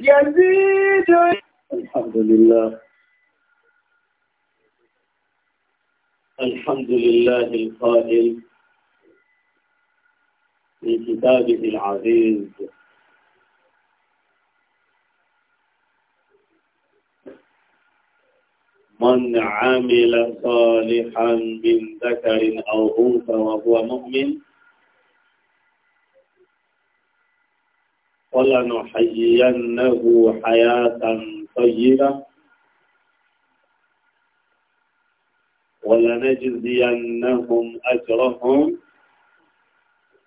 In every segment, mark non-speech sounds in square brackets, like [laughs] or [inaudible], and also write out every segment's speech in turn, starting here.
يزيد الحمد لله الحمد لله القائل في كتابه العزيز من عمل صالحا من ذكر أو أنثى وهو مؤمن ولنحيينه حياة طيبة ولنجزينهم أجرهم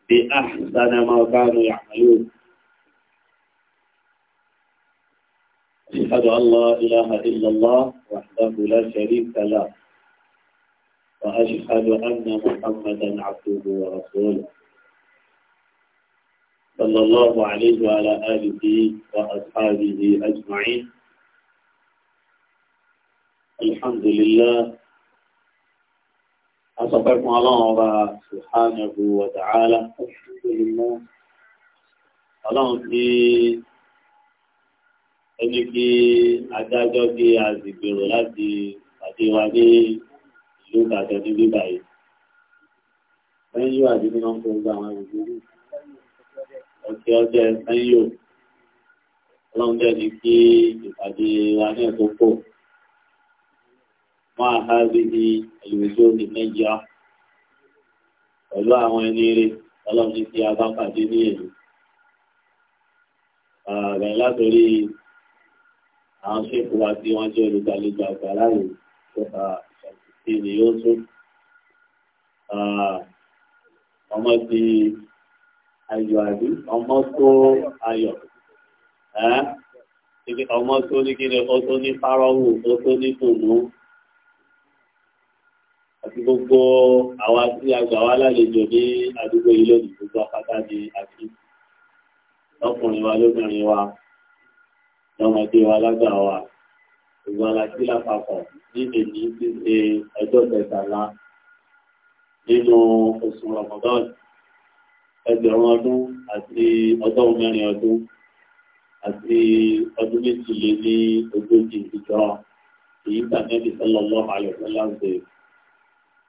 بأحسن ما كانوا يعملون أشهد أن لا إله إلا الله وحده لا شريك له وأشهد أن محمدا عبده ورسوله صلى الله عليه وعلى آله وأصحابه أجمعين الحمد لله أصبحكم الله سبحانه وتعالى الحمد لله ọlọ́run tí ẹni kí adájọ́ kí a sì gbèrò láti pàdé wa ní ìlú Ìbàdàn ní bíbáyìí lẹ́yìn yóò àdínní wọn kó gba àwọn ìgbèrú ọtí ọjọ́ ẹ̀sán yóò ọlọ́run jẹ́ ní kí ìpàdé wa ní ẹ̀kọ́ pò máa ha bí ní ìwòsàn ní nàìjíríà pẹ̀lú àwọn ẹni rẹ̀ ọlọ́run ní kí a bá pàdé ní èlò ààrẹ látòrí àwọn ṣèkú wa tí wọ́n jẹ́ olùgbàlejò àgbà láàyè ìjọba ìṣàkóso ni yóò tún ọmọ ti ayọ̀ àbí ọmọ tó ayọ̀ ẹ́ ọmọ tó ní kí ni ó tó ní fárọ́wù ó tó ní tòmú àti gbogbo àwa tí a gbà wá lálejò ní àdúgbò yìí lónìí gbogbo apáta ni àti lọkùnrin wa lóbìnrin wa lọmọdé wa lágbà wa gbogbo aláṣí lápapọ̀ ní èyí ti ṣe ẹjọ́ kẹtàlá nínú oṣù rọmọdọ́ọ̀nù ẹgbẹ̀rún ọdún àti ọgọ́rùn mẹ́rin ọdún àti ọdún méjì lé ní ogójì ìjọ èyí tàbí sallallahu alaihi wasallam ṣe.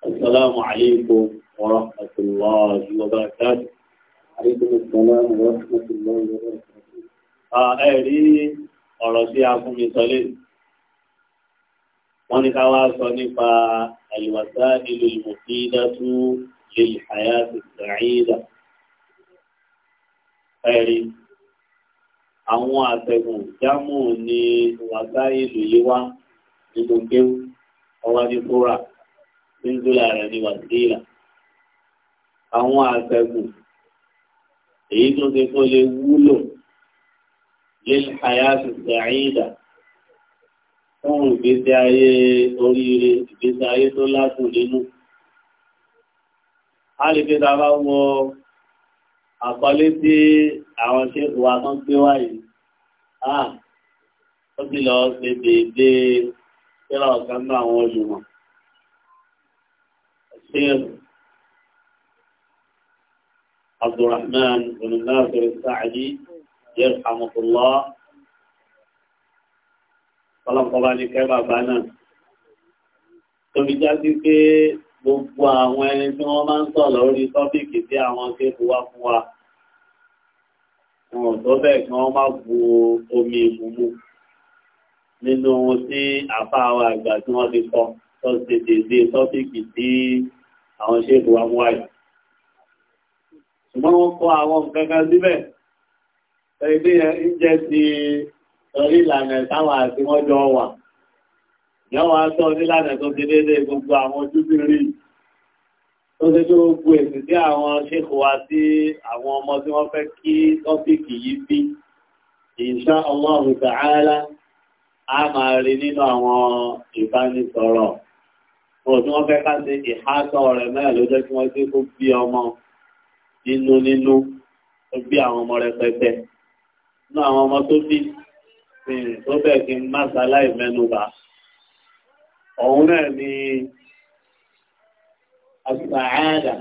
Assalamu alaikum wa rahmatullahi wa barakatuh. Alaikum assalam wa rahmatullahi wa barakatuh. Ah, ẹ rí ọ̀rọ̀ sí afúnmi sọlé. Wọ́n ní ká wá sọ nípa al-wasā'ilu al-mufīdatu lil-ḥayāti as-sa'īdah ẹ̀rí àwọn àtẹ̀gùn jámù ní wàtáì lòye wá nínú kéwù ọwá ní kóra níńdúlà rẹ̀ ní wàtíìlà àwọn àtẹ̀gùn èyí tó ti kó lè wúlò lílẹ̀ àyàtì sàáyídà fún ìgbésí ayé oríire ìgbésí ayé tó látò nínú. a lè fi ta bá wọ àkọlé tí àwọn ṣéèkù wa kan gbé wáyé ó sì lọ ṣe déédé kíra ọ̀kan náà àwọn olùmọ̀ ṣéèkù Abdulrahman bin Nasir Sa'di yarhamullah ọlọ́pàá bá ní kẹ́ bàbá náà tóbi já pé gbogbo àwọn ẹni tí wọ́n máa ń sọ lórí tọ́pìkì tí àwọn kéèkù wá fún wa wọn tó bẹ́ẹ̀ kí wọ́n má bu omi ìmúmú nínú ohun tí àfáàwọ̀ àgbà tí wọ́n ti kọ́ tó ṣe dédé tọ́pìkì tí àwọn ṣéèkù wá fún wa yìí ṣùgbọ́n wọ́n kọ́ àwọn nǹkan kan síbẹ̀ ẹgbẹ́ ìjẹ́ ti sọ ìlànà táwọn àti wọ́n jọ wà yọ́ wá sọ nílànà tó ti dédé gbogbo àwọn ojú ti rí tó ṣe tó gbogbo èsì tí àwọn ṣèkò wa sí àwọn ọmọ tí wọ́n fẹ́ kí tọ́pìkì yìí bí insha Allahu ta'ala a máa rí nínú àwọn ìbánisọ̀rọ̀ mo tí wọ́n fẹ́ ká ṣe ìhásọ̀ rẹ̀ mẹ́rin ló jẹ́ kí wọ́n ṣe kó bí ọmọ nínú nínú tó bí àwọn ọmọ rẹpẹtẹ nínú àwọn ọmọ tó bí tó bẹ̀ kí n má ṣaláì mẹ́nu bàá òun náà ni àṣàáàdà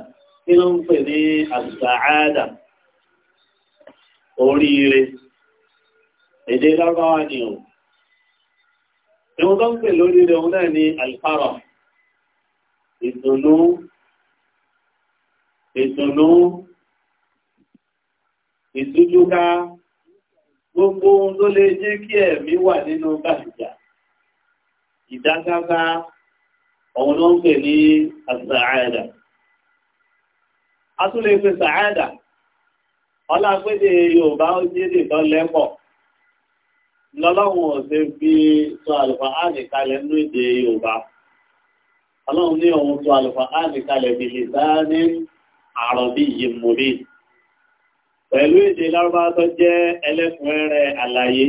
kí ló ń pè ní àṣàáàdà oríire èdè lọ́gbàwà ni o ìwọ̀n tó ń pè lóríire òun náà ni alfara ìdùnnú ìdùnnú ìtújúká gbogbo ohun tó lè jẹ́ kí ẹ̀mí wà nínú báyìí ìdágágá ọ̀hún ló ń pè ní àṣàáyàdà a tún lè pe ṣàáyàdà ọlápẹ́dẹ̀ yorùbá ó jẹ́ nìkan lẹ́pọ̀ lọ́lọ́run ọ̀sẹ̀ fi sọ àlùfà áàdì kalẹ̀ nínú èdè yorùbá ọlọ́run ní òun sọ àlùfà áàdì kalẹ̀ bí lè dá ní àròbí yìí pẹ̀lú èdè lárúbá tó jẹ́ ẹlẹ́kùnrin rẹ̀ àlàyé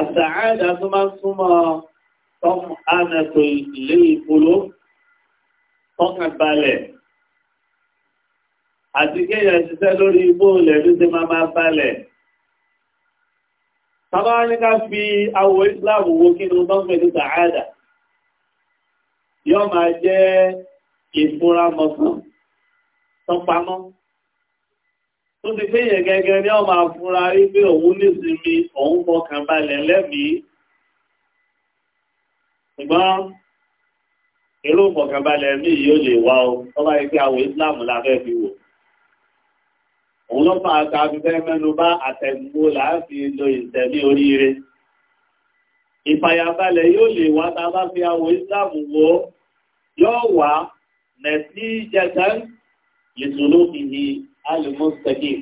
àṣàáyàdà tó máa ń súnmọ́ tọ́mù ánàtò ilé ìpoló tọ́kàn balẹ̀ àti kéèyàn ṣiṣẹ́ lórí igbó ilẹ̀ ló ṣe máa máa balẹ̀ sábà ní ká fi awọ Islam wo kí ni wọ́n fẹ́ ní sàádà yóò máa jẹ́ ìfúra mọ̀sán tọpamọ́ tó ti fẹ́yẹ̀ gẹ́gẹ́ ní ọmọ àfúra rí pé òun nísinmi òun fọkàn balẹ̀ ṣùgbọ́n irú ìfọ̀kànbalẹ̀ mi yìí ó lè wá o tó bá yẹ kí àwọn Islam la fẹ́ fi wò òun ló fà ká fi fẹ́ mẹ́nu bá àtẹ̀gbó láti lo ìtẹ̀lé oríire ìfàyàbalẹ̀ yóò lè wá tá a bá fi àwọn Islam wò yóò wá nẹ̀sí jẹ̀tẹ̀ ìṣòro ìhì alùmọ́sẹ̀kì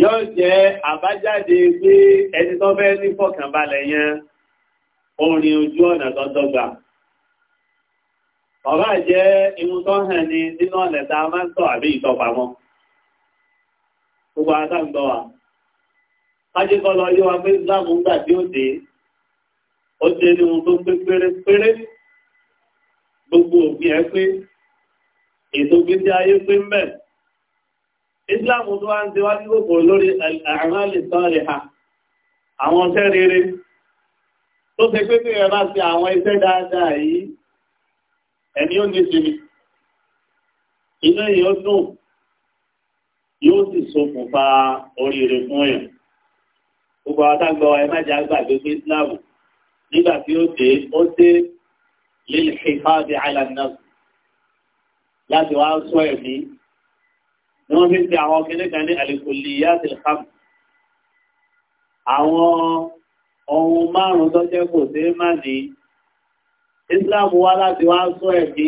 yóò jẹ́ àbájáde pé ẹni tó fẹ́ ní fọ̀kànbalẹ̀ yẹn orin ojú ọ̀nà tó dọ́gba. Ọ̀bá jẹ́ inú tó hàn ní nínú ọ̀nà tá a máa ń tọ̀ àbí ìtọpamọ́. Gbogbo àtàgbọ́ wa. Fájíkọ́ lọ yóò wá pé Islam ń gbà tí ó dé. Ó dé ní ohun tó pé pérépéré. Gbogbo òfin ẹ pé ètò gbígbé ayé pé ń bẹ̀. Islam tó wá ń ṣe wá ní gbogbo lórí àmàlì sọ́ọ̀rẹ̀ ha. Àwọn ọ̀sẹ́ rere tó ṣe pé bí ẹ bá ṣe àwọn iṣẹ́ dáadáa yìí ẹni ó ní sinmi inú yìí ó dùn yóò sì ṣokùnfà oríire fún yẹn gbogbo àtàgbà ẹ má jẹ́ àgbàdo pé Islam nígbà tí ó dé ó dé lílì ìfáàdì àìlànà láti wá sọ ẹ̀mí ni wọ́n fi ń pe àwọn kìnnìkan ní àlèkòlì yá tìlkàm àwọn ohun márùn-ún tó jẹ́ kò sí má ní Islam wá láti wá sọ ẹ̀bí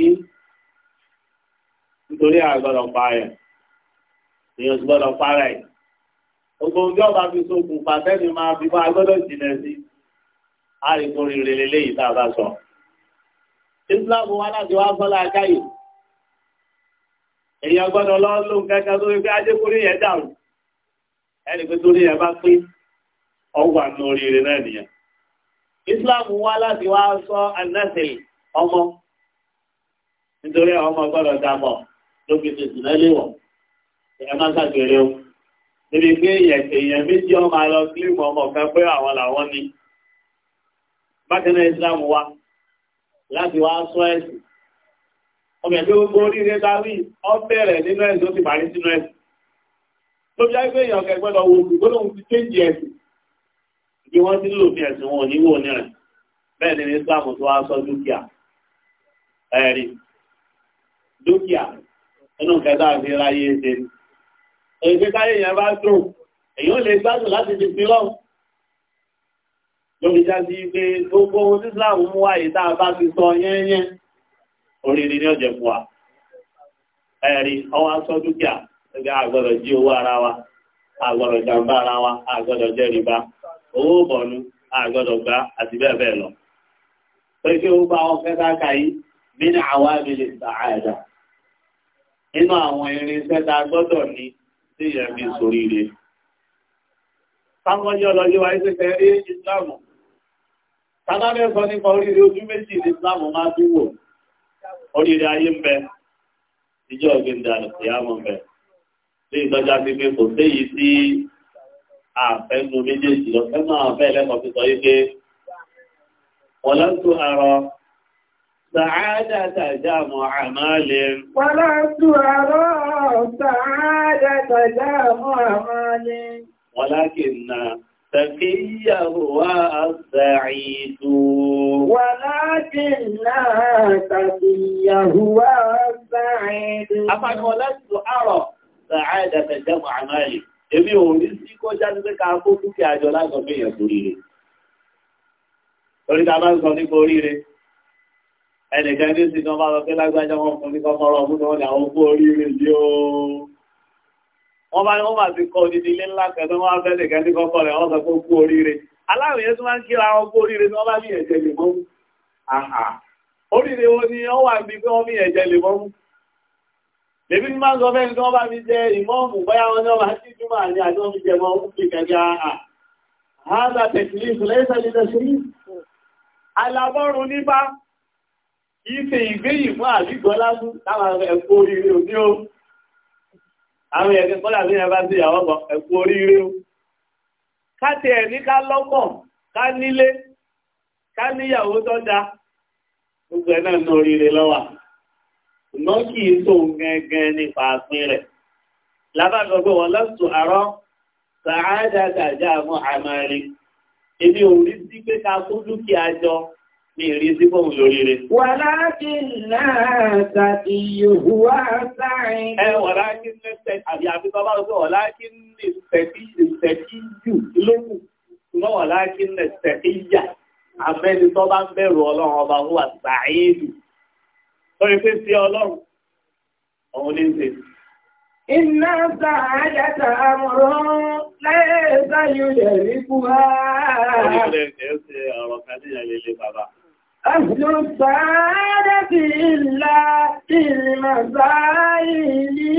nítorí àgbọ̀dọ̀ parẹ̀ èèyàn sì gbọ́dọ̀ parẹ̀ gbogbo ohun tí ọba fi sókun pàtẹ́ni máa fi bá agbọ́dọ̀ jìnà sí àríkò rere lélẹ́yìí tá sọ Islam wá láti wá sọ́lá káyè èèyàn gbọ́dọ̀ lọ́ọ́ lóun kẹ́kẹ́ lórí pé ajé kúrò yẹn dàrú ẹnì pé torí yẹn bá pín ọwà ní oríire náà nìyẹn islam wá láti wá sọ anẹ́sìl ọmọ nítorí ọmọ gbọ́dọ̀ dàpọ̀ lókè tètè náà léwọ̀ ẹ má ṣàgbèrè o níbi pé èèyàn méjì ọmọ alọ kílímù ọmọ kan pé àwọn làwọn ni bákan náà islam wá láti wá sọ ẹ̀sìn ọmọ ẹgbẹ́ gbogbo oríire dárí ọ bẹ̀rẹ̀ nínú ẹ̀sìn ó ti parí sínú ẹ̀sìn lóbi á gbé èèyàn kẹgbẹ́ lọ wo olùgbọ́dọ̀ ti chéńjì ẹ̀sìn kí wọ́n ti lò fi ẹ̀sìn wọn níwò ní rẹ̀ bẹ́ẹ̀ ni ní Islam tó wá sọ dúkìá ẹ̀rí dúkìá inú kẹta àti ráyé ṣe ni èyí káyé yẹn bá dùn èyí ó lè gbádùn láti fi fi lọ́wọ́ lórí jáde pé gbogbo ohun tí Islam mú wáyé tá a bá ti sọ yẹ́nyẹ́ oríire ní ọ̀jẹ̀ fún wa ẹ̀rí ọwọ́ aṣọ dúkìá ẹgbẹ́ àgbọ̀dọ̀ jí owó ara wa àgbọ̀dọ̀ jàǹbá ara wa àgbọ̀dọ̀ jẹ́ rìbá owó bọ̀nu àgbọ̀dọ̀ gbá àti bẹ́ẹ̀ bẹ́ẹ̀ lọ. pé kí ó bá wọn fẹ́ dáka yìí nínú àwa abẹ́lẹ̀ sàáàdà nínú àwọn irinṣẹ́ tá a gbọ́dọ̀ ní sí ìyẹ̀mí sóríire. táwọn yọ lọ́jọ́ wáyé ṣe fẹ́ rí ìsìláàmù. tábàbẹ́ sọ nípa oríire ojú méjì ní àfẹ́nu méjèèjì lọ fẹ́ máa bẹ́ẹ̀ lẹ́kọ̀ọ́ fi sọ yí pé wọ́lá tó àrọ sàádà tàjámọ̀ àmàlẹ̀. wọ́lá tó àrọ sàádà tàjámọ̀ àmàlẹ̀. wọ́lá kì nà تقيه والسعيد ولكن لا تقيه والسعيد أفعل ولست أرى سعادة جمع مالك èmi ò rí sí kọjá ní pé ká kó dúkìá jọ láìsọ pé èèyàn torí torí ta bá ń sọ nípa oríire ẹnìkan ní sí kan bá lọ pé lágbájá wọn fún ní kọkọrọ ọdún náà ní àwọn oríire o wọn bá ní wọn ti kọ odidi ilé ńlá kan tó máa fẹ́ nìkan ní kọkọ rẹ̀ wọn sọ pé Bébí ní máa ń sọ fẹ́ ní wọ́n bá mi jẹ ìmọ́ọ̀mù báyá wọn ní ọmọ àti ìjúmọ̀ ní àjọ mi jẹ mọ́ òun fi gẹ̀gẹ́ àà. Hádà tẹ̀kìlì ìfúnlẹ̀ ìsẹ̀lẹ̀ ìdẹ̀sẹ̀lẹ̀. Alábọ́run ní bá kìí ṣe ìgbéyìí fún àbígbọ́ lásù láwọn ẹ̀kú oríire òní o. Àwọn oríire lọ́wà ṣùgbọ́n kì í tó gẹ́gẹ́ nípa àpín rẹ̀ lábàgbọ́gbọ́ wọn lọ́sù àárọ̀ sàádàgàjà mọ́ àmàrí èmi ò rí sí pé ká kó dúkìá jọ ní ìrí sí fóun lórí rẹ̀. wàlá kí náà tàbí ìhùwà ẹ wàlá kí ní tẹ àbí àbí bàbá bá ń bẹ̀rù ọlọ́run ọba wà sàáyé dùn lórí pé sí ọlọ́run ọ̀hún ní ṣe. Iná sàájáta àmọ̀rán lẹ́ẹ̀ẹ́sá yóò lè rí fún wa. Ọ̀rọ̀ ìpínlẹ̀ kẹ́ẹ̀ẹ́sẹ̀ ọ̀rọ̀ kan ní àlele bàbá. Àjọ sàádà sí ìlà ìrìnmọ̀ sáàìlì.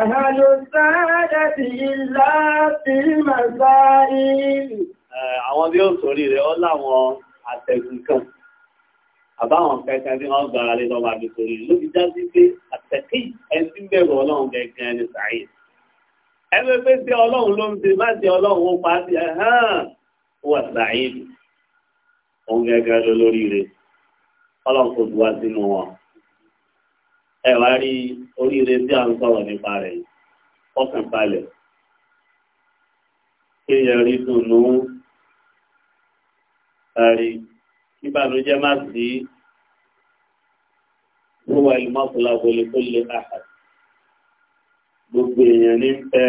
Àjọ sàádà sí ìlà ìrìnmọ̀ sáàìlì. Àwọn bí ó sórí rẹ̀ ọ́ láwọn àtẹ̀gùn kan àbáwọn kẹkẹ tí wọn gbára lé lọ́wọ́ àbíkòrí ló fi dájú pé àtẹ̀kí ẹni tí ń bẹ̀rù ọlọ́run gẹ̀gẹ́ ni sàáyè ẹni pé sí ọlọ́run ló ń ṣe má ṣe ọlọ́run ó pa á sí ẹ̀hán ó wà sàáyè òun gẹ́gẹ́ ló lórí rẹ̀ ọlọ́run kò dùn wá sínú wọn. ẹ wá rí oríire tí a ń sọ̀rọ̀ nípa rẹ̀ ọkàn balẹ̀ kéèyàn rí dùnú ìbànújẹ́ má sí wíwá ìmọ̀kùnlá wọlé tó lè àhà gbogbo èèyàn ní fẹ́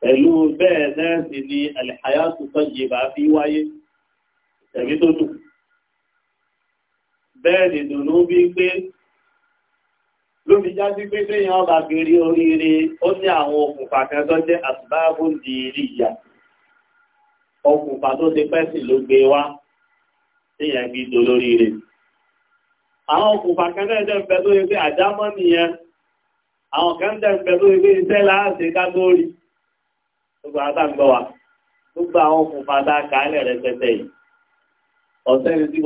pẹ̀lú bẹ́ẹ̀ náà sì ni àlìhàyàtù tọ́jìbà fi wáyé ẹ̀mí tó dùn bẹ́ẹ̀ ni dùnú bí pé lóbi jáde pé fẹ́yàn ọba fi rí oríire ó ní àwọn okùnfà kan tó jẹ́ àtúbáàbò dìírí ìyàtọ̀ okùnfà tó ti pẹ́ sí ló gbé wá tíyẹn fi dolórí rẹ̀. àwọn okùnfà kan náà dẹ̀ ń bẹ lórí pé àdámọ́ nìyẹn àwọn kan dẹ̀ ń bẹ lórí pé iṣẹ́ láàṣẹ ká lórí gbogbo àtàgbọ́ wa gbogbo àwọn okùnfà tá a kà á lẹ̀ rẹpẹtẹ yìí ọ̀sẹ́ ni tí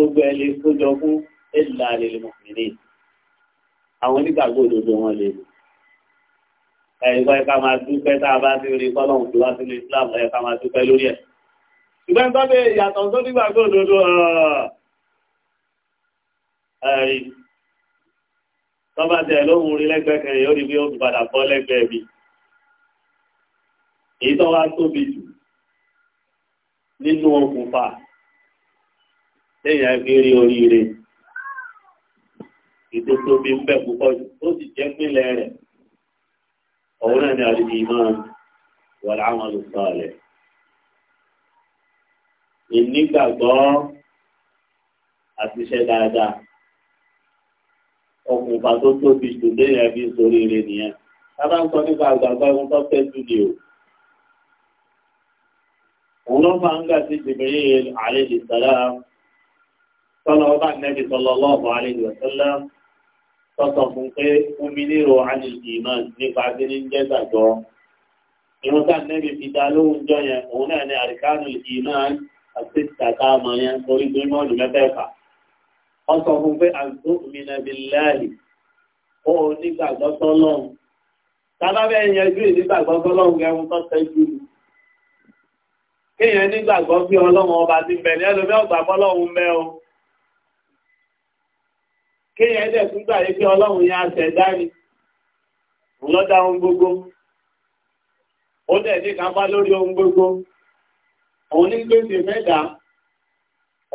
ẹ̀ka máa dúpẹ́ tá a bá ti rí kọ́lọ́hùn tó sínú Islam ẹ̀ka máa dúpẹ́ lórí ẹ̀ ṣùgbọ́n tó bẹ ìyàtọ̀ rí lẹ́gbẹ̀ẹ́ yóò rí bí ó padà bọ́ lẹ́gbẹ̀ẹ́ mi èyí tó wá tóbi jù nínú okùnfà lẹ́yìn àgbèrè oríire ètò tóbi ń bẹ púpọ̀ jù ó sì jẹ́ pínlẹ̀ rẹ̀ ọ̀hún ni àdìdì ìmọ̀ wà láwọn olùsọ̀ọ̀lẹ̀ ìnígbàgbọ́ àti iṣẹ́ dáadáa okùnfà tó tóbi jù léyìn ẹbí sórí rẹ nìyẹn sábà ń sọ nípa àgbàgbà ohun tó fẹ́ jù ní o òun ló máa ń gbà sí Jibril alayhi salam sọ́nà ọba nẹ́bí sallallahu alayhi wa sallam sọ́sọ̀ fún pé omi nírò àlè ìmán nípa tí ní jẹ́ gbàgbọ́ ìrúkà nẹ́bí fi dá lóhùn jọ yẹn òun náà ní àríkánù ìmán àti tàtà àmọ̀ yẹn orí tó mọ́ ọdún mẹ́fẹ̀ẹ̀fà wọ́n sọ fún pé àgbo mi nà bí láàyè ó nígbàgbọ́ sọ́lọ́run tábàbẹ́ yẹn ju ìnígbàgbọ́ sọ́lọ́run ẹ̀hún tó tẹ́jú kéèyàn nígbàgbọ́ bí ọlọ́run ọba ti bẹ̀ ní ẹlòmí ọ̀gbà fọlọ́run o kéèyàn ẹ̀dẹ̀ tún gbà yí pé ọlọ́run yẹn aṣẹ̀dá ni òun lọ́dá ohun gbogbo ó dẹ̀ ní kápá lórí òun ní pèsè mẹ́ta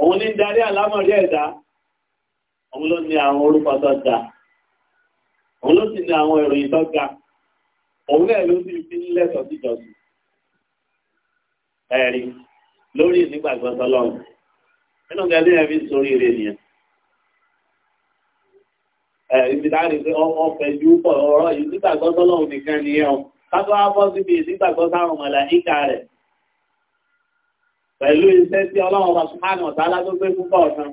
òun ní darí àlámọ̀rí ẹ̀dá òun ló ní àwọn orúkọ tó ga òun ló sì ní àwọn ìròyìn tó ga òun náà ló sì fi lẹ́tọ̀ọ́ sí ẹ̀rí lórí ìnígbàgbọ́ tọ́lọ́run nínú gẹ́gẹ́ sórí ire nìyẹn ọmọ pọ̀ ọ̀rọ̀ yìí nígbàgbọ́ tọ́lọ́run nìkan nìyẹn o ká pẹ̀lú iṣẹ́ tí ọlọ́run wa subhanahu wa ta'ala tó gbé púpọ̀ ọ̀sán.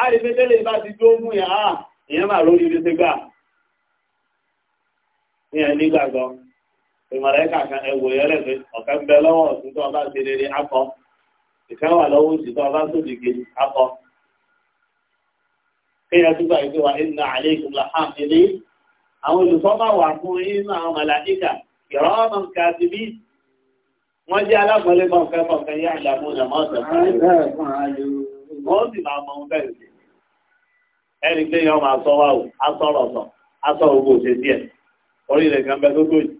a rí pé tẹ́lẹ̀ bá ti tó mú yà á ah, ìyẹn mà lórí ibi ti gbà ìyẹn nígbàgbọ́ ìmọ̀ràn ẹ̀ka kan ẹ̀wò yẹn rẹ̀ pé ọ̀kan bẹ lọ́wọ́ ọ̀sùn tó ọba ṣe rere akọ ìkan wà lọ́wọ́ òsì tó ọba sódì kejì akọ. kéèyàn tún gbà pé wà nínú àlẹ́ ìkùnlá hàn nílé àwọn olùkọ́ bá wà fún yín náà màlàíkà wọ́n jẹ́ alágbọ̀nlé mọ̀kẹ́mọ̀kẹ́ yá ìyàmú ìyàmọ́sẹ̀ wọ́n sì máa mọ ohun bẹ́ẹ̀ sí ẹni pé yọ máa sọ wá o asọ̀rọ̀ sọ asọ̀ ogun òṣè díẹ̀ orí rẹ̀ kan bẹ tó tó yìí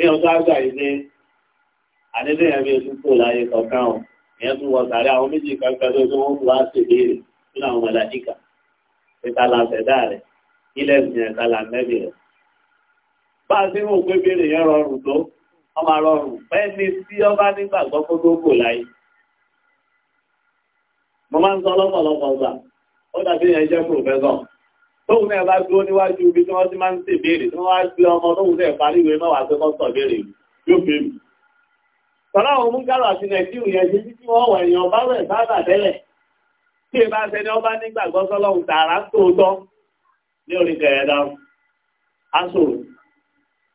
èèyàn tó àgbà yìí pé àdédé yẹn bí oṣù kò láyé kọ̀ọ̀kan o ìyẹn tún wọ sàárẹ̀ àwọn méjì kan pẹ́ tó tó wọ́n tún wá sí ìbéèrè nínú àwọn mọ̀lájíkà ìta la ṣẹ̀dá rẹ̀ ilẹ̀ ìsìn ẹ̀ta la mẹ́bì rẹ̀ bá a ti mú pé béèrè yẹn rọrùn tó ọmọ àrọrùn fẹ́ni tí ọba nígbàgbọ́ kó tó kò láyé mo máa ń sọ lọ́pọ̀lọpọ̀ ọgbà ó dàbí ìyẹn jẹ́ pòfẹ́sọ̀ tóun náà bá dúró níwájú ibi tí wọ́n ti máa ń ṣèbéèrè tí wọ́n wá gbé ọmọ tóun náà parí ìwé mẹ́wàá pé kọ́ sọ̀béèrè yóò fi mí tọ́lá àwọn múngàrò àti nàìjíríù yẹn ṣe títí wọ́n wọ̀ èèyàn bá wẹ̀ sábà tẹ́lẹ̀ tí ìbá ṣe ni ọba nígbàgbọ́ tààrà tòótọ́ ní orí kẹrẹ̀dá aṣòro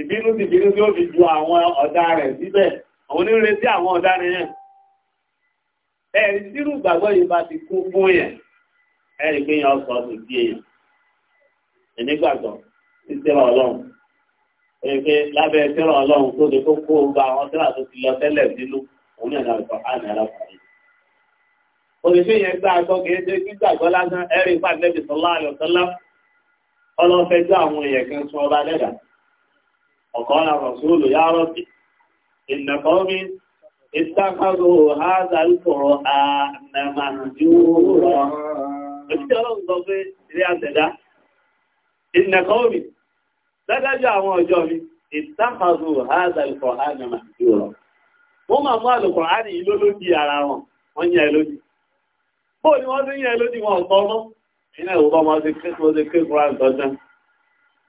ìbínú ti bínú tí ó fi ju àwọn ọ̀dá rẹ̀ síbẹ̀ àwọn onírètí àwọn ọ̀dá nìyẹn ẹ̀rí sírù gbàgbọ́ yìí bá ti kú fún yẹn ẹ̀rí pé yẹn ọkọ̀ ọ̀sùn sí èèyàn ìnígbàgbọ́ ìṣẹ́rọ̀ ọlọ́run ẹ̀rí pé lábẹ́ ìṣẹ́rọ̀ ọlọ́run tó lè kó kó gba àwọn tẹ́lá tó ti lọ tẹ́lẹ̀ sínú òun náà lọ sọ àná alákùnrin òṣìṣẹ́ yẹn gbá agbọ́ kìí ṣe gbígbàgbọ́ lásán ẹ̀rí pàtẹ́bì sọlá àlọ́sọlá ọlọ́fẹ́jọ́ àwọn èèyàn kan sún ọba lẹ́dàá وقال الرسول يا ربي إن قومي اتخذوا هذا القرآن مهجورا اختيار الضغي لأسدا إن قومي لدجع موجودي اتخذوا هذا القرآن مهجورا wọ́n máa mú àlùkùrán ní ìlú lójí ara wọn wọ́n yẹ lójí bóò ni wọ́n tí yẹ lójí wọn ọ̀pọ̀ ọmọ ìrìnà ìwọ̀n ọmọ sí kéèkùrán tọ́jọ́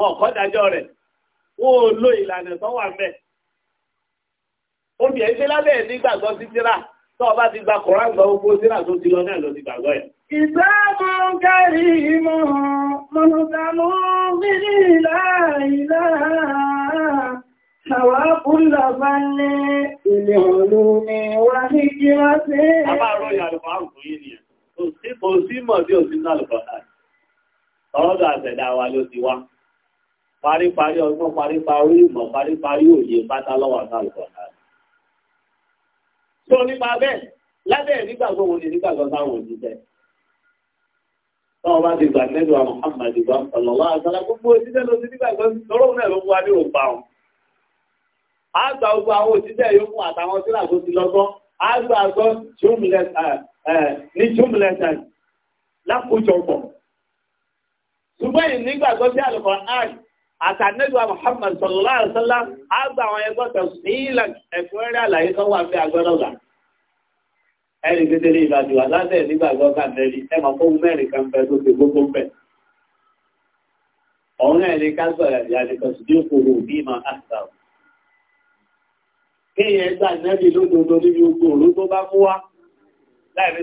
wọn kọ́ dájọ́ rẹ̀ wọn ò lo ìlànà tó wà mẹ́. obìnrin ṣe lábẹ́ ẹ̀ nígbàgbọ́ sí tíra tó o bá ti gba koran gba gbogbo tíra tó ti lọ náà ló ti gbàgbọ́ yẹn. ìfẹ́ kárí mọ mọ̀nàdàmú nílí láìlá Àwọn akúlọ̀ bá ní ilé òlú ni wá ní kí wá sí. A máa rọ ìyàlùmọ̀ àrùn fún yìí nìyẹn. Kò sí mọ̀ sí òsínà lùkọ̀ọ̀tà. Ọlọ́dọ̀ àtẹ̀dá wa ló ti wá paríparí ọgbọ́n paríparí ìmọ̀ paríparí òye pátá lọ́wọ́ àtàlùkọ̀ náà. tó nípa bẹ́ẹ̀ lábẹ́ nígbàgbọ́ wọn ni nígbàgbọ́ táwọn òṣìṣẹ́. táwọn bá ti gbà nínú àwọn Muhammad ìgbà ọ̀lọ́lá àtàlà gbogbo òṣìṣẹ́ ló ti nígbàgbọ́ lọ́rọ̀ náà ló mú wa ní òǹpa wọn. a gba gbogbo àwọn òṣìṣẹ́ yòókù àtàwọn sílà tó ti lọ́gbọ́n a gba àgbọ́ ní túmùlẹ̀sẹ̀ lápòjọpọ̀. ṣùgbọ́n ìnígbàgbọ́ sí àlùkò náà àtànẹ́gbà Muhammad sallallahu alaihi wasallam àgbà àwọn ẹgbọ́ tẹ̀sílẹ̀ ẹ̀kúnrẹ́rẹ́ àlàyé tó wà ń bẹ́ agbọ́dọ̀gbà ẹni kékeré ìbàdìwà lábẹ́ nígbàgbọ́ kàndẹ́rì ẹmọ fún mẹ́rin kan fẹ́ tó ti gbogbo bẹ̀ ọ̀hún náà ní ká sọ̀rọ̀ ìyáni kan sì dínkù hù bí ma àṣà kéèyàn gbà nẹ́bì lódodo níbi ogun òru tó bá mú wá láì ní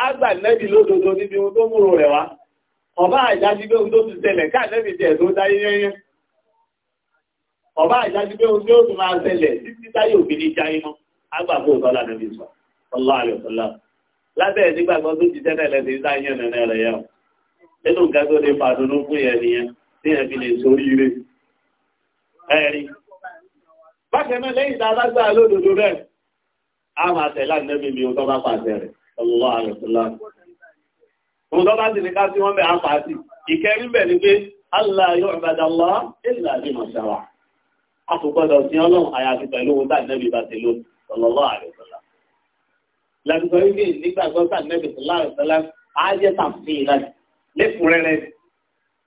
àgbà nẹ́bì lódodo níbi ohun tó múrò rẹ̀ wá ọba àjájú pé ohun tó ti ṣẹlẹ̀ káà nẹ́bì tẹ̀ tó dáyé yẹ́yẹ́ ọba àjájú pé ohun tó tún máa ṣẹlẹ̀ títí táyé òfin ní jáyé mọ́ àgbà fún òtọ́lá nẹ́bì sọ ọlá àlè ọ̀tọ́lá lábẹ́ ìdígbàgbọ́ tó ti tẹ́lẹ̀ lẹ́sìn sáyé nẹ́nẹ́ rẹ̀ yẹn nínú nǹkan tó lè fàdúnú fún yẹn nìyẹn tí yẹn fi lè sórí ire ẹ̀rí bákan náà lẹ́yìn tá a bá gbà lódodo bẹ́ẹ̀ á máa tẹ̀lé ànẹ́bì mi ò tọ́ bá pàṣẹ rẹ̀ sallallahu alaihi wasallam. Òun tó bá sì ní ká sí wọ́n bẹ̀ á pàtì. Ìkẹrin bẹ̀ ni pé Allah yóò ìbàdà Allah illa bí mọ̀ ṣàwà. A kò gbọ́dọ̀ sí ọlọ́run àyàfi pẹ̀lú ohun tá ìnẹ́bí bá ti lò sallallahu alaihi wasallam. Làbìsọ̀ wípé nígbàgbọ́ tá ìnẹ́bí sallallahu alaihi wasallam á jẹ́ tàfihàn lẹ́kùnrẹ́rẹ́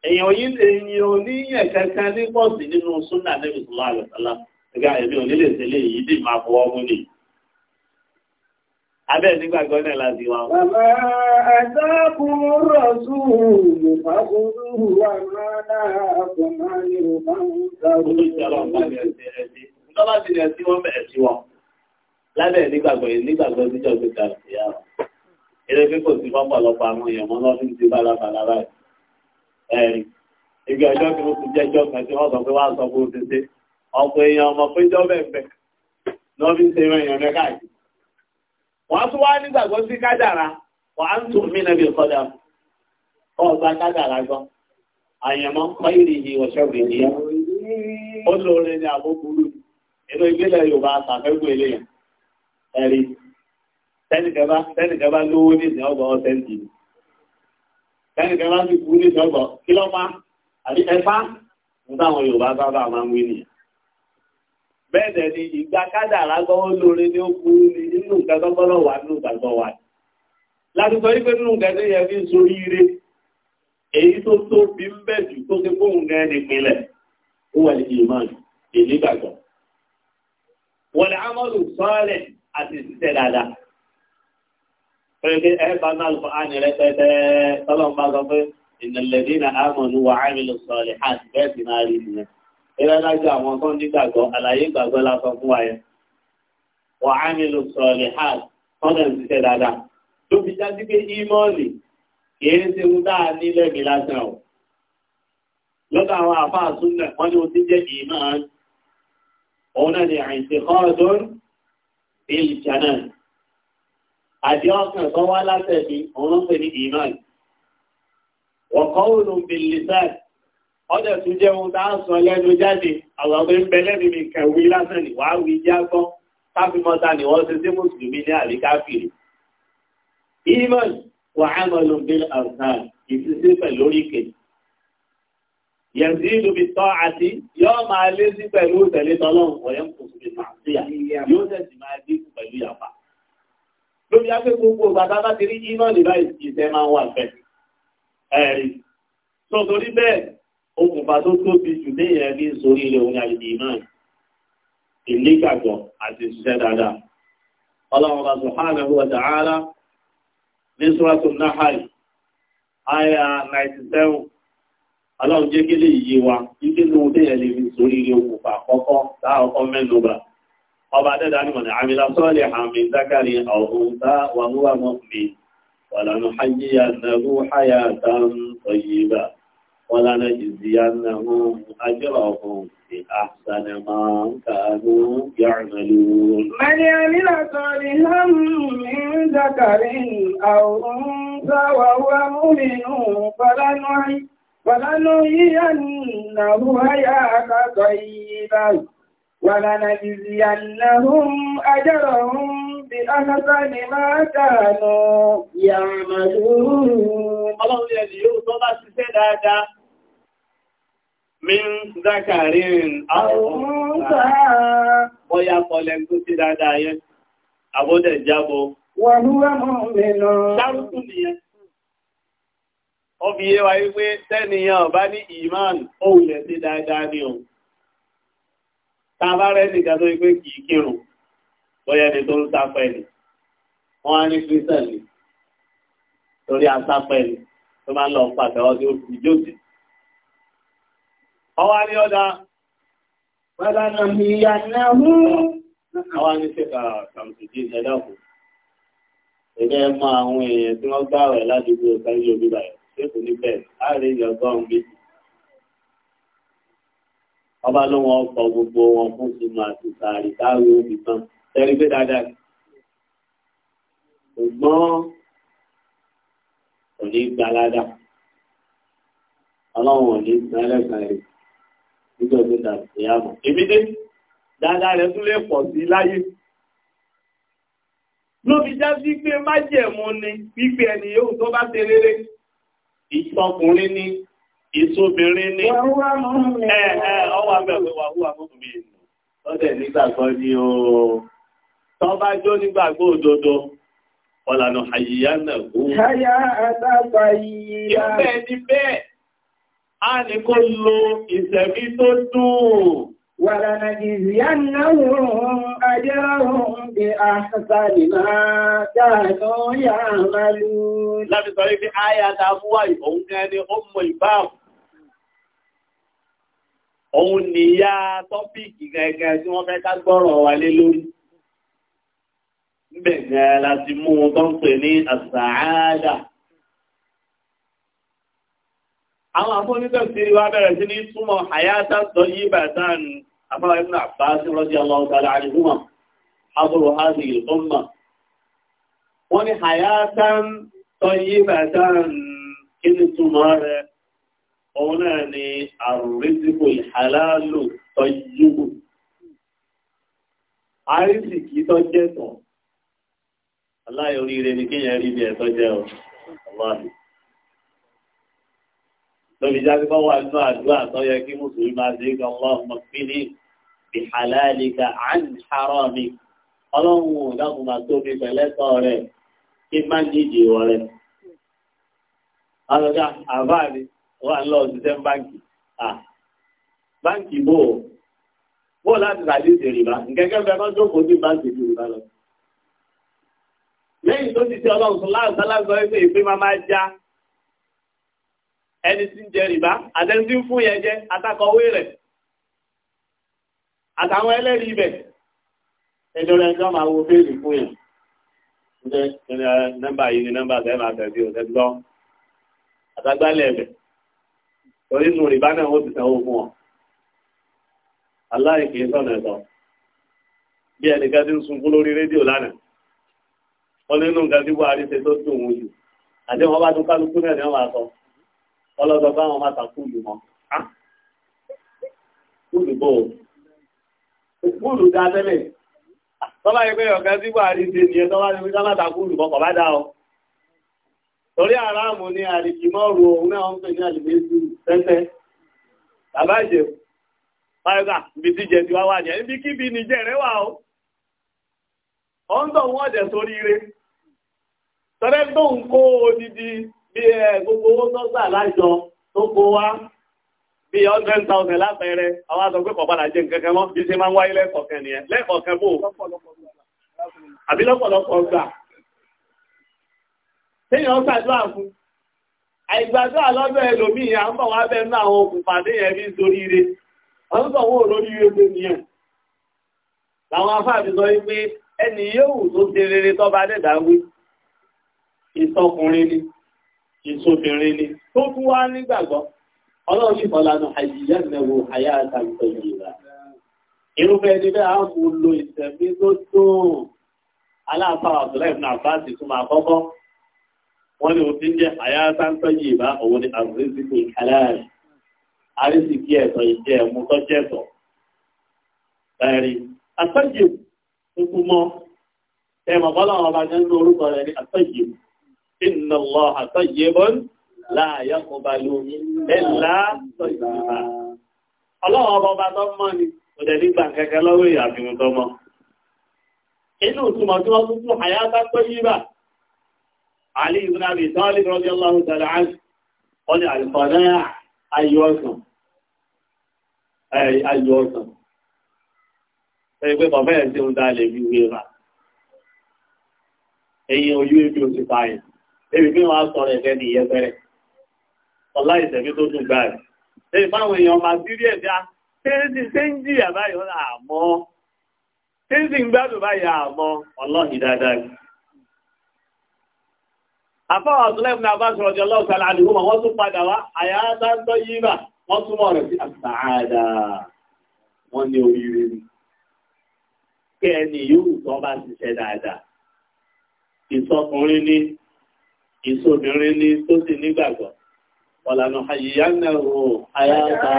èèyàn yìí èèyàn oníyàn kankan ní pọ̀sì nínú súnà nẹ́bí sọ́lá àlùsálà ẹ̀gá ẹ̀mí òní lè tẹ̀lé dì máa fọwọ́ mú ni Abẹ́ nígbàgbọ́ náà láti wá. Bàbá àtàkùn rọ̀sù ìfàkùnrù wà máa náà kò máa sí àwọn. Eré àwọn èèyàn mọ́ lọ́dún ti bá lábàlá báyìí. Ẹ̀rí. Ibi ọjọ́ kí ó ti jẹ́jọ́ kan tí wọ́n sọ pé wá sọ fún òṣèṣe. Ọ̀pọ̀ èèyàn ọmọ péjọ́ bẹ̀ẹ̀ bẹ̀. Lọ́bí wọ́n tún wá nígbàgbọ́ sí kádàrá wọ́n á ń tún mí nàbí kọ́dà ọgbà kádàrá gan àyẹ̀mọ́ kọ́yìrì yìí wọ̀ṣẹ́ rẹ̀ ní ó lóore ní àbókúrú inú ìgbélẹ̀ Yorùbá àtàfẹ́gbò eléyàn ẹ̀rí tẹ́nìkẹ́bá lówó ní ìsìn ọgbà ọ̀sẹ̀ǹtì tẹ́nìkẹ́bá sì kú ní ìsìn ọgbà kílọ́pá àbí ẹ̀fá ń táwọn Yorùbá sábà máa ń wí nìyẹn bẹ́ẹ̀ dị ni ìgbà kádàrá gbọ́n lóore ní ó burú ni nǹkan tó gbọ́dọ̀ wà nínú ìgbàgbọ́ wa. nínú nǹkan tó yẹ ire èyí tó tóbi ń bẹ̀ jù tó ti fóun gan ẹni pinlẹ̀ ó wà ní ìmọ̀n ìnígbàgbọ́. wọ̀lẹ̀ amọ́lù sọ́ọ̀lẹ̀ àti dáadáa. pẹ̀lú ẹ bá náà lọ rẹ tẹ́tẹ́ bá sọ pé ìnàlẹ́dínà ìrẹ́lájọ́ àwọn tó ń nígbàgbọ́ àlàyé ìgbàgbọ́ lásán fún wa yẹn wà á nílò sọ̀rọ̀lẹ̀ ha tọ́nà ìṣiṣẹ́ dáadáa ló fi já sí pé ímọ́ọ̀lì kìí ṣe ń dá ní lẹ́mí lásán o lọ́dọ̀ àwọn àfáà súnlẹ̀ wọ́n ní o ti jẹ́ ìmọ̀ òun náà ni àìsè kọ́ọ̀dún bíi ìjànà àti ọkàn tó wá látẹ̀mí òun ń pè ní ìmọ̀ wọ̀kọ́wùlù bíi lìsáàtì ọdẹ̀ tó jẹ́ ohun tá ń sọ lẹ́nu jáde àwọn ọmọ ń bẹ lẹ́nu mi kẹwí lásán ni wàá wí já gbọ́ káfímọ́ta ni wọ́n ṣe sí mùsùlùmí ní àríkáfìrí iman wà ámàlùm bí àrùn ìfisí pẹ̀lú oríkè yẹ̀sí ìlú bí tọ́ àti yọ́ máa lé sí pẹ̀lú tẹ̀lé tọ́lọ́run ọ̀yẹ́ kùsùn bí màá sí à yóò tẹ̀sí máa dínkù pẹ̀lú yàpá iman ìbáyìí ìṣẹ́ máa ń wà fẹ́ ẹ̀rí okùnfà tó tóbi jù léèyàn rí sórí ilé òun àìdí náà ìlígbàgbọ́ àti ìṣiṣẹ́ dáadáa ọlọ́run ọba subhanahu wa ta'ala ní sọ́rọ̀tún náhàì àyà 97 ọlọ́run jẹ́ kí lè yí wa nígbé lóhun tẹ́yẹ lè rí sórí ilé okùnfà àkọ́kọ́ láàkọ́ mẹ́nubà ọba dẹ́dà ní mọ̀nà àmìlà sọ́ọ̀lẹ̀ àmì zákàrí ọ̀hún tá wà ń wà mọ́ mi wà lánàá hajjiyà nàrú ولنجزينهم أجرهم بأحسن ما كانوا يعملون من يعمل صالحا من ذكر أو أنثى وهو مؤمن فلنحيينه حياة طيبة ولنجزينهم أجرهم بأحسن ما كانوا يعملون Ọlọ́run ni ẹni yóò tọ́ bá Min Zakarin, àwọn ọmọ ọ̀yà pọ̀lẹ̀ tó ti dáadáa yẹn, àbọ́dẹ̀ jábọ̀. Wọ́n ló wá mọ́ mẹ́lọ. Ṣárùkù nìyẹn. Ó fi yé wa wípé tẹ́niyàn bá ní ìmáàn, ó wùlẹ̀ sí dáadáa ní òun bóyá ẹni tó ń sáfẹ́ ni wọ́n á ní kírísítẹ̀ ni torí asáfẹ́ ni tó máa ń lọ pàtẹ́ ọdún oṣù ìjọ́sí. ọwọ́ ní ọ̀dà pẹ́lá náà ní ìyá náà mú. ọwọ́ ní ṣèkà kàmùsìdì ìṣẹ́dàkù ẹgbẹ́ mọ àwọn èèyàn tí wọ́n gbà rẹ̀ ládùúgbò sáyé òbíbà ṣéèkù níbẹ̀ láàrin ìyọgọ́rùn-ún méjì. ọba ló wọn kọ gbogbo wọn fún sinmi àti sàárì káàrí òbí tán ẹ̀rí pé dáadáa ni ṣùgbọ́n kò ní gba dáadáa ọlọ́run ò ní gba ẹlẹ́sàn rẹ̀ nítorí náà ìyá mọ̀ èmi dé dáadáa rẹ̀ tún lè pọ̀ sí láyé ló fi já sí pé májẹ̀mú ni pípé ẹni yóò tó bá ṣe rere ìṣọkùnrin ni ìṣobìnrin ni ẹ ẹ ọwọ́ abẹ́wẹ́wà wúwa mọ́tò mi ọdẹ nígbàgbọ́ ni ooo tó bá jó nígbàgbọ́ òdodo ọ̀lànà àyíyá náà kú. Ṣáyá àtàkà yìí. Ìfẹ́ ni bẹ́ẹ̀, a ní kó lo ìṣẹ̀mí tó dùn. Wàlànà ìzìyà náà ajẹ́rọ̀hún bí a sàlì máa dáadọ́ yà máa lú. Láti sọ wípé àyà ta fúwà ìfòun gan ni ó mọ ìbáàmù. Òun nìyá tọ́pìkì gẹ́gẹ́ tí wọ́n fẹ́ ká gbọ́rọ̀ wa lé lórí bẹ̀gẹ̀ láti mú wọn tó ń pè ní àsàádà. Àwọn afọ́nítọ̀ sí wá bẹ̀rẹ̀ sí ní túmọ̀ àyátà sọ yí bàtán afọ́wà ibùn àbáṣí rọ́dí aláwọ̀tàlá àdìhúmọ̀ àbúrò hàzì ìlúmọ̀. Wọ́n ní àyátà sọ yí bàtán kí ni rẹ̀? Òun náà ni àrùrísìkò ìhàlálù tọ́jú. Àrísìkì tọ́jẹ́tọ̀ aláyọ̀ oríire ni kéèyàn rí ibi ẹ̀tọ́ jẹ́ ọ ọlọ́ọ̀dì lórí jáde bá wà nínú àdúrà tó yẹ kí mùsùlùmí máa ṣe kí Allahumma qini bi halalika an haramik ọlọ́run ò dákun máa tóbi pẹ̀lẹ́tọ̀ rẹ̀ kí má níjì ìwọ rẹ̀. alọ́jà àbá mi wà ń lọ ṣiṣẹ́ báńkì báńkì bò láti ràdí ìṣèlú bá nkẹ́kẹ́ bẹ́ẹ̀ bá jókòó sí báńkì ìṣèlú bá lẹ́yìn tó ti ṣe ọlọ́run sọ láàrín sálágbọ ẹgbẹ́ ìpín máa máa já ẹni tí ń jẹ rìbá àtẹni tí ń fún yẹn jẹ atakọ̀wé rẹ̀ àtàwọn ẹlẹ́rìí ibẹ̀ ẹjọ́ rẹ̀ ẹjọ́ máa wo fèèrè fún yẹn ṣe eh, ṣe nọ́mbà yìí ni nọ́mbà tẹ́ máa tẹ̀ sí ọ̀sẹ̀ gbọ́ àtàgbálẹ̀ ẹ̀bẹ̀ torí nù rìbá náà ó ti sanwó fún ọ aláìkè sọ̀nà ẹ̀tọ́ bí ẹnìkan ti ń sunkún lórí rédíò lánàá wọn nínú buhari ṣe tó dùn ún jù àti wọn bá tún kálukú náà ní wọn máa ọlọ́dọ̀ bá wọn máa ta kúlù mọ́ kúlù bò ó kúlù dá tẹ́lẹ̀ tọ́lá yìí pé ọ̀gá tí buhari ṣe nìyẹn tọ́lá yìí pé ká má ta mọ́ kọ̀ dá ọ torí aráàmù ni àlìkìmọ́rù òun náà ń pè ní àlìmẹ́sù tẹ́tẹ́ bàbá ìjẹ̀wò Fáyọ́gà, ibi tí jẹ wá wà ní ẹni bí kíbi ní rẹ̀ wà ó. Ọ́n tọ̀ wọ́n jẹ sórí ire. tọ́lẹ́ tó ń kó odidi bí ẹ gbogbo owó tó gbà tó kó wá bí hundred thousand lápẹẹrẹ àwọn àtọ́ pé jẹ́ nǹkan kan mọ́ bí ṣe máa ń wáyé bò àbí lọ́pọ̀lọpọ̀ gbà téèyàn ṣàdúrà fún àìgbàdúrà lọ́dọ̀ ẹlòmíì à ń bọ̀ wá bẹ́ẹ̀ ní àwọn okùnfà téèyàn bí lórí ire tó làwọn afáàbí sọ wípé yóò tó ṣe rere dẹ́dàá wí ìsọkùnrin ni ìsọbìnrin ni tó tún wá nígbàgbọ́ ọlọ́run sì àyíyá àyá àtàkùtọ̀ yìí irúfẹ́ ẹni bẹ́ẹ̀ mú lo ìtẹ̀mí tó tóun aláàfáà àtúrà ìfúnà àbáàsì tún máa kọ́kọ́ wọ́n ní òfin jẹ́ àyá òun ni àrísìkì aláàrí àrísìkì ẹ̀tọ́ ìjẹ́ ẹ̀mú tó jẹ́tọ̀ ẹ̀rí àtọ́jì tó kú mọ́ ẹ̀mọ̀ bọ́lá ọba jẹ́ orúkọ inna Allaha tayyibun la yaqbalu illa tayyiba. ọlọ́run ọba ọba tó mọ́ ni kò dẹ̀ nígbà kẹ̀kẹ́ lọ́wọ́ èèyàn àbí tó mọ́. inú ìtumọ̀ tí wọ́n tún fún àyáká tó yí bà Ali ibn Abi Talib radiyallahu ta'ala anhu wọ́n ni àlùfọ́nà ayọ̀ ọ̀sán ayọ̀ ọ̀sán bàbá ẹ̀ tí ó dá lè wíwé rà èyí ojú ebi ò ti pààyàn ebi bí wọn á sọ rẹ̀ lẹ́nu ìyẹ́fẹ́rẹ́ ọlá ìṣẹ́bí tó dùn gbà rẹ̀ ebi báwọn èèyàn máa sí rí ẹ̀dá tẹ́ńtì tẹ́ńtì àbáyọ àmọ́ tẹ́ńtì ń gbádùn báyà àmọ́ ọlọ́ọ̀hìn dáadáa ni. àfọwọ́ àtúnlẹ̀ fún abáṣọ ọjọ́ ọlọ́ọ̀sán àdìgbò mọ̀ wọ́n tún padà wá àyà dáńtọ́ yìí bà wọ́n túmọ̀ rẹ̀ sí àtàdà wọ́n ní oríire ni kẹ́ yóò bá ṣiṣẹ́ dáadáa ìsọkùnrin ni ìṣó obìnrin ní tó sì nígbàgbọ́ ọ̀lànà àyíyáná o ayáta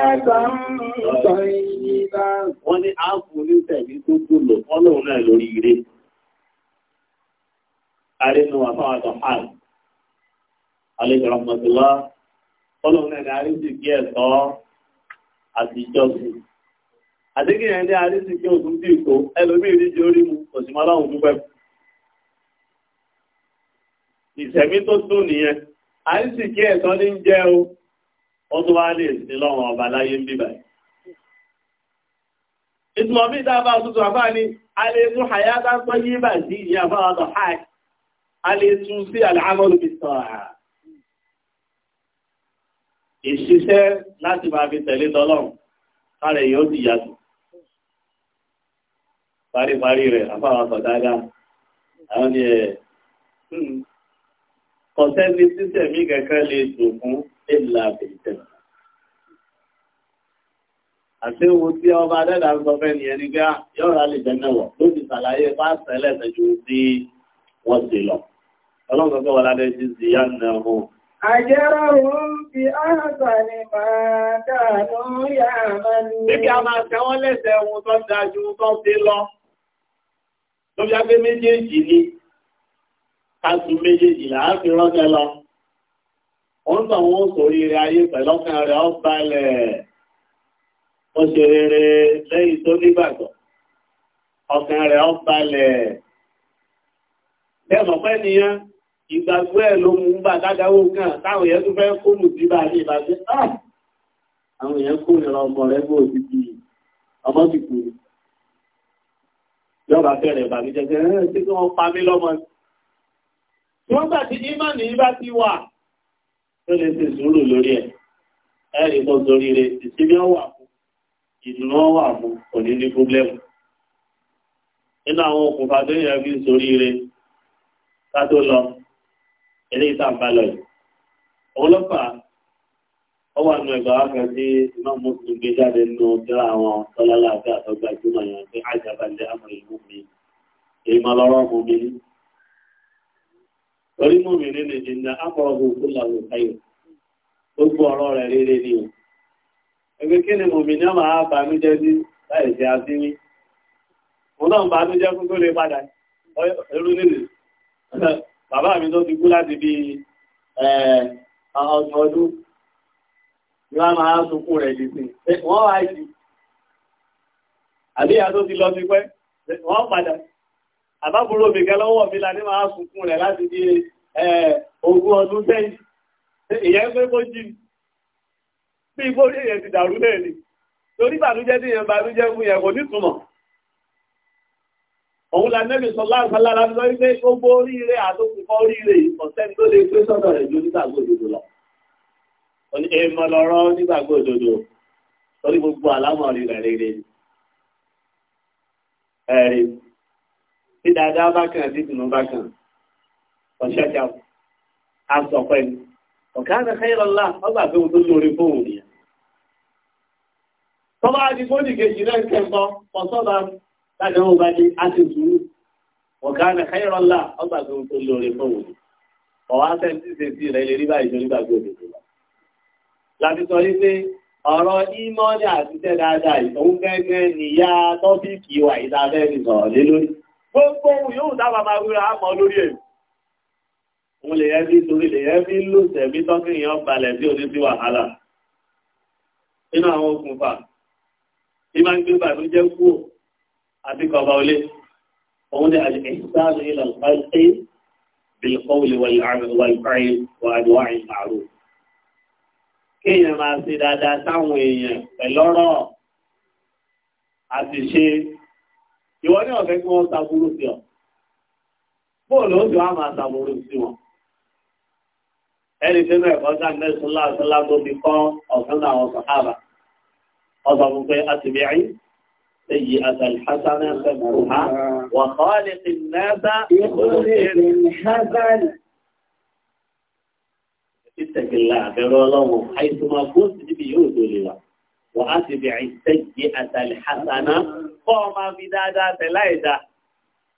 wọ́n ní áàpù ní tẹ̀lé tó gbòlò ọlọ́run náà lórí ire arínú àfáwàtọ̀ hàn alẹ́gbẹ̀rẹ̀ ọmọdúnlá ọlọ́run náà ní àríṣìkí ẹ̀tọ́ àti ìjọsìn àdékìyàn ní àríṣìkí òtún bí ìkó ẹlòmí ìríjì orí mu òsìmọ́láhùn dúpẹ́ fún ìṣẹ̀mí tó tó nìyẹn a ń sì kí ẹ̀tọ́ ní jẹ́ o ó tó wá lè sí lọ́wọ́n ọba láyé ń bíbà ìtumọ̀ bí àfá ni a lè tún àyátá pọ́ yí bà sí ìyá fáwọn ọ̀tọ̀ háì a lè tún sí àlàámọ́lù fi sọ àrà ìṣiṣẹ́ láti máa fi tẹ̀lé tọ́lọ́run kárẹ̀ yóò ti yàtọ̀ paríparí rẹ̀ àfáwọn ọ̀tọ̀ dáadáa àwọn ni ẹ̀ hmm, kọ̀sẹ́ni sísẹ̀mí kankan lè dùn fún ìlà àbẹ̀tẹ̀. Àṣéwo tí ọba dẹ́dà ń sọ fẹ́ ni ẹni gbá yọ́ra lè jẹ́nẹ̀wọ̀ ló ti ṣàlàyé bá sẹ́lẹ̀ tẹ́jú sí wọ́n sí lọ. Ọlọ́run tó wà ládẹ́ sí sí yá nà ó. Àjẹ́rọ̀ òun fi áhàtà ní máa dànù yá máa Bí kí a máa tẹ́wọ́n lẹ́sẹ̀ káàtù méjèèjì láàáfi rọ́jẹ́ lọ. Wọ́n tàn wọ́n sórí rẹ̀ ayé pẹ̀lọ́kàn rẹ̀ ọ balẹ̀. Ó lẹ́yìn tó nígbàgbọ́. Ọkàn rẹ̀ ọ balẹ̀. Bẹ́ẹ̀ pẹ́ nìyẹn, ìgbàgbọ́ ẹ̀ ló mú bà dádáwó kan táwọn èèyàn tó fẹ́ kó mù sí bá ní ìbàjẹ́. Ah! Àwọn èèyàn kó ìrọ̀ ọmọ rẹ̀ bó ti di ọmọ ti kú. Yọ̀bà fẹ́rẹ̀ ìbàjẹ́ gẹ́gẹ́ tí wọ́n pa sí wọ́n gbà tí ìmánì bá ti wà tó lè ṣe sùúrù lórí ẹ̀ ẹ̀rì tó sórí rẹ̀ ìsinmi ọwà fún ìdùnnú ọwà fún kò ní ní públẹ́mù nínú àwọn okùnfà tó yẹ fi sórí rẹ̀ ká tó lọ ilé ìtàǹbá lọ yìí òun ló fà ó wà nù ẹgbàá kan tí imam muslim gbé jáde nínú jẹ́ àwọn tọ́lá torí mú mi nínú ìdíńdá ápọ̀ọ̀gùn tó lọ́wọ́ káyọ̀ gbogbo ọ̀rọ̀ rẹ̀ ẹgbẹ́ kí ni náà máa sí lè padà ẹrú nílùú bàbá mi tó ti kú láti bí ọdún ni wọ́n máa sunkún rẹ̀ jì sí wọ́n àbí ti lọ sí pẹ́ wọ́n padà àbábúrò mi gẹ́lọ́wọ́ mi la ní máa sunkún rẹ̀ láti di ogún ọdún sẹ́yìn ìyẹn pé kó jí bí igbó rí èyàn ti dàrú náà ni torí bànújẹ́ tí èyàn bànújẹ́ fún yẹn kò nítumọ̀ òun la nẹ́bí sọ láàfàlà láti lọ wípé gbogbo oríire àtòkùnkọ́ oríire ìkọ̀sẹ́ni tó lè pé sọ́dọ̀ rẹ̀ ju nígbàgbọ́ òdodo lọ èèmọ̀ lọ́rọ̀ nígbàgbọ́ òdodo torí gbogbo àlámọ̀ rí rẹ̀ rere ẹ̀rí tí dáadáa bá kàn sí ìdùnnú bá kàn ọ̀ṣẹ́ ti àṣọ pẹ̀lú ọ̀ká ní kẹ́rọ̀lá ọgbà pé mo tó lórí fóònù nìyẹn tọ́lá àdìgbòdì kejì náà kẹ́kọ̀ọ́ ọ̀sọ́lá láti ọmọ bá ní àti sùúrù ọ̀ká ní kẹ́rọ̀lá ọgbà pé mo tó lórí fóònù ọ̀wá sẹ́ńtì sẹ́ńtì rẹ̀ lè rí báyìí lórí gbàgbé òdòdó wa láti sọ yí pé ọ̀rọ̀ ìmọ̀ àtijọ́ dáadáa ìtòun gbogbo ohun yóò dáwà máa wúra àmọ́ lórí ẹ̀ òun lè yẹ bí torí lè yẹ bí lò tẹ̀mí tọ́kì èèyàn balẹ̀ bí òní sí wàhálà nínú àwọn okùnfà tí máa ń gbé bàbújẹ́ kúrò àti kọba olé òun ni àjẹ́ ìsáàlù ilẹ̀ ìpàdé bìlkọ́wìlì wà ìpàdé wà àdúwà ìmàrú kéèyàn máa ṣe dáadáa sáwọn èèyàn pẹ̀lọ́rọ̀ àti ṣe ìwọ ní ọ̀fẹ́ kí wọ́n sàbúrú sí ọ bóòlù oúnjẹ wa máa sàbúrú sí wọn ẹni tí ó ẹ̀kọ́ sáńdẹ́ sọlá sọlá tó fi kọ́ ọ̀kan náà wọn sàhábà ọsọ fún pé àtìbíyí èyí àtàlì hasanà sẹ́mọ̀rù ha wà kọ́ọ̀lì ti nẹ́ẹ̀bá ìtẹ̀kìlá àbẹ̀rẹ̀ ọlọ́run àìsùnmọ̀ fún síbi yóò dole wa wà á ti bẹ̀rẹ̀ ìtẹ̀jì àtàlì hasanà kọ́ ọ máa fi dáadáa tẹ̀ láìda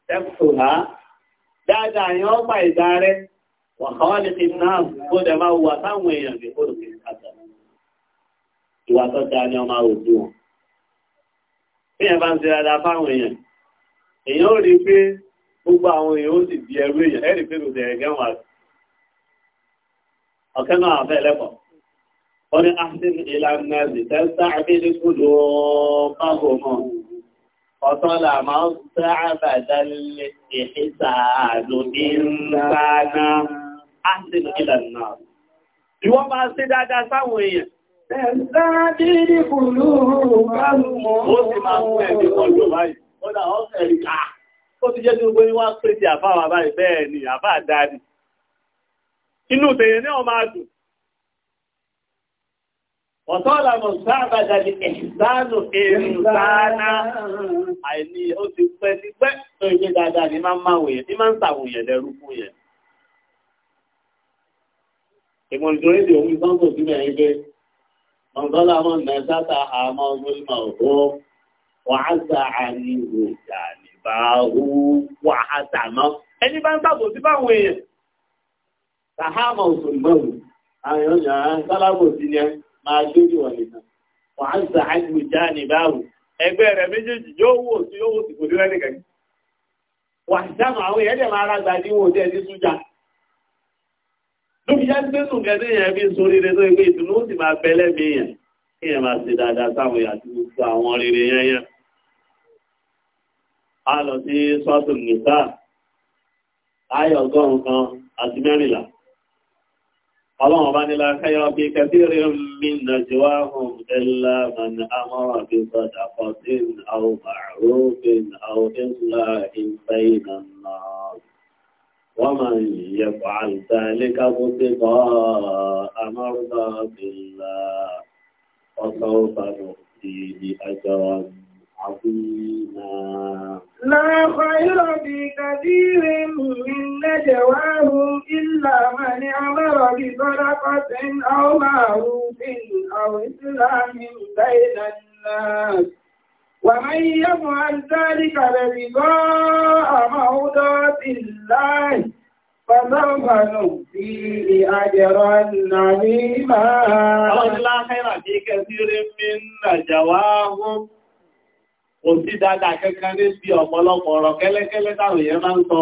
tẹ́kùtù ha dáadáa yẹn ọ́pà ìdá rẹ wà káwọn lè fi náà kó dẹ̀ máa wà táwọn èèyàn fi kó lòkè kàtà ìwà tó dáa ni ọmọ òjú wọn bí yẹn bá ń ṣe dáadáa fáwọn èèyàn èèyàn ò rí pé gbogbo àwọn èèyàn ó sì di ẹrú èèyàn ẹ̀rí pé kò tẹ̀rẹ̀ gẹ́wọ̀n àti ọ̀kẹ́ náà àfẹ́ lẹ́kọ̀ọ́ wọ́n ní ahsin ìlànà ìtẹ́sà àbí ìdíkùdù ọ̀pá Ọ̀tọ́là máa ń sáábà dálé ìṣẹ́sà lòdì ńláná áṣìlú ìlànà. Ìwọ́n máa ṣe dáadáa sáwọn èèyàn. Ẹ̀sá dídí kùlú márùn-ún. Ó sì máa mú ẹ̀mí ọjọ́ báyìí. Ó dà ọ́ fẹ̀rí ká. Ah! Ó ti jẹ́ tí gbogbo yín wá pèsè Ọ̀tọ́lá mọ̀ sáàbàdà ní ẹ̀sánù ìrìnsáàná àìní ó ti pẹ́ ti pẹ́ tó ìgbé dáadáa ní máa ń máa wòye, ní máa ń tàwòyẹ̀ lẹ́rú fún yẹn. Ìmọ̀ ìjọrí ti òun ìsán kò sílẹ̀ ẹgbẹ́, ọ̀tọ́lá mọ̀ mẹ́sàtà àmọ́ ọgbọ́nmọ̀ ọ̀họ́, máa lórí wọ̀lẹ̀ náà wọ́n á ń sa àìsàn já ní báwò ẹgbẹ́ rẹ̀ méjèèjì yóò wò sí yóò wò sí kò dúró nìkan yìí wà sí dáhùn àwọn èèyàn dẹ̀ máa ra gba ní wòó tẹ́ẹ̀ sí sújà lóbi já gbé ayọ̀ ọgọ́rùn-ún kan àti mẹ́rìnlá Ọlọ́run bá nílá káyọ́ bí kẹfíìrì mi nà jíwá hùn ẹlá mọ̀nà àmọ́ràn bí sọ́dà fọ́tín àwọn màrúfin àwọn ìlà ìfẹ́ ìnànà. Wọ́n máa ń yẹ عظيما لا خير في كثير من نجواهم إلا من أمر بصدقة أو معروف أو إسلام بين الناس ومن يفعل ذلك ابتغاء مرضات الله فسوف نؤتيه أجرا عظيما. لا خير في كثير من نجواهم kò sí dáadáa kankan ní bí ọ̀pọ̀lọpọ̀ ọ̀rọ̀ kẹ́lẹ́kẹ́lẹ́ táwọn èèyàn máa ń sọ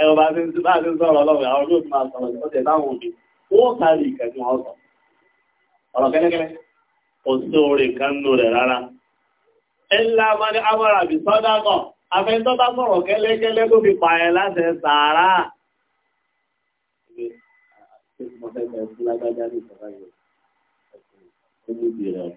ẹ̀rọ bá ti ń sọ̀rọ̀ ọlọ́run àwọn olóògùn máa sọ̀rọ̀ ìfọ́tẹ̀ táwọn òbí wọ́n sáré ìkẹ́kẹ́ wọn sọ ọ̀rọ̀ kẹ́lẹ́kẹ́lẹ́ kò sí orin kan nù rẹ̀ rárá ẹ̀lá máa ní amára àbí sọ́dá náà afẹ́ntọ́ bá sọ̀rọ̀ kẹ́lẹ́kẹ́lẹ́ tó fi pààyàn láti sàárà Thank you.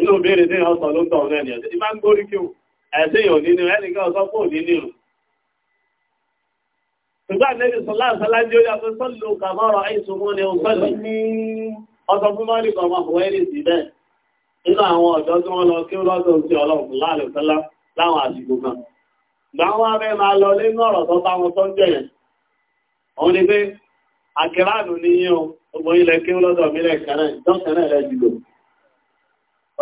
inú béèrè tí wọ́n sọ ló ń tọ̀ ọ̀rẹ́ ènìyàn tí máa ń gbórí kí o ẹ̀sìn yóò nínú ẹnìkan sọ fún òní nínú. ṣùgbọ́n àlejò sọlá àṣálá ń jóyà pé sọ́lù kàmọ́rọ̀ àìsùn mọ́ ni òǹkọ́lì ọsọ fún mọ́lì kan máa fọwọ́ ẹni sí bẹ́ẹ̀ nínú àwọn ọ̀dọ́ tí wọ́n lọ kí ó lọ́dọ̀ sí ọlọ́run láàlú láwọn àsìkò kan. ìgbà abẹ́ máa lọ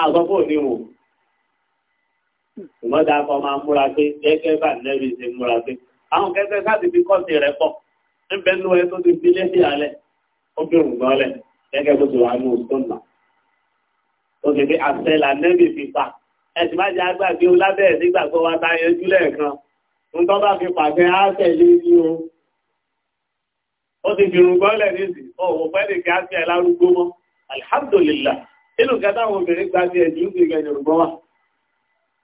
àgbọ̀pọ̀ ní wò ṣùgbọ́n dákọ̀ máa múra pé gẹ́gẹ́ bá nẹ́bí ṣe múra pé àwọn kẹ́kẹ́ sáti fi kọ́ọ̀tì rẹ̀ pọ̀ níbẹ̀ nínú ẹ tó ti fi lẹ́sí alẹ́ ó fi rùn gan lẹ̀ gẹ́gẹ́ bó ti wà ní òṣùnà ó sì fi àṣẹ là nẹ́bí fi pa ẹ̀sìn má jẹ́ agbàgbé o lábẹ́ ẹ̀ nígbàgbọ́ wa ta yanjú lẹ́ẹ̀kan nǹkan bá fi pàṣẹ á tẹ̀lé ní o ó ti fi rùn gan lẹ̀ nísì ọ̀wọ̀ pẹ́ inú nǹkan táwọn obìnrin gba sí ẹ̀jú sí ìgbà Yorùbá wa.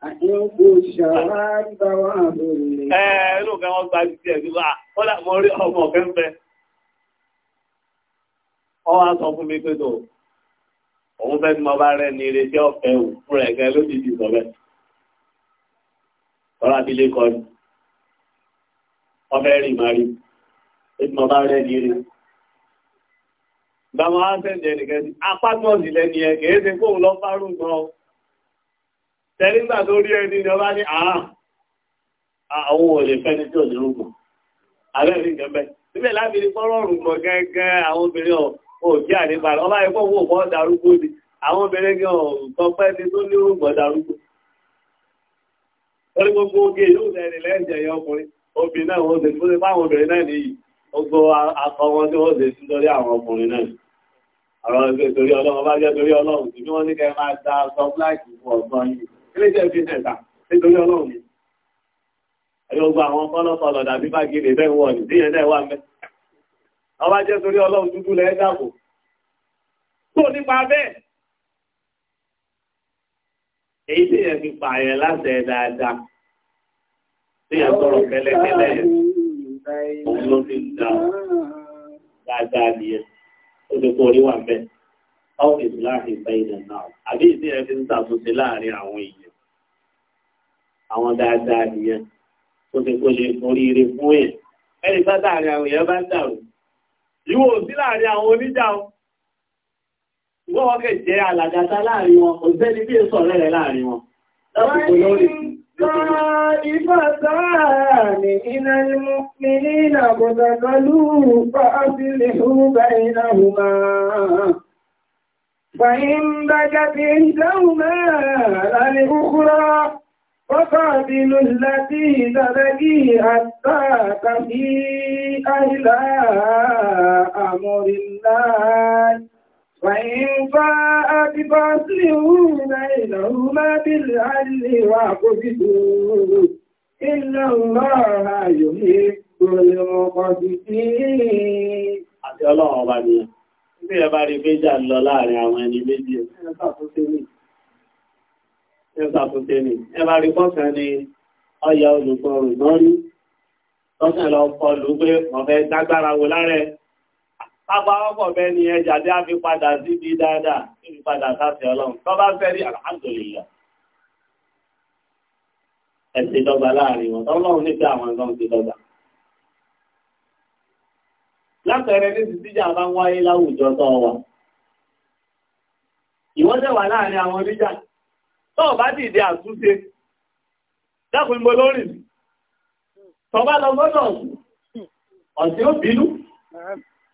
Àyẹ̀wò ṣàwárí bá wà lórí. Ẹ inú nǹkan wọn gba sí ẹ̀jú wa, wọ́n là mọ orí ọmọ ọ̀fẹ́ ń bẹ. Wọ́n wá sọ fún mi pé tó, òun fẹ́ tí mo bá rẹ̀ ní ireti ni, ọbẹ̀ tí mo Bàmọ́ á sẹ́jẹ̀ nìkan sí, apágbọ́n sílẹ̀ ni ẹ kìí ṣe fóun lọ fárún gan. Tẹ̀lígbà tó rí ẹni ni ọba ní àá, àwọn òlè fẹ́ni tí ò ní rúgbọ̀n. Àbẹ́ rí gẹ́gẹ́. Síbẹ̀ láti rí fọ́rọ̀ rúgbọ̀n gẹ́gẹ́ àwọn obìnrin òjì àríbà. Ọba ẹ̀kọ́ wò fọ́ darúgbó ni. Àwọn obìnrin gan ọ̀kan pẹ́ ni tó ní rúgbọ̀n darúgbó. Orí gbogbo oge yóò tẹ̀lé lẹ́jẹ̀ yọ ọkùnrin. Obìnrin náà wọ́n ti fún gbogbo akọ tí wọ́n ṣe sí lórí àwọn ọkùnrin náà àwọn ẹgbẹ́ torí ọlọ́run bá jẹ́ torí ọlọ́run tí wọ́n ní kẹ́ máa da aṣọ fún ọ̀gbọ́n yìí kílé jẹ́ fi sẹ̀ta nítorí ọlọ́run ni ẹ̀yọ́ gbogbo àwọn kọ́lọ́kọ́lọ́ dàbí bá gèlè bẹ́ẹ̀ wọ̀ ní díẹ̀ náà wà mẹ́ ọba jẹ́ torí ọlọ́run dúdú lẹ́ dàbò tó nípa bẹ́ẹ̀ èyí tí yẹn fi pààyàn láti ẹ̀ dáadáa tí yẹn sọ̀rọ̀ pẹ̀lẹ́pẹ̀lẹ́ yẹn òun dáadáa nìyẹn ó ó ti kó lè oríire fún èèyàn ẹni bá dáàrin àwọn èèyàn bá ń dàrú ìwò sí láàrin àwọn oníjà o ìwọ́n wọ́n kẹ̀ jẹ́ alàgàtà láàrin wọn òṣèlú bí èso ọ̀rẹ́ rẹ̀ láàrin wọn lọ́sùn lórí طائفتان من المؤمنين اقتتلوا فأصلحوا بينهما فإن بكت إحداهما على الأخرى فقاتلوا التي تبكي حتى تفيء إلى أمر الله وإن فاءت فأصلحوا بينهما بالعدل واقسطوا إن الله يحب المقسطين. Àti ọlọ́run ọba ni bí ẹ bá rí méjà lọ láàrin àwọn ẹni méjì ẹ ṣàtúnṣe Ẹ ṣàtúnṣe ní. Ẹ bá rí kọ́sẹ̀ ni ọya olùkọ́ rùgbọ́n rí. Kọ́sẹ̀ lọ pápáwọ́pọ̀ bẹ́ẹ̀ ni ẹjà dé á fi padà síbi dáadáa níbi padà sáfẹ́ ọlọ́run tó bá fẹ́ rí alhamdulillah ẹ̀sìn dọ́gba láàrin wọn tọ́lọ́run nífẹ̀ẹ́ àwọn nǹkan ti dọ́gba. látọ̀rẹ ní sísíjà bá ń wáyé láwùjọ tó wà ìwọ́sẹ̀ wà láàrin àwọn oníjà tó bá dìde àtúnṣe dákùn ìbò lórí tọ́ba lọ gbọ́dọ̀ ọ̀sìn ó bínú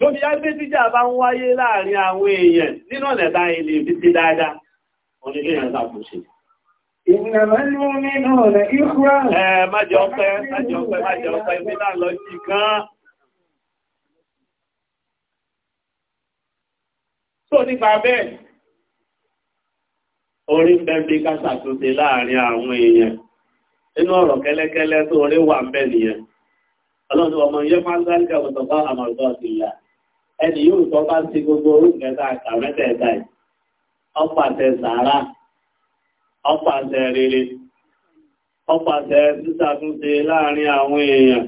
lóbi yá gbé jíjà bá ń wáyé láàrin àwọn èèyàn nínú ọ̀lẹ́ta ilé ibi ti dáadáa onílé yẹn sàkó ṣe. ìrìnàmọ́ ní omi náà rẹ̀ ìkúrà. ẹ májọ ọpẹ májọ ọpẹ májọ ọpẹ mi náà lọ sí gan. tó nípa bẹ́ẹ̀ orí pẹ́ẹ́bí ká ṣàtúnṣe láàrin àwọn èèyàn inú ọ̀rọ̀ kẹ́lẹ́kẹ́lẹ́ tó orí wà ń bẹ̀ nìyẹn. Ọlọ́run ọmọ yẹ́ máa ń dáríkà ọ̀tọ̀ bá ẹni yóò tọ́ bá ti gbogbo orúkẹ tá a kà mẹ́tẹ̀ẹ̀ta yìí ọ̀pàṣẹ sàárà ọ̀pàṣẹ rere ọ̀pàṣẹ sísàtúnṣe láàrin àwọn èèyàn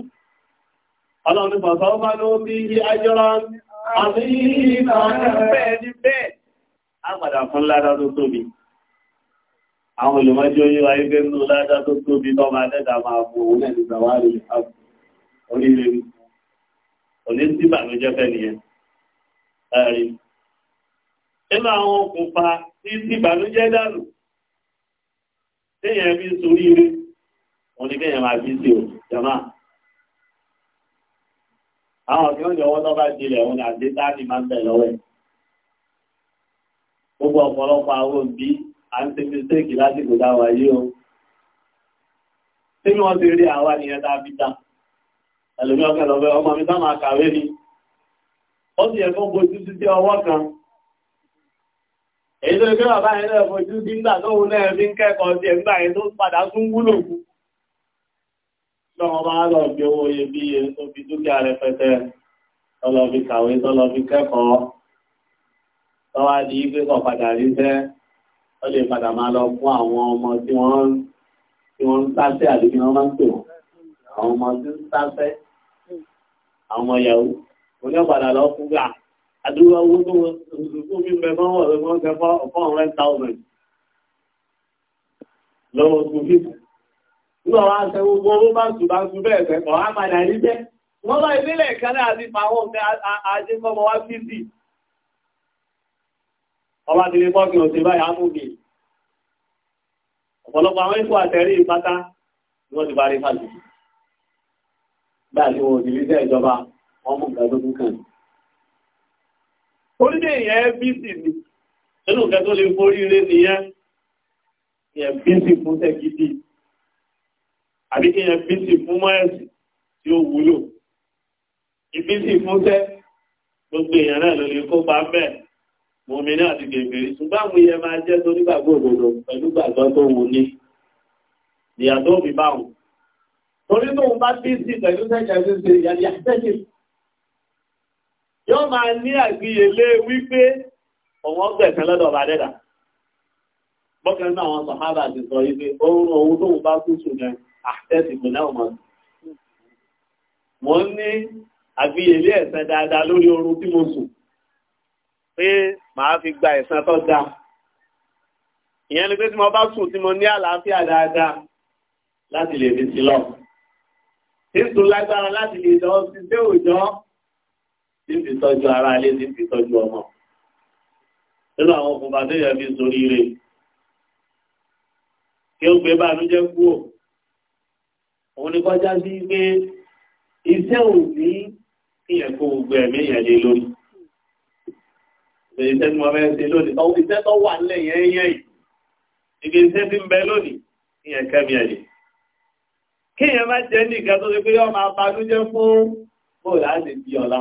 ọlọ́run ní bàbá ọba ló bí ilé ajọ́ra àmì bẹ́ẹ̀ ni bẹ́ẹ̀ àwọn olùmọ́jú yíwa igé nínú ládá tó tóbi tó máa dẹ́dà máa fún òun ẹ̀dùn orílẹ̀-èdè òní sí bàmíjẹ́ fẹ́ nìyẹn ẹ̀rí. nínú àwọn okùnfà tí ti ìbànújẹ́ dànù téèyàn fi ń sorí ire wọn ni kéèyàn máa fi ṣe o jama. àwọn tí wọ́n jọ wọ́n lọ́ba jilẹ̀ wọn ni àdéhùn àti máa ń bẹ̀ lọ́wọ́ ẹ̀. gbogbo ọ̀pọ̀lọpọ̀ àwọn òbí à ń ṣe mistake lásìkò dáwà yìí o. tí wọ́n ti rí àwa nìyẹn tá a fi dà ẹlòmí ọkẹ lọ́fẹ́ ọmọ mi sáà máa kàwé ni ó sì ẹ̀kọ́ bojú sí sí ọwọ́ kan èyí tó gbé bàbá yẹn lẹ́ẹ̀ fojú sí nígbà tó wù náà fi ń kẹ́kọ̀ọ́ sí ẹ̀gbà yẹn tó padà tún wúlò kú lọ́wọ́ bá lọ gbé owó iye bí iye tó fi dúkìá rẹpẹtẹ tọ́lọ fi kàwé tọ́lọ fi kẹ́kọ̀ọ́ tọ́wá di ipe kọ̀ padà rí sẹ́ ó lè padà máa àwọn ọmọ tí ń sáṣẹ́ àwọn ọmọ tí òní ọ̀padà lọ fún gbà àdúgbò owó tó fún bẹ fọ́wọ́ rẹ wọ́n fẹ́ fọ́ ọ̀rẹ́ thousand lọ́wọ́ tó fi nígbà wá sẹ gbogbo owó bá tù bá tù bẹ́ẹ̀ fẹ́ á padà rí jẹ́ wọ́n bá ìbílẹ̀ ìkálẹ̀ àti pàwọn ọ̀fẹ́ ajé wá sí sí ọba ti lè pọ́kì ọ̀sẹ̀ báyìí á mú mi ọ̀pọ̀lọpọ̀ àwọn ikú àtẹ̀rí ìpátá ni wọ́n ti bá rí fàájì báyìí wọn ìjọba ọmọ ìgbàgbọ́n kan. Orílẹ̀ èèyàn FBC ni, nínú nǹkan tó lè forí rẹ̀ nìyẹn, èèyàn FBC fún tẹ́gídì, àbí kí èèyàn FBC fún mọ́ẹ̀sì tí ó wúlò. FBC fún tẹ́, gbogbo èèyàn náà ló lè kópa bẹ́ẹ̀, mọ̀mí náà ti gègèrè, ṣùgbọ́n àwọn èèyàn máa jẹ́ tó nígbàgbọ́ òdodo pẹ̀lú gbàgbọ́ tó wù ní. Ìyàtọ̀ mi báwọn. Torí tóun bá bí sí pẹ̀lú sẹ́jẹ̀ yóò máa ní àgbìyèlé wípé ọ̀wọ́n gbẹ̀sẹ̀ lọ́dọ̀ ọba dẹ́dà bọ́kẹ́ ní àwọn sọ̀hábà ti sọ ibi oorun ohun tó bá kú sùn ní àtẹ́sì kò náà mọ́ mo ń ní àgbìyèlé ẹ̀san dáadáa lórí oorun tí mo sùn pé màá fi gba ẹ̀san tó dáa ìyẹn ni pé tí mo bá sùn tí mo ní àlàáfíà dáadáa láti lè fi sí lọ. Nítorí lágbára láti lè lọ sí ilé òjọ́ níbi tọ́jú ara ilé níbi tọ́jú ọmọ nínú àwọn ọkùnrin bàtẹ́ yẹn fi sórí rẹ̀ kí ó gbé bànújẹ́ kúrò òun ni kọjá sí pé iṣẹ́ òní kíyàn kó gbogbo ẹ̀mí yẹn lé lórí iṣẹ́ tí wọ́n fẹ́ ṣe lónìí tó iṣẹ́ tó wà nílẹ̀ yẹn yẹn yìí ibi iṣẹ́ tí ń bẹ lónìí kíyàn kẹ́mi ẹ̀ lè kíyàn má jẹ́ nìkan tó ṣe pé yọ máa bànújẹ́ fún bóòlù á sì ọ̀la.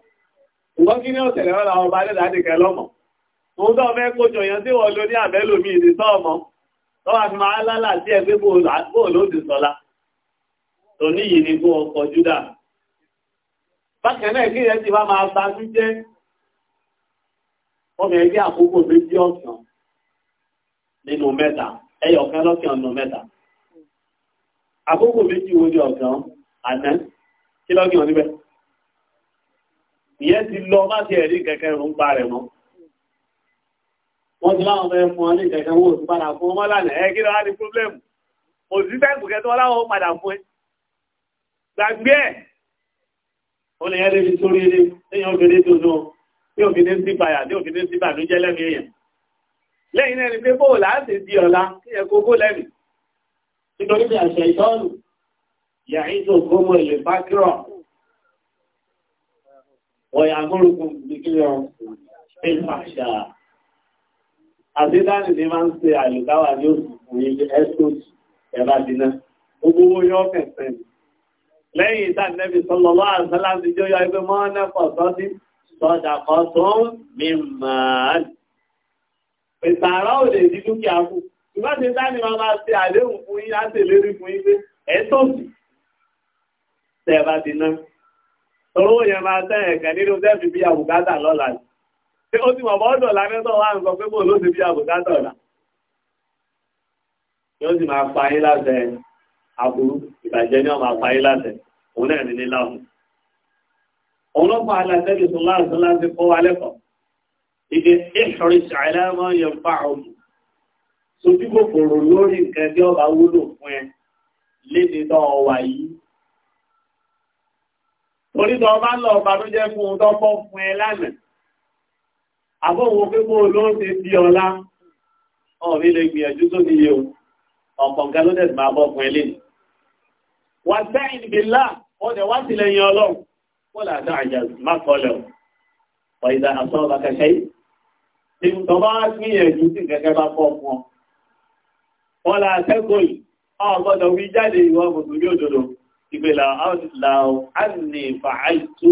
Nǹkan kí ní ọ̀tẹ̀lẹ̀ wọ́n làwọn ọba alẹ́dà nìkan lọ́mọ̀. Òun tó ọmọ ẹkọ́ jọyàn tí wọ́n lo ní àbẹ́lò mi ìdí sọ́ọ̀mọ́. Tọ́wà fi máa lálà sí ẹgbẹ́ bóò ló ti sọ́lá. Tòní yìí ni kó ọkọ̀ Júdà. Bákan náà kí ẹ ti wá máa ta sí jẹ́ ọmọ ẹgbẹ́ àkókò méjì ọ̀sán nínú mẹ́ta, ẹyọ̀kan lọ́kàn nínú mẹ́ta. Àkókò méjì wo ni ọ̀sán? Àná, kí ìyẹn ti lọ má ti ẹ̀rí kẹ̀kẹ́ rùn pa rẹ̀ mọ́ wọ́n ti láwọn ọmọ ẹmọ ní kẹ̀kẹ́ wọ́n ti padà fún ọmọ lánàá ẹ kí lọ wá ní pọ́blẹ́mù òsì tẹ́kù kẹtọ́ láwọn padà fún ẹ gbàgbé ẹ̀ ó lè yẹn lè sórí ilé téèyàn òkèdè tó tí òkèdè sí payà tí òkèdè sí bàdújẹ́ lẹ́mí èèyàn lẹ́yìn náà ni pé bóò láti di ọ̀la kí ẹ kókó lẹ́mí nítorí bí àṣẹ ìtọ́nù yàrá ìtòkómọ ìlú ويأمركم بكل الفحشاء àṣítàní ní máa ń ṣe àyíkáwà ní òṣùpù ilé escort ẹ̀bá dínà gbogbo yóò kẹsẹ̀ lẹ́yìn ìtànẹ́bì sọlọ́lọ́ àṣálà ti jọ yọ ẹgbẹ́ mọ́ nẹ́pọ̀ sọ́dí sọ́dàkọ́ tó ń mímọ̀ ìtàrà ò lè di dúkìá kù ìbá ti dá ní máa máa ṣe àdéhùn fún yín á sì lérí fún yín pé ẹ̀tọ́ sí tẹ̀ ẹ̀bá dínà Owó yẹn máa tẹ́ ẹ̀kẹ́ nínú tẹ́fì bí àbùkátà lọ́la. Ṣé ó ti mọ̀mọ́ ọ̀dọ̀ lábẹ́tọ̀ wá ń sọ pé bò ló ti bí àbùkátà ọ̀la? Yóò sì máa pa yín láṣẹ aburú, ìbàjẹ́ ni ó máa pa yín láṣẹ, òun náà ní níláhùn. Òun ló pa aláṣẹ bí sùn láàṣẹ láti kọ́ wa lẹ́kọ̀ọ́. Ìdè ìṣòrí ṣàìlẹ́ mọ́ yẹn fà ọ̀mù. Sojú Oríta ọba lọ ọba tó jẹ́ fún ọdọ́pọ̀ fún ẹ lánàá. Àbọ̀wọ̀ pípò ló ń ṣe bí ọlá. Ọ̀rí lè gbìyànjú tó níye o. Ọ̀pọ̀ nǹkan ló tẹ̀sí máa bọ́ fún ẹ lé. Wà sẹ́yìn bìlá, wọ́n tẹ̀ wá sílẹ̀ yẹn ọlọ́run. Wọ́n là dá àjà má kọlẹ̀ ìgbèlà àní fàáìtú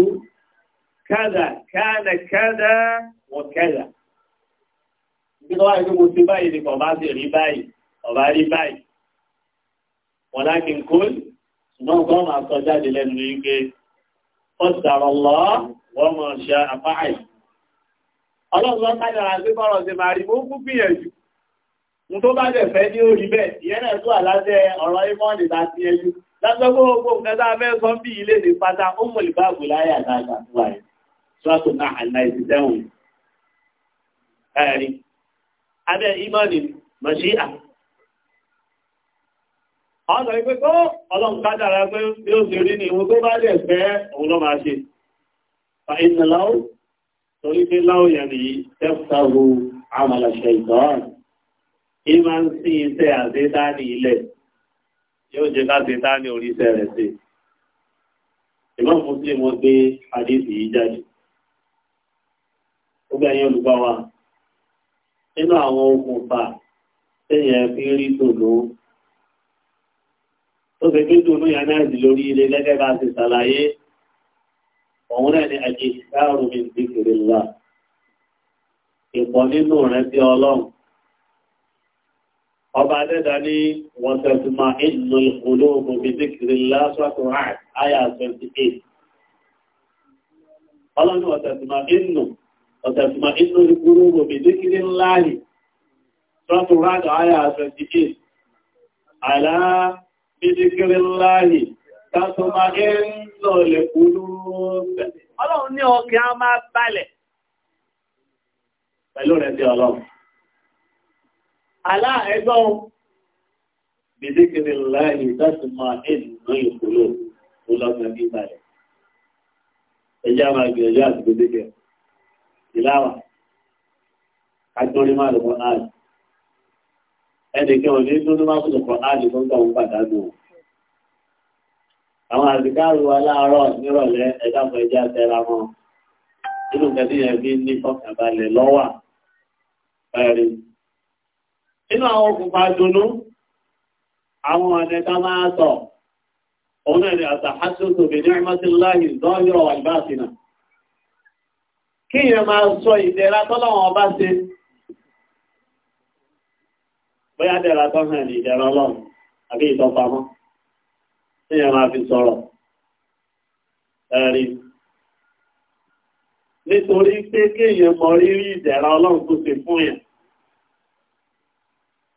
kádà kádà kádà wọ kádà. Nígbà wáyé pé mo ti báyìí ni kọ̀ọ̀bá sì rí báyìí, ọ̀bá rí báyìí. Wọ́n láti ń kó ṣùgbọ́n kan máa sọ jáde lẹ́nu ní pé ọ̀sàrọ̀ lọ wọ́n mọ̀ ṣe àpáàì. Ọlọ́run lọ lásọ́gbọ́ gbogbo nǹkan tá a fẹ́ sọ bí ilé ní pátá ó mọ̀ lè báàbò láyà dáadáa tó wáyé sọ́tò náà àìláìsí sẹ́wọ̀n ẹ̀rí abẹ́ ìmọ̀nì mọ̀ṣíà ọ̀sọ̀ ìpé tó ọlọ́run kádàrà pé bí ó ṣe rí ní ìwọ̀n tó bá lè fẹ́ òun ló máa ṣe fa iná láó torí pé láó yẹn ní tẹ́fùtàwó àmàlàṣẹ ìtọ́ ìmọ̀ sí iṣẹ́ àdédáni ilẹ̀ yóò jẹ́ ká ṣe tá ní oríṣẹ́ rẹ̀ sí ìmọ̀ muslim wọ́n gbé àdéhùn yìí jáde ó gbé ẹ̀yìn olùgbà wa nínú àwọn okùnfà téèyàn fi rí tòló tó fi gbé tòló yẹn náà sí lórí ilé gẹ́gẹ́ bá ti ṣàlàyé òun náà ni àjèjì káàrùn mi ti kiri ńlá ìpọ̀ nínú rẹ̀ sí ọlọ́run ọba adẹ́dà ní wọ́n tẹ̀sùmá inú olóògùn bìtìkìrì lásàtò àt àyà 28 ọlọ́ni ọ̀tẹ̀sùmá inú ọ̀tẹ̀sùmá inú olóògùn bìtìkìrì láàrí sọ́tò àt àyà 28 àlá bìtìkìrì láàrí tẹ̀sùmá inú olóògùn ọlọ́run ní ọkẹ́ á máa balẹ̀ pẹ̀lú rẹ̀ sí ọlọ́run aláàrẹ́gbọ́n bèdékèrè láàyè láti máa ẹ̀dùn náà ìkòlò tó lọ́gbọ̀n bí ìbàlẹ̀ ẹjá máa gbìyànjú àti bèdékè ìláwà agbórí máa lọ́pọ̀ náà ẹnìkan ò ní tó ní máa lọ́pọ̀ náà lè fún gbọ́n pàdánù àwọn àdìkáàrù aláàárọ̀ nírọ̀lẹ́ ẹ̀dá ẹjá tẹ́ra wọn nínú kẹsíyàn inú àwọn òkùnfà dùnú àwọn ọ̀nẹ́ta máa tọ̀ òun ẹ̀rẹ̀ àtàhásùsù bí ní ọmọdéláhì lọ́yọ̀ àìbáṣínà kí yẹn máa sọ ìdẹ̀ra tọ́lọ́wọ́n ọba ṣe bóyá dẹ̀ra tọ́ hàn ní ìdẹ̀ra ọlọ́run àbí ìtọ́pamọ́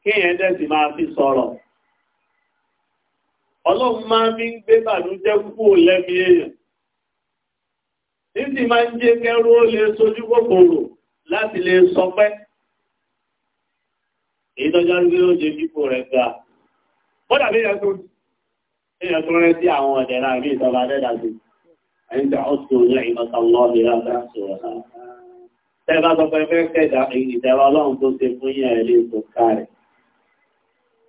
kéèyàn dẹ̀sì máa fi sọ̀rọ̀ ọlọ́run máa fi ń gbé bàdújẹ́ púpọ̀ lẹ́mí èèyàn níbi máa ń jẹ́ kẹrù ó lè sojú láti lè sọpẹ́ èyí tọ́já ń gbé oúnjẹ rẹ̀ ga bọ́dà dàbí èèyàn tó èèyàn sí àwọn àbí ìtọ́ba ẹni sọ ní ìmọ̀ta lọ́ọ̀lì náà tẹ́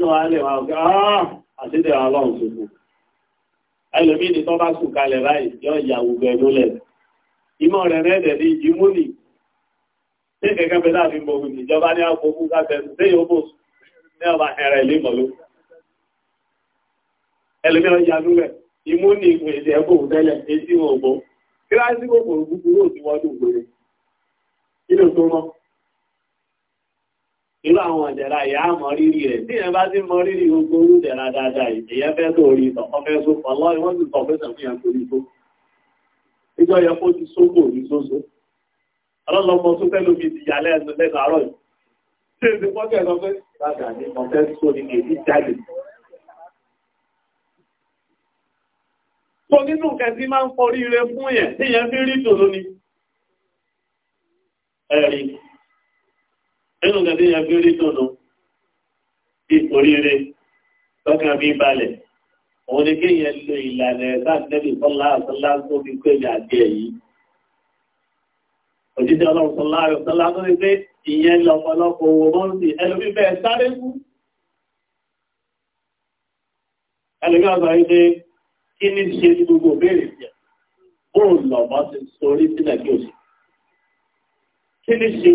kí wọ́n á lè wá ọ̀gá ah, àtẹ́tẹ̀ ọlọ́run ṣoṣo ẹlòmíì ni tó bá sùn kalẹ̀ báyìí yọ ìyá gbogbo ẹnu lẹ̀ ìmọ̀ rẹ̀ rẹ̀dẹ̀ ní ìmú nì tí kẹ̀kẹ́ bẹ láti mọ̀ òun ìjọba ní àpò fún káfẹ́ sí yóò ní ọba ẹ̀rẹ̀ ilé mọ̀lú ẹlòmíì ọjà lúlẹ̀ ìmú nì ìpín ìdí ẹ̀kọ́ òun tẹ́lẹ̀ èyí wọn ògbó kíláàsì kòkòrò búburú òsì wọn dùn irú àwọn ọ̀dẹ̀ra ìyá mọ̀ rírì rẹ̀ tí ìyẹn bá ti mọ̀ rírì gbogbo orú dẹ̀ra dáadáa ìyẹn fẹ́ tó orí ìtọ̀ ọfẹ́ tó pọ̀lọ́ ìwọ́n ti tọ̀ fẹ́sẹ̀ fún ìyàtọ̀ orí tó ìjọ yẹ kó ti sókò orí sóso ọlọ́lọ́mọ tó fẹ́ lómi ti yà lẹ́nu lẹ́nu àárọ̀ yìí tí èdè pọ́kẹ́ lọ fẹ́ láti àdé ọ̀fẹ́ tó ní èdè nínú gàdé yẹn fi rí tònú ipò rere lọ́kàn bí balẹ̀ òun ni kéèyàn lo ìlànà ẹ̀ka nẹ́bí sọ́lá àtọ́lá tó fi kó èmi àti ẹ̀ yìí. òjijì ọlọ́run sọ́lá ayọ̀ sọ́lá tó ní pé ìyẹn lọ́pọ̀lọpọ̀ owó mọ́rùn-ún ẹlòmí bẹ́ẹ̀ sáré kú. ẹlòmí àgbà yìí pé kí ni ṣe ní gbogbo béèrè jẹ bóun lọ́mọ́ ti sorí sílẹ̀ kí o sì. kí ni ṣe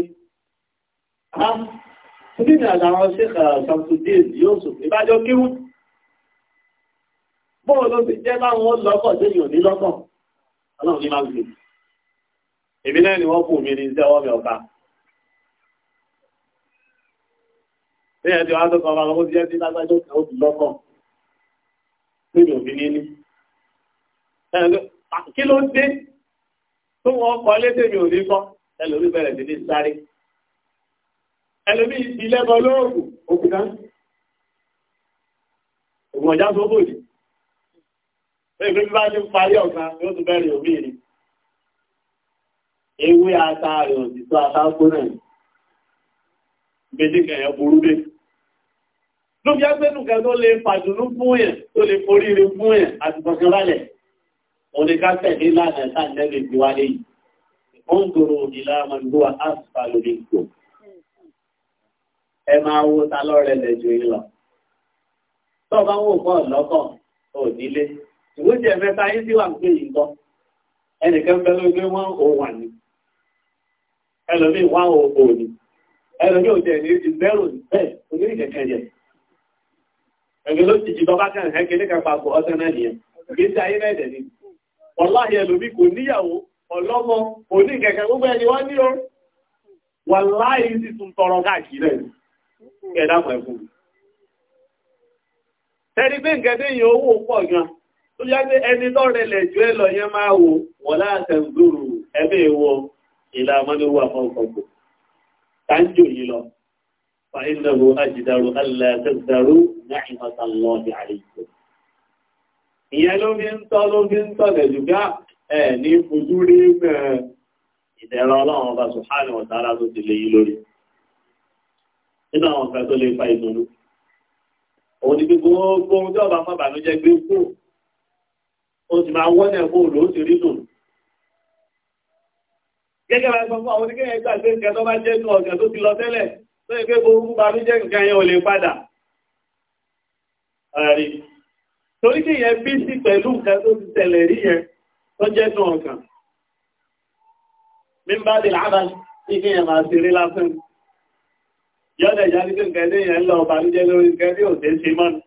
Nígbà àwọn ṣíkà Samsudin yóò sùn ìbájọ́ kíwú. Bọ́ọ̀ ló ti jẹ́ láwọn lọ́kọ̀ tí yìí ò ní lọ́kọ̀. Ọlọ́run ní máa gbé. Èmi náà ni wọ́n kù mí ní iṣẹ́ ọwọ́ mi ọ̀ka. Bẹ́ẹ̀ ti wá tó kan tó kọ ẹlòmí ìlẹ́bọ̀ lóògùn òkúta ògùn ọjá tó bòdì ẹgbẹ́ bí bá ní parí ọ̀gá yóò tún bẹ̀rẹ̀ òmí rí ewé àtàrí òtítọ́ àtàkó náà gbèdé kẹ̀yẹ burú dé ló bí agbẹ́nu kẹ tó lè fàdùnú fún yẹn tó lè forí rí fún yẹn àti kankan lálẹ̀ òní ká tẹ̀lé lánàá sáà nẹ́lẹ̀ ìwádé yìí ó ń tòrò ìlànà ìlú àásùpá lórí ìkòkò E ma ta lọ́rẹ̀ lẹ̀ jù yín lọ. tó bá wò pọ̀ lọ́kọ̀ ò nílé ìwúdí ẹ̀mẹ́ta yín sí wà pé yìí kọ́ ẹnìkan fẹ́ ló gbé wọ́n wà ní wá ò ní ò ní bẹ́ẹ̀ kẹ̀kẹ́ ẹgbẹ́ ló ti bá náà nìyẹn gbèsè ayé náà dẹ̀ ní o sì tún tọrọ káàkiri kẹdàmọ̀ ẹ̀kùn. Tẹ́rí pé nǹkan tí yóò wò pọ̀ gan, tó yá pé ẹni tó rẹlẹ̀ jù ẹ lọ yẹn máa wò wọ́n láàtẹ̀ gbòrò ẹbí ìwọ ìlànà ní owó àfọ́nkọ̀gbò. Táńjò yìí lọ, fàílẹ̀wò àjìdàrú alẹ́tẹ̀dàrú ní ìmọ̀tàlọ́ọ̀dì àríkò nínú àwọn nǹkan tó lè fa ìdùnnú òun ni gbogbo ohun tí ọba fún àbànújẹ́ gbé kú ó sì máa wọ́n náà fóònù ó sì rí dùn gẹ́gẹ́ bá sọ fún àwọn oníkẹ́yẹ gbà sí nǹkan tó bá jẹ́ nù ọ̀gá tó ti lọ tẹ́lẹ̀ tó yẹ pé gbogbo ìbànújẹ́ nǹkan yẹn ò lè padà ààrí torí kí yẹn bí sí pẹ̀lú nǹkan tó ti tẹ̀lẹ̀ rí yẹn tó jẹ́ nù ọ̀gá mímbádìí láàbá ní kí yọ́dẹ̀ ìyá ní pé kẹ́lé yẹn lọ ọba ní jẹ́ lórí kẹ́lé òṣè ṣe mọ́nù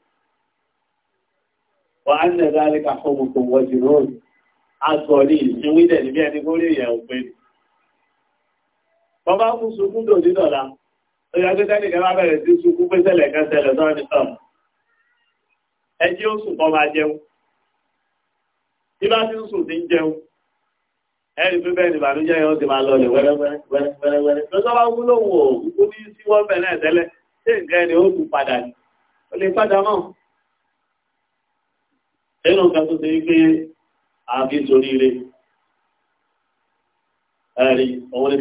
wà á nẹ̀ dáre kàkọ́ gbogbo wọ́jì róòlù aṣọ ní ìsinwídẹ̀ níbi ẹni kó rí ìyẹn òpin bọ́bá kú sunkún tó ní dọ̀la ó yẹ pé sẹ́ni kẹ́ bá bẹ̀rẹ̀ sí sunkún pé sẹ́lẹ̀ kan sẹ́lẹ̀ tọ́ ní sọ̀rọ̀ ẹjí ó sùn kọ́ máa jẹun tí bá ti ń sùn ti ń jẹun ẹni pé bẹ́ẹ̀ ni ìbànújẹ́ yẹn ó ti máa lọ lè wẹ́rẹ́wẹ́rẹ́ lọ́sọ́ bá wúlò wò ó ní sí wọ́n bẹ̀ náà tẹ́lẹ̀ tí nǹkan ẹni ó kù padà ní ó lè padà mọ́ nínú nǹkan tó ṣe wípé àbí torí rẹ̀ ẹ̀rí òun ni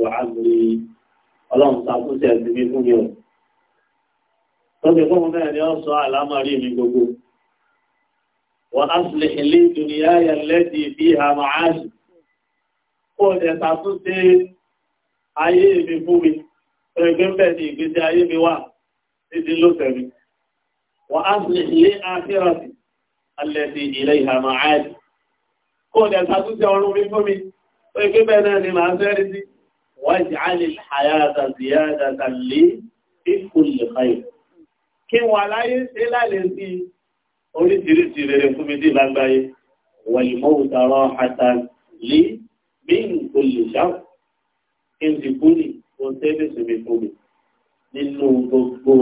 ká máa ọlọ́run ṣàkóso ẹ̀sìn mi fún mi o. Tóbi fún mi náà ni ó sọ àlámọ̀rí mi gbogbo. Wa aslih li dunyaya allati fiha ma'ash. Kó o dẹ̀ ṣàtúnṣe ayé mi fún mi. Ẹgbẹ́ bẹ́ẹ̀ ni ìgbésí ayé mi wà títí lóṣẹ̀ mi. bẹ́ẹ̀ náà ni màá fẹ́ rí sí. واجعل الحياة زيادة لي في كل خير kí wà láyé ṣe lálẹ́ sí oríṣiríṣi rere fún mi dí lágbáyé wal-mawta rahatan li min kulli sharr kí n ti kú ní ohun tẹ́lẹ̀ sí mi fún mi nínú gbogbo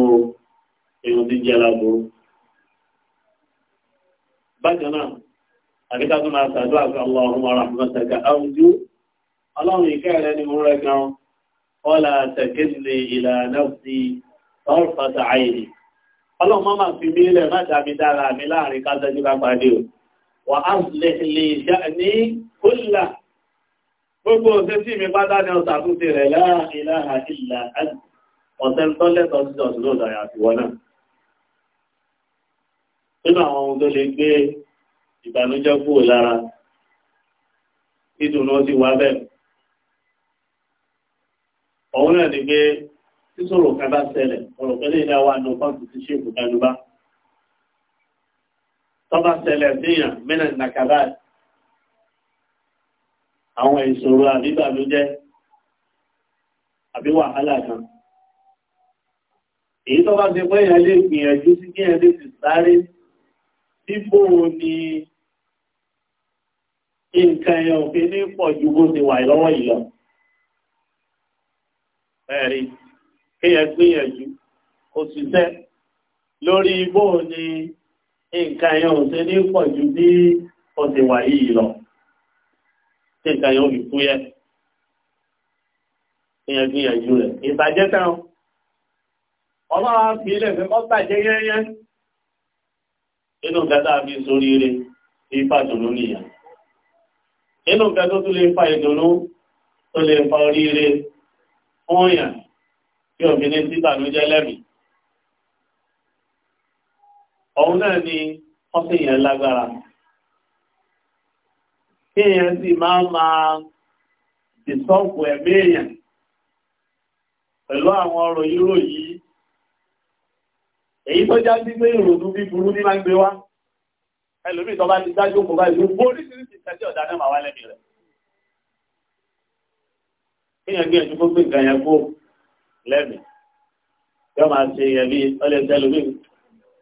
èèyàn tí jẹ́ lágbóró. bákan náà àbíká tó máa ṣàdúrà fún Allahumma rahmataka arju ọlọ́run ìkẹ́ rẹ ni mo rẹ gan ọlá tẹ̀kẹ́sìlè ìlànà sí ọ̀rùfàtà àìní ọlọ́run má máa fi mílẹ̀ má dàbí dára mi láàrin kásájú bá pàdé o wà á lè lè já ní kólà gbogbo ọ̀sẹ̀ tí mi bá dání ọ̀sà tó ti rẹ̀ láàrínláà ìlà ọ̀sẹ̀ tọ́lẹ̀tọ̀ sí ọ̀sùn lóòdà àtiwọ́ náà nínú òun náà ni pé sísòrò kan bá ṣẹlẹ̀ ọ̀rọ̀ pẹ̀lú ilé wa ní ọkọ̀ tuntun ṣe kò dánú bá tọ́ba ṣẹlẹ̀ síyàn mẹ́nà nàkàbá àwọn ìṣòro àbíbàlújẹ́ àbí wàhálà kan èyí tó ti pẹ́ yẹn lè gbìyànjú sí kí yẹn lè sì sáré bíbò ni nǹkan yẹn òfin ní pọ̀ ju bó ti wà lọ́wọ́ yìí lọ. ẹ̀rí kéèyàn gbìyànjú ó ṣiṣẹ́ lórí bó ni nǹkan yẹn ò ṣe ní pọ̀ ju bí ó ti wà yìí lọ tí nǹkan yẹn ò fi kú yẹ kéèyàn gbìyànjú rẹ̀ ìbàjẹ́ tán ọlọ́wọ́ fi ilẹ̀ fẹ́ kọ́ bàjẹ́ yẹ́yẹ́ inú gàdá fi sórí rẹ̀ ní ìfàdùnú nìyà inú gàdó tó lè fa ìdùnnú tó lè fa oríire fún yàn tí òfin ní títà ló jẹ́ lẹ́mìí. Òun náà ni ọ́sìn yẹn lágbára. Kí èèyàn sì máa máa ìsọ́kù ẹ̀mí èèyàn pẹ̀lú àwọn ọ̀rọ̀ yúrò yìí. Èyí tó já sí pé ìrònú bíburú ní máa ń gbé wá. Ẹlòmíì tó bá ti dájú kò bá ìlú gbóríṣiríṣi ìtẹ́jọ́ ọ̀dá náà máa wá lẹ́mìí rẹ̀ kéèyàn gbìyànjú kó gbé nǹkan yẹn kó lẹ́mìí yọ máa ṣe yẹn bí ọlẹ́ tẹlifí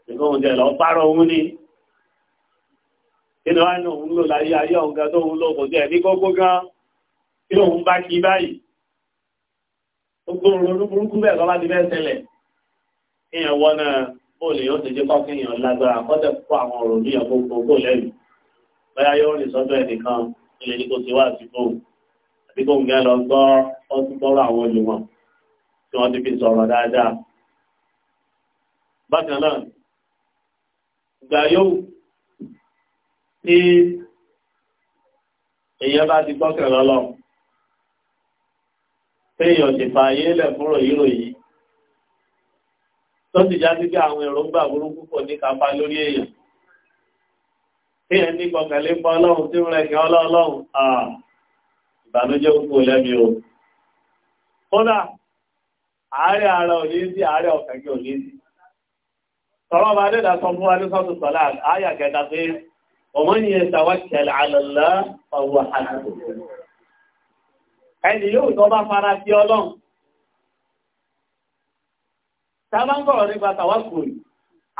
nǹkan oúnjẹ lọ párọ̀ òun ni kí ni wàá ní òun lò láyé ayé òun gan tó òun lò kò tiẹ̀ ní kókó gan kí lòun bá kí báyìí gbogbo òun burúkú bẹ́ẹ̀ kọ́ bá ti bẹ́ẹ̀ ṣẹlẹ̀ kéèyàn wọ́n náà bó lè yóò ṣe jẹ́ kọ́ kéèyàn lágbára kọ́tẹ̀ kó àwọn ọ̀rọ̀ níyàn gbogbo lẹ́yìn báyà yóò rìn sọ́dọ̀ ẹnìkan ilé ní kò ti wá àti àbí kò ń gẹ́ lọ gbọ́ ọ́ tún tọrọ àwọn olùmọ̀ tí wọ́n ti fi sọ̀rọ̀ dáadáa. bákan náà ìgbà yóò tí èèyàn bá ti gbọ́kàn lọ́lọ́ téèyàn ti fa ayé lẹ̀ fúnrọ̀ yírò yìí tó sì já sí pé àwọn èròǹgbà burúkú pọ̀ ní kápá lórí èèyàn téèyàn ní gbọ̀kànlé pọ̀ ọlọ́run tí ń rẹ̀ kí ọlọ́run ìbànújẹ́ púpọ̀ lẹ́mi o kódà àárẹ̀ ara ò ní sí àárẹ̀ ọ̀kẹ́kẹ́ ò ní sí tọ́lọ́ bá dẹ́dà sọ fún wa ní sọ́tù sọ́lá àyà kẹta pé ọmọ yẹn tawakkal ala Allah ọwọ́ àdúgbò ẹni yóò tọ́ bá fara sí ọlọ́run sábà ń bọ̀rọ̀ nípa tawakkul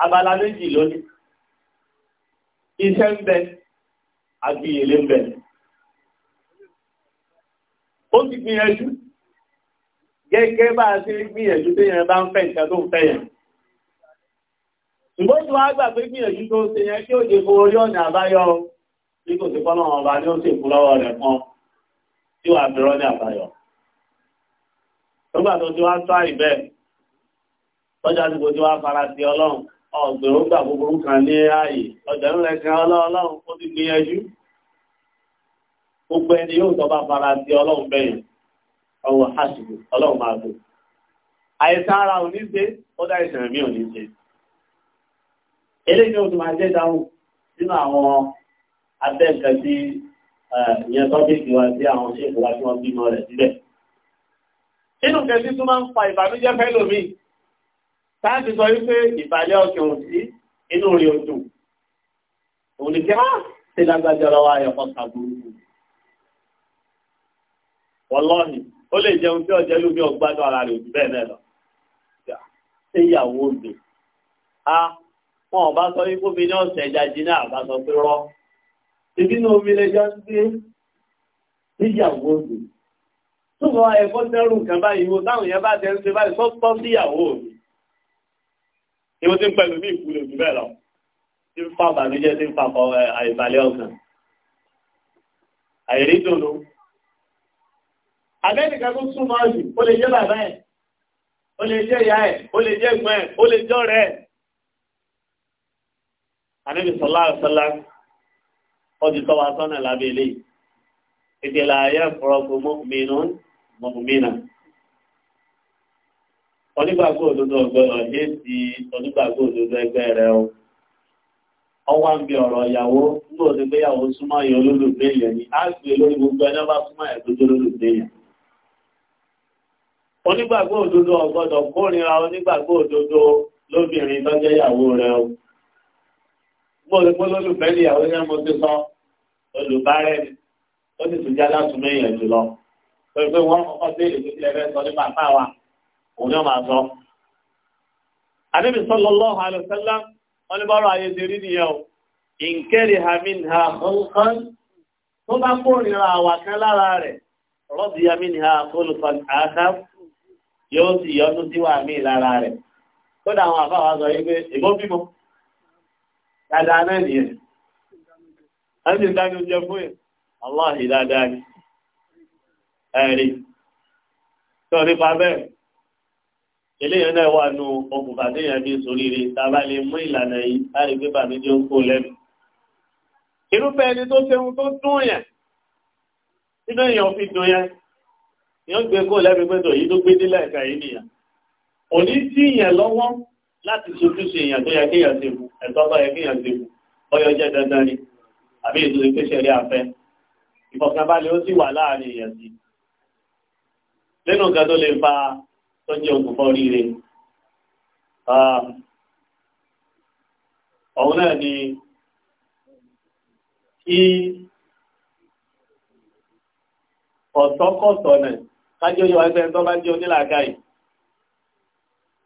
abala méjì lónìí iṣẹ́ ń bẹ àbíyèlé ń bẹ ó ti gbìyànjú gẹ́gẹ́ bá a ṣe gbìyànjú tó yẹn bá ń fẹ́ nǹkan tó ń fẹ́ yẹn ṣùgbọ́n tí wọ́n á gbà pé gbìyànjú tó ṣe yẹn kí ó jẹ fún orí ọ̀nà àbáyọ bí kò sí fọ́nà ọba ni ó sì kú lọ́wọ́ rẹ̀ kan tí wàá fi rọ́ọ̀nà àbáyọ nígbà tó ti wá tó àìbẹ́ lọ́jà tí kò ti wá fara sí ọlọ́run ọ̀gbẹ̀rún gbà búburú kan ní ààyè ọ̀jẹ̀ ńlẹ̀ kan ọlọ́ọ̀lọ́run ó ti gbìyànjú gbogbo ẹni yóò tọ́ bá fara sí ọlọ́run bẹ́yìn ọwọ́ àṣìkò ọlọ́run máa lò àìsàn ara ò ní ṣe ó dá ìṣẹ̀rẹ̀ mí ò ní ṣe eléyìí ó tún máa jẹ́ dáhùn nínú àwọn abẹ́ǹkẹ́ tí ìyẹn tọ́bíkì wa sí àwọn ṣéèkù wa tí wọ́n bímọ rẹ̀ sílẹ̀ inú kẹsí tún máa ń fa ìbànújẹ́ fẹ́ lómi táàbì sọ wípé ìbàlẹ̀ ọkàn sí inú rí ojú òun ni kí á ṣe lágbájọ́ lọ́wọ́ ayọ̀kọ́ sàbúrú wọlọ́ọ̀nì ó lè jẹun tí ọjọ́ lómi ọgbádùn ara rẹ̀ òjú bẹ́ẹ̀ náà lọ. ṣé ìyàwó mi a wọn ò bá sọ wípé mi ní ọ̀sẹ̀ ìdajì náà bá sọ pé rọ́ ìdí ní omi lè jọ ń gbé níyàwó mi. tó bá ẹ̀fọ́ tẹ́rù kan báyìí wo táwọn yẹn bá tẹ́ ń ṣe báyìí sọ́tọ́ síyàwó mi. ìwọ́n ti ń pẹ̀lú mí ìkú lè jù bẹ́ẹ̀ lọ tí ń fa bàmíjẹ́ tí ń fa àìbalẹ̀ ọkàn àìrídùn àbẹ́nìkan tó súnmọ́ jù ó lè jẹ́ bàbá ẹ̀ ó lè jẹ́ ìyá ẹ̀ ó lè jẹ́ ìgbọ́n ẹ̀ ó lè jẹ́ ọ̀rẹ́ ẹ̀. àníbi sọlá àṣọlá ó ti tọ́ wa sọ́nà lábẹ́ ilé ìdílé ayé fọ́rọ́kù mọ́kùnmínú mọ́kùnmínà. onígbàgbọ́ òdodo ọgbẹ́rọ̀ yé ti onígbàgbọ́ òdodo ẹgbẹ́ rẹ o. ọwọ́ ń bi ọ̀rọ̀ ìyàwó nígbà òdìgbéyàwó súnmọ́ ìyẹn olólùgbé yẹn ni á gbé lórí gbogbo ẹni bá súnmọ́ ẹ̀ olólùgbé yẹn onígbàgbọ́ òdodo ọ̀gbọ́dọ̀ kórìíra onígbàgbọ́ òdodo lóbìnrin tó jẹ́ ìyàwó rẹ̀ o gbọ́dọ̀gbọ́ lólùfẹ́ ìyàwó yẹn mo ti sọ olùbárẹ̀ ó sì tún já látún mẹ́yìn jùlọ pẹ̀lú wọn kọ́kọ́ sí èdè tí ẹgbẹ́ sọ nípa apá wa òun yóò máa sọ. àdébì sọlọ lọ́hùn àlùsẹ́lá wọn ní bọ́rọ̀ ayé ti rí nìyẹn o ìǹkẹ́rì hamin ha nǹkan tó bá kórìíra àwàkẹ́ lára rẹ̀ rọ́bì hamin ha kólùfà àkàkọ́ yóò sì yọnu sí wà mí lára rẹ̀ kódà àwọn àfáwà sọ yí pé èbó bímọ dáadáa náà nìyẹn wọ́n sì dájú jẹ fún ẹ̀ aláhì dáadáa ni ẹ̀rí tó nípa bẹ́ẹ̀ eléyàn náà wà nù okùnfà téèyàn bí sóríire tàbá lè mú ìlànà yìí láti gbé bàmí tí ó ń kó lẹ́nu irúfẹ́ ẹni tó ṣe ohun tó dùn yẹn nínú èèyàn fi dùn yẹn yọ́n gbé kó lẹ́bi pẹ́tọ̀ yìí tó gbé nílẹ̀ ẹ̀ka yìí nìyàn òní tí ìyẹn lọ́wọ́ láti sojúṣe èèyàn tó yẹ kéèyàn ṣe fún ẹ̀tọ́ bá yẹ kéèyàn ṣe fún ọyọ jẹ́ dandan ni àbí ètò ìpèsè rí afẹ́ ìfọ̀kànbalẹ̀ ó sì wà láàrin èèyàn sí lẹ́nu nǹkan tó lè fa tọ́jú òkùnfọ́ ríire ọ̀hún náà ni kí ọ̀tọ́kọ̀tọ̀ náà kájọ yóò wá ẹgbẹ́ tó bá jẹ́ onílàáká yìí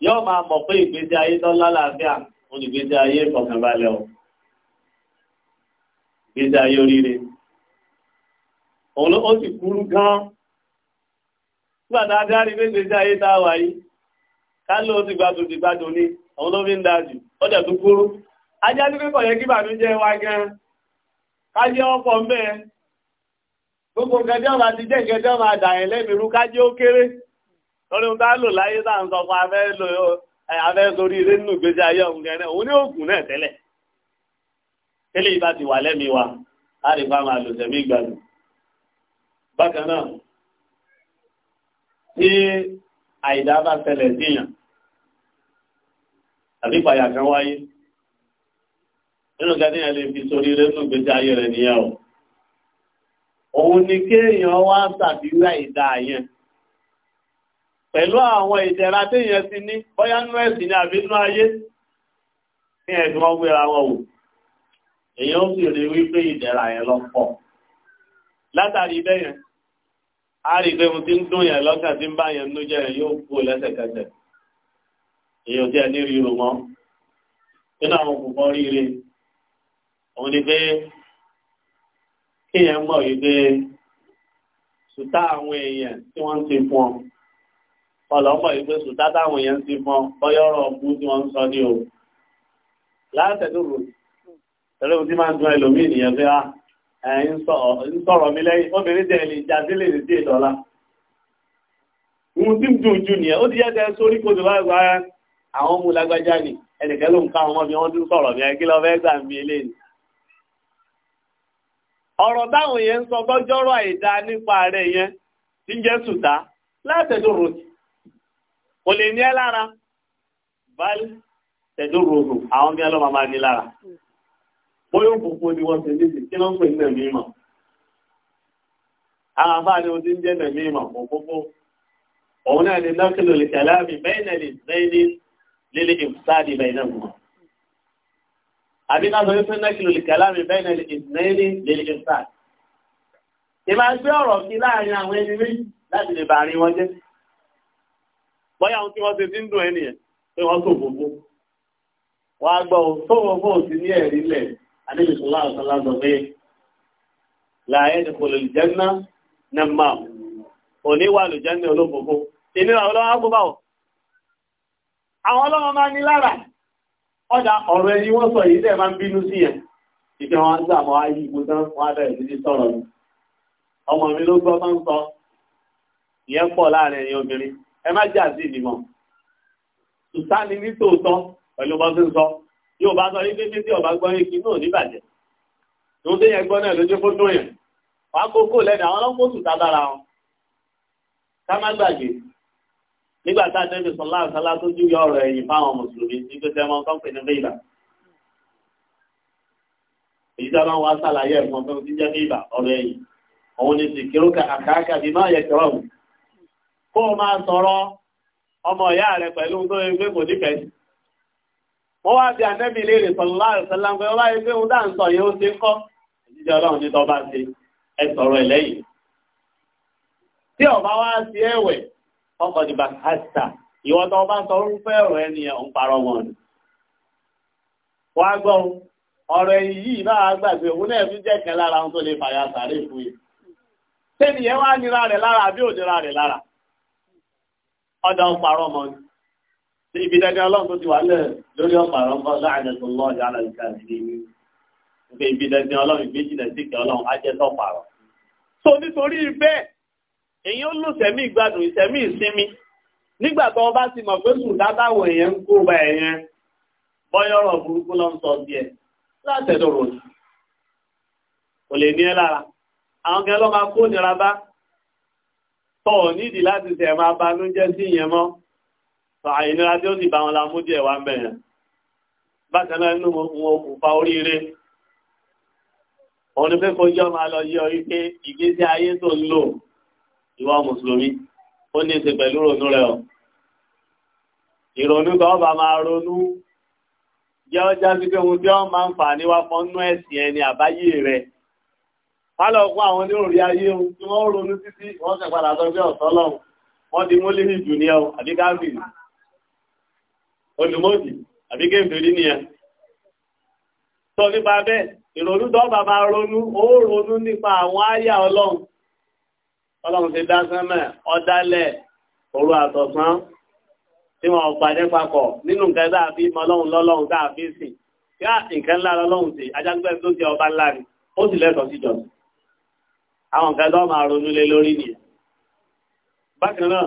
yóò máa mọ̀ pé ìgbésí ayé tó lálàáfíà òun ìgbésí ayé ìfọ̀kànbalẹ̀ o ìgbésí ayé oríire òun ló sì kúrú gan nígbà tá a dárí pé ìgbésí ayé tá a wà yìí ká ló ti gbádùn ti gbádùn ní òun ló fi ń dájú ó dẹ̀ tún kúrú ajá ní pé kò kí bàbá jẹ́ wá gan ká jẹ́ ọ̀pọ̀ mbẹ́ẹ̀ gbogbo gẹjọ́ máa ti jẹ́ gẹjọ́ máa dà yẹn lẹ́mìírú kájé ó kéré lórí ohun tá a lò láyé tá à ń sọ fún afẹ́ lò afẹ́ sórí ilé nínú ìgbésí ayé ọ̀hún gẹ̀rẹ́ òun ní òògùn náà tẹ́lẹ̀ tẹ́lẹ̀ ìbá ti wà lẹ́mìí wa a lè fa máa lò sẹ́mi ìgbàlù bákan náà tí àìdá bá ṣẹlẹ̀ síyàn àbí ìpàyà kan wáyé nínú gẹ́gẹ́ òun ni kéèyàn wá sàbíwá ìdá yẹn pẹ̀lú àwọn ìdẹ̀ra téèyàn ti ní bóyá nú ẹ̀sìn ní àbínú ayé ní ẹ̀sìn wọn gbéra wọn wò èèyàn sì rí wípé ìdẹ̀ra yẹn lọ pọ̀ látàrí bẹ́yẹn a rí pé mo ti ń dún yẹn lọ́kàn tí ń bá yẹn nú jẹ́ yóò kú lẹ́sẹ̀kẹsẹ̀ èèyàn tí ẹ ní ríru mọ́ nínú àwọn òkùnkọ́ ríire òun ni pé kéèyàn mọ̀ wípé sùtá àwọn èèyàn tí wọ́n ti fún ọ ọlọ́mọ yìí pé táwọn èèyàn ti fún ọ bọ́yọ́rọ̀ ọ̀gbun tí wọ́n ń sọ ní o látẹ̀dúró tẹ̀lé ohun tí máa ń dun ẹlòmíì nìyẹn pé ah, ẹ̀ ń sọ̀rọ̀ mi lẹ́yìn obìnrin tẹ̀ lè jà sílé ní ìdọ́lá ohun tí ń dùn jù nìyẹn ó ti yẹ kẹ́ sórí kodò láìpẹ́ ah, àwọn ọmọ lágbájá ni ẹnìkẹ́ ló ń ká ọmọ mi wọ́n ti ń sọ̀rọ̀ mi ẹ kí lọ fẹ́ gbà mí eléyìí ọ̀rọ̀ táwọn yẹn ń sọ gbọ́jọ́rọ̀ àìdá nípa rẹ̀ yẹn tí ń jẹ́ sùtá látẹ̀dúró kò lè ní ẹ lára báyìí tẹ̀dúró àwọn bí ẹlọ́mà máa ní lára bóyá òkùnkù ni wọ́n ti níbi kí wọ́n pè ní ẹ̀mí mọ̀ àwọn afáà ni wọ́n ti ń jẹ́ ẹ̀mí mọ̀ òkùnkù òun náà ni nọ́kìlò lè tẹ̀lé àmì bẹ́ẹ̀ náà lè zẹ́ẹ̀lì lílé ìfúsáàdì bẹ́ẹ̀ náà mọ̀ àbí ká sọ wípé nẹ́kìlò lè kàlámì bẹ́ẹ̀ náà ìsìnlẹ́ni lè lè sà. ìmọ̀ ẹgbẹ́ ọ̀rọ̀ sí láàrin àwọn ẹni méjì láti lè bàárín wọn jẹ́. bóyá ohun tí wọ́n ṣe ti ń dùn ẹnìyẹn pé wọ́n tó gbogbo. wọ́n á gbọ́ tó gbogbo sí ní ẹ̀rí lẹ̀ àdébì sọlá ọ̀sánlá sọ pé làáyé ti kò lè jẹ́ ná nà máa òní wà lè jẹ́ ní olóògbògbò. ìnira ọlọ́wọ́ á gbọ́ ọjà ọ̀rọ̀ ẹni wọ́n sọ yìí tẹ́ máa ń bínú sí ẹ̀ ìfẹ́ wọn ń sàmọ́ ayé ìgbò tán wọ́n á bẹ̀rẹ̀ sí sọ̀rọ̀ mi ọmọ mi ló gbọ́ máa ń sọ ìyẹn pọ̀ láàrin ẹ̀yin obìnrin ẹ má jà sí ìdìmọ̀ sùsánì ní tòótọ́ pẹ̀lú bọ́ sí ń sọ yóò bá sọ wípé tí ọba gbọ́ yìí kí náà níbàjẹ́ tó dé yẹn gbọ́ náà lójú kó dún yẹn wàá kókó lẹ́nu àwọn ọlọ́pàá sùn tábára wọn ká má gbàgbé nígbà tá a débi sọlá àṣálá tó júwe ọ̀rọ̀ ẹ̀yìn fáwọn mùsùlùmí ní pẹsẹ ọmọ tó ń pè ní bíbà èyí tá a máa wá sàlàyé ẹ̀fọn tó ti jẹ́ bíbà ọ̀rọ̀ ẹ̀yìn òun ni sì kírúkà àkàkà bí máa yẹ kẹrọ òun kó o máa sọ̀rọ̀ ọmọ ìyá rẹ pẹ̀lú tó yẹ kò nífẹ̀ẹ́ sí wọ́n wá bí anẹ́bí léèrè sọlá àṣálá pé ọba yẹ pé òun dá ń sọ ọkọ̀ ti bàtà ìwọ tó bá ń sọ orúfẹ́ ọ̀rọ̀ ẹni ẹ̀ ń parọ́ wọn ni. wàá gbọ́ ọ̀rọ̀ ẹ̀yìn yìí náà gbàgbé òun náà fi jẹ́ kan lára ohun tó lè fàyà sàárè fún yìí. sẹ́ni yẹn wá nira rẹ̀ lára àbí ò nira rẹ̀ lára. ọ̀dọ̀ ń parọ́ mọ́ ni. ibi dandan ọlọ́run tó ti wà lẹ̀ lórí ọ̀parọ́ ń bọ́ láàrin ẹ̀sùn lọ́ọ̀dì alàlùkà ìbí dandan ọlọ́run ìgbéjìnà sí ìkẹ́ ọlọ́run á tọ́parọ́. so nítorí bẹ́ẹ̀ èyí ó lù sẹ́mí ìgbádùn ìsẹ́mí ìsinmi nígbà tó ọba ti mọ̀ pé sùn dábàwọ̀ èèyàn ń kó ba èèyàn bọ́yọ̀rọ̀ burúkú ló ń sọ bí ẹ látẹ̀dọ̀rọ̀ ni kò lè ní ẹ lára àwọn kan lọ́ máa kó nira bá tọ̀ nídìí láti tẹ̀ máa banújẹ́ sí ìyẹn mọ́ àìnira tí ó sì bá wọn la mú díẹ̀ wá ń bẹ̀yẹn bákan náà nínú wọn kò fa oríire òun ni pé kó jọ́ máa lọ yọ ike ìgbésí ayé tó ń lò ìwọ mùsùlùmí ó ní í ṣe pẹ̀lú ronú rẹ o ìrònú kan ọba máa ronú jẹ́ ọjà sí pé ohun tí wọ́n máa ń fà ní wá fọ́n nú ẹ̀sìn ẹni àbáyé rẹ̀ pálọ̀ fún àwọn oníròrí ayé ohun tí wọ́n ronú títí wọ́n sẹ̀ padà sọ pé ọ̀sán lọ́hùn wọ́n di múlírí jù ní ẹ̀hùn àbí káàbì olùmọ́dì àbí kéèmìrí ni ẹ̀ sọ nípa bẹ́ẹ̀ ìrònú dọ́gba máa ronú ó ronú nípa àwọn áyà ọlọ́run ọlọ́run ti dá sánmẹ̀ ọ̀dálẹ̀ òru àtọ̀sán tí wọ́n pàdé papọ̀ nínú nǹkan tá a fi mọ ọlọ́run lọ́lọ́run tá a fi sìn kí á nǹkan ńlá lọ́lọ́run sí ajágbẹ́ tó ti ọba ńlá ni ó sì lẹ́tọ̀ọ́ sí jọ àwọn nǹkan tó máa ronú lé lórí nìyẹn bákan náà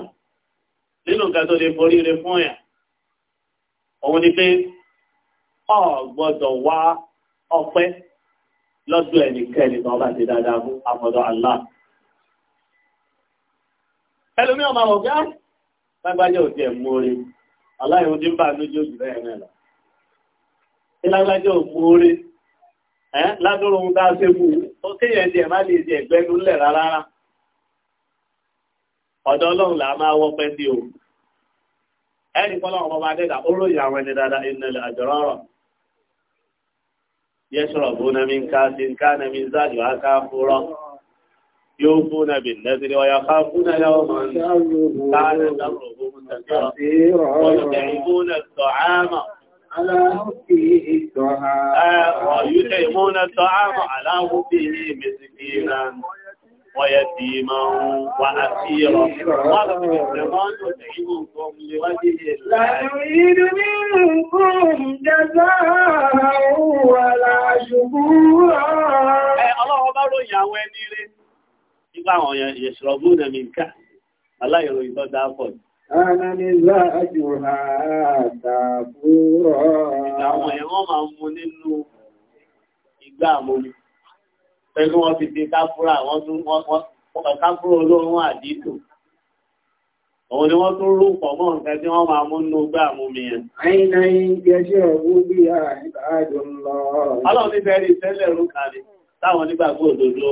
nínú nǹkan tó lè forí rẹ fún ẹ̀ òun ni pé o gbọ́dọ̀ wá ọpẹ́ lọ́dọ̀ ẹnikẹ́ni tó bá ti dáadáa fún àfọ̀dọ̀ Allah ẹlòmí ọmọ àwọn ọ̀gá lágbájẹ́ òtí ẹ̀ mú orí aláìwọ̀n tí ń bá tí ò orí ládúró ohun tá a ṣe mú ó kéèyàn jẹ ẹ̀ má lè di ẹ̀gbẹ́nu ńlẹ̀ rárá ọ̀dọ̀ ọlọ́run là máa wọ́ pẹ́ sí o ẹni kọ́ lọ́wọ́ ọba adẹ́dà na ń ká sí yóò fún nàbì lẹ́sìn ọ̀yà ká fún nàbì ọmọ káàdà dábòrò fún tẹ̀síọ̀ ọ̀yà ìfún nàtọ̀ àmà. Ọ̀yúkẹ̀ ìfún nàtọ̀ àmà aláwọ̀ bí i mẹ́sìkì náà. ويتيما وأسيرا لا نريد منكم جزاء ولا شكورا الله أكبر يا ويني sípà àwọn ìyẹ̀ṣọ̀rọ̀bù náà mi ká aláìròyìn tó dáa pọ̀ jù. Ananilá àjùhà àtàkùrọ̀. Ìgbà àwọn ẹ̀wọ́n máa ń mu nínú ìgbà wọn fi di káfúrà, wọ́n tún wọ́n káfúrà olóòórùn àdìtò. Òun ni wọ́n tún rú pọ̀ mọ́ nǹkan tí wọ́n máa mú nínú ìgbà àmómi yẹn. Àyìnà ìgbẹ́ ṣe ọ̀wọ́ bí i àìbájọ lọ.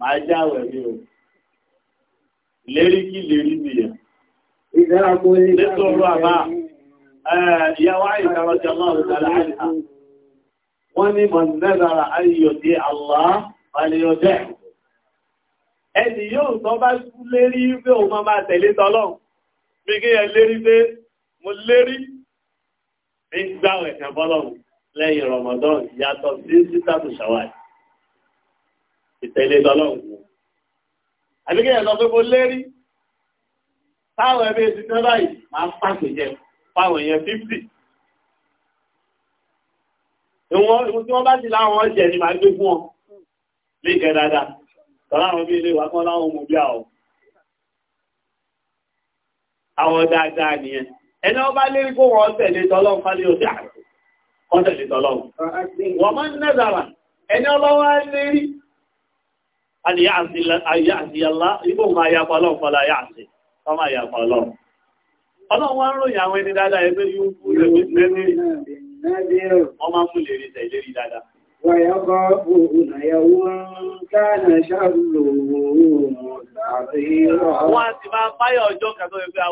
máa jáwẹ̀ mi o lérí kí lérí nìyẹn nítorú àbá ìyàwó àìsàn ọjọ́ náà ló dára àìsàn wọ́n ní mọ̀ nẹ́bàrà ayọ̀dé Allah ayọ̀dẹ́ ẹni yóò tọ́ bá lérí pé o máa máa tẹ̀lé tọ́lọ́n bí kí ẹ lérí pé mo lérí ń gbáwẹ̀ kẹfọ́lọ́run lẹ́yìn Ramadan yàtọ̀ sí sítàtù ìtẹ̀lé lọ́lọ́run wò. àbíkẹ́ yẹn lọ pé mo lérí táwọn ẹbí ti tẹ́ báyìí máa ń pàṣẹ jẹ fáwọn èèyàn fífì. ìwọ̀n ìwọ̀n tí wọ́n bá ti láwọn ọ̀jẹ̀ ni màá gbé fún wọn lè jẹ dáadáa tọ́lá àwọn bí ilé wa kán láwọn ọmọ bí àyàzìyàlá ibò máa yapa ọlọ́run fọ́lá yàtì wọ́n máa yapa ọlọ́run ọlọ́run wọ́n ròyìn àwọn ẹni dáadáa ẹgbẹ́ yóò kú ẹgbẹ́ ní wọ́n máa mú lè rí tẹ̀lé rí dáadáa Wàyọ́kọ́ òun àyàwó ń káàna ṣàrùlò òun àti ìrọ̀. Wọ́n á ti máa páyọ̀ ọjọ́ kàtọ́ ẹgbẹ́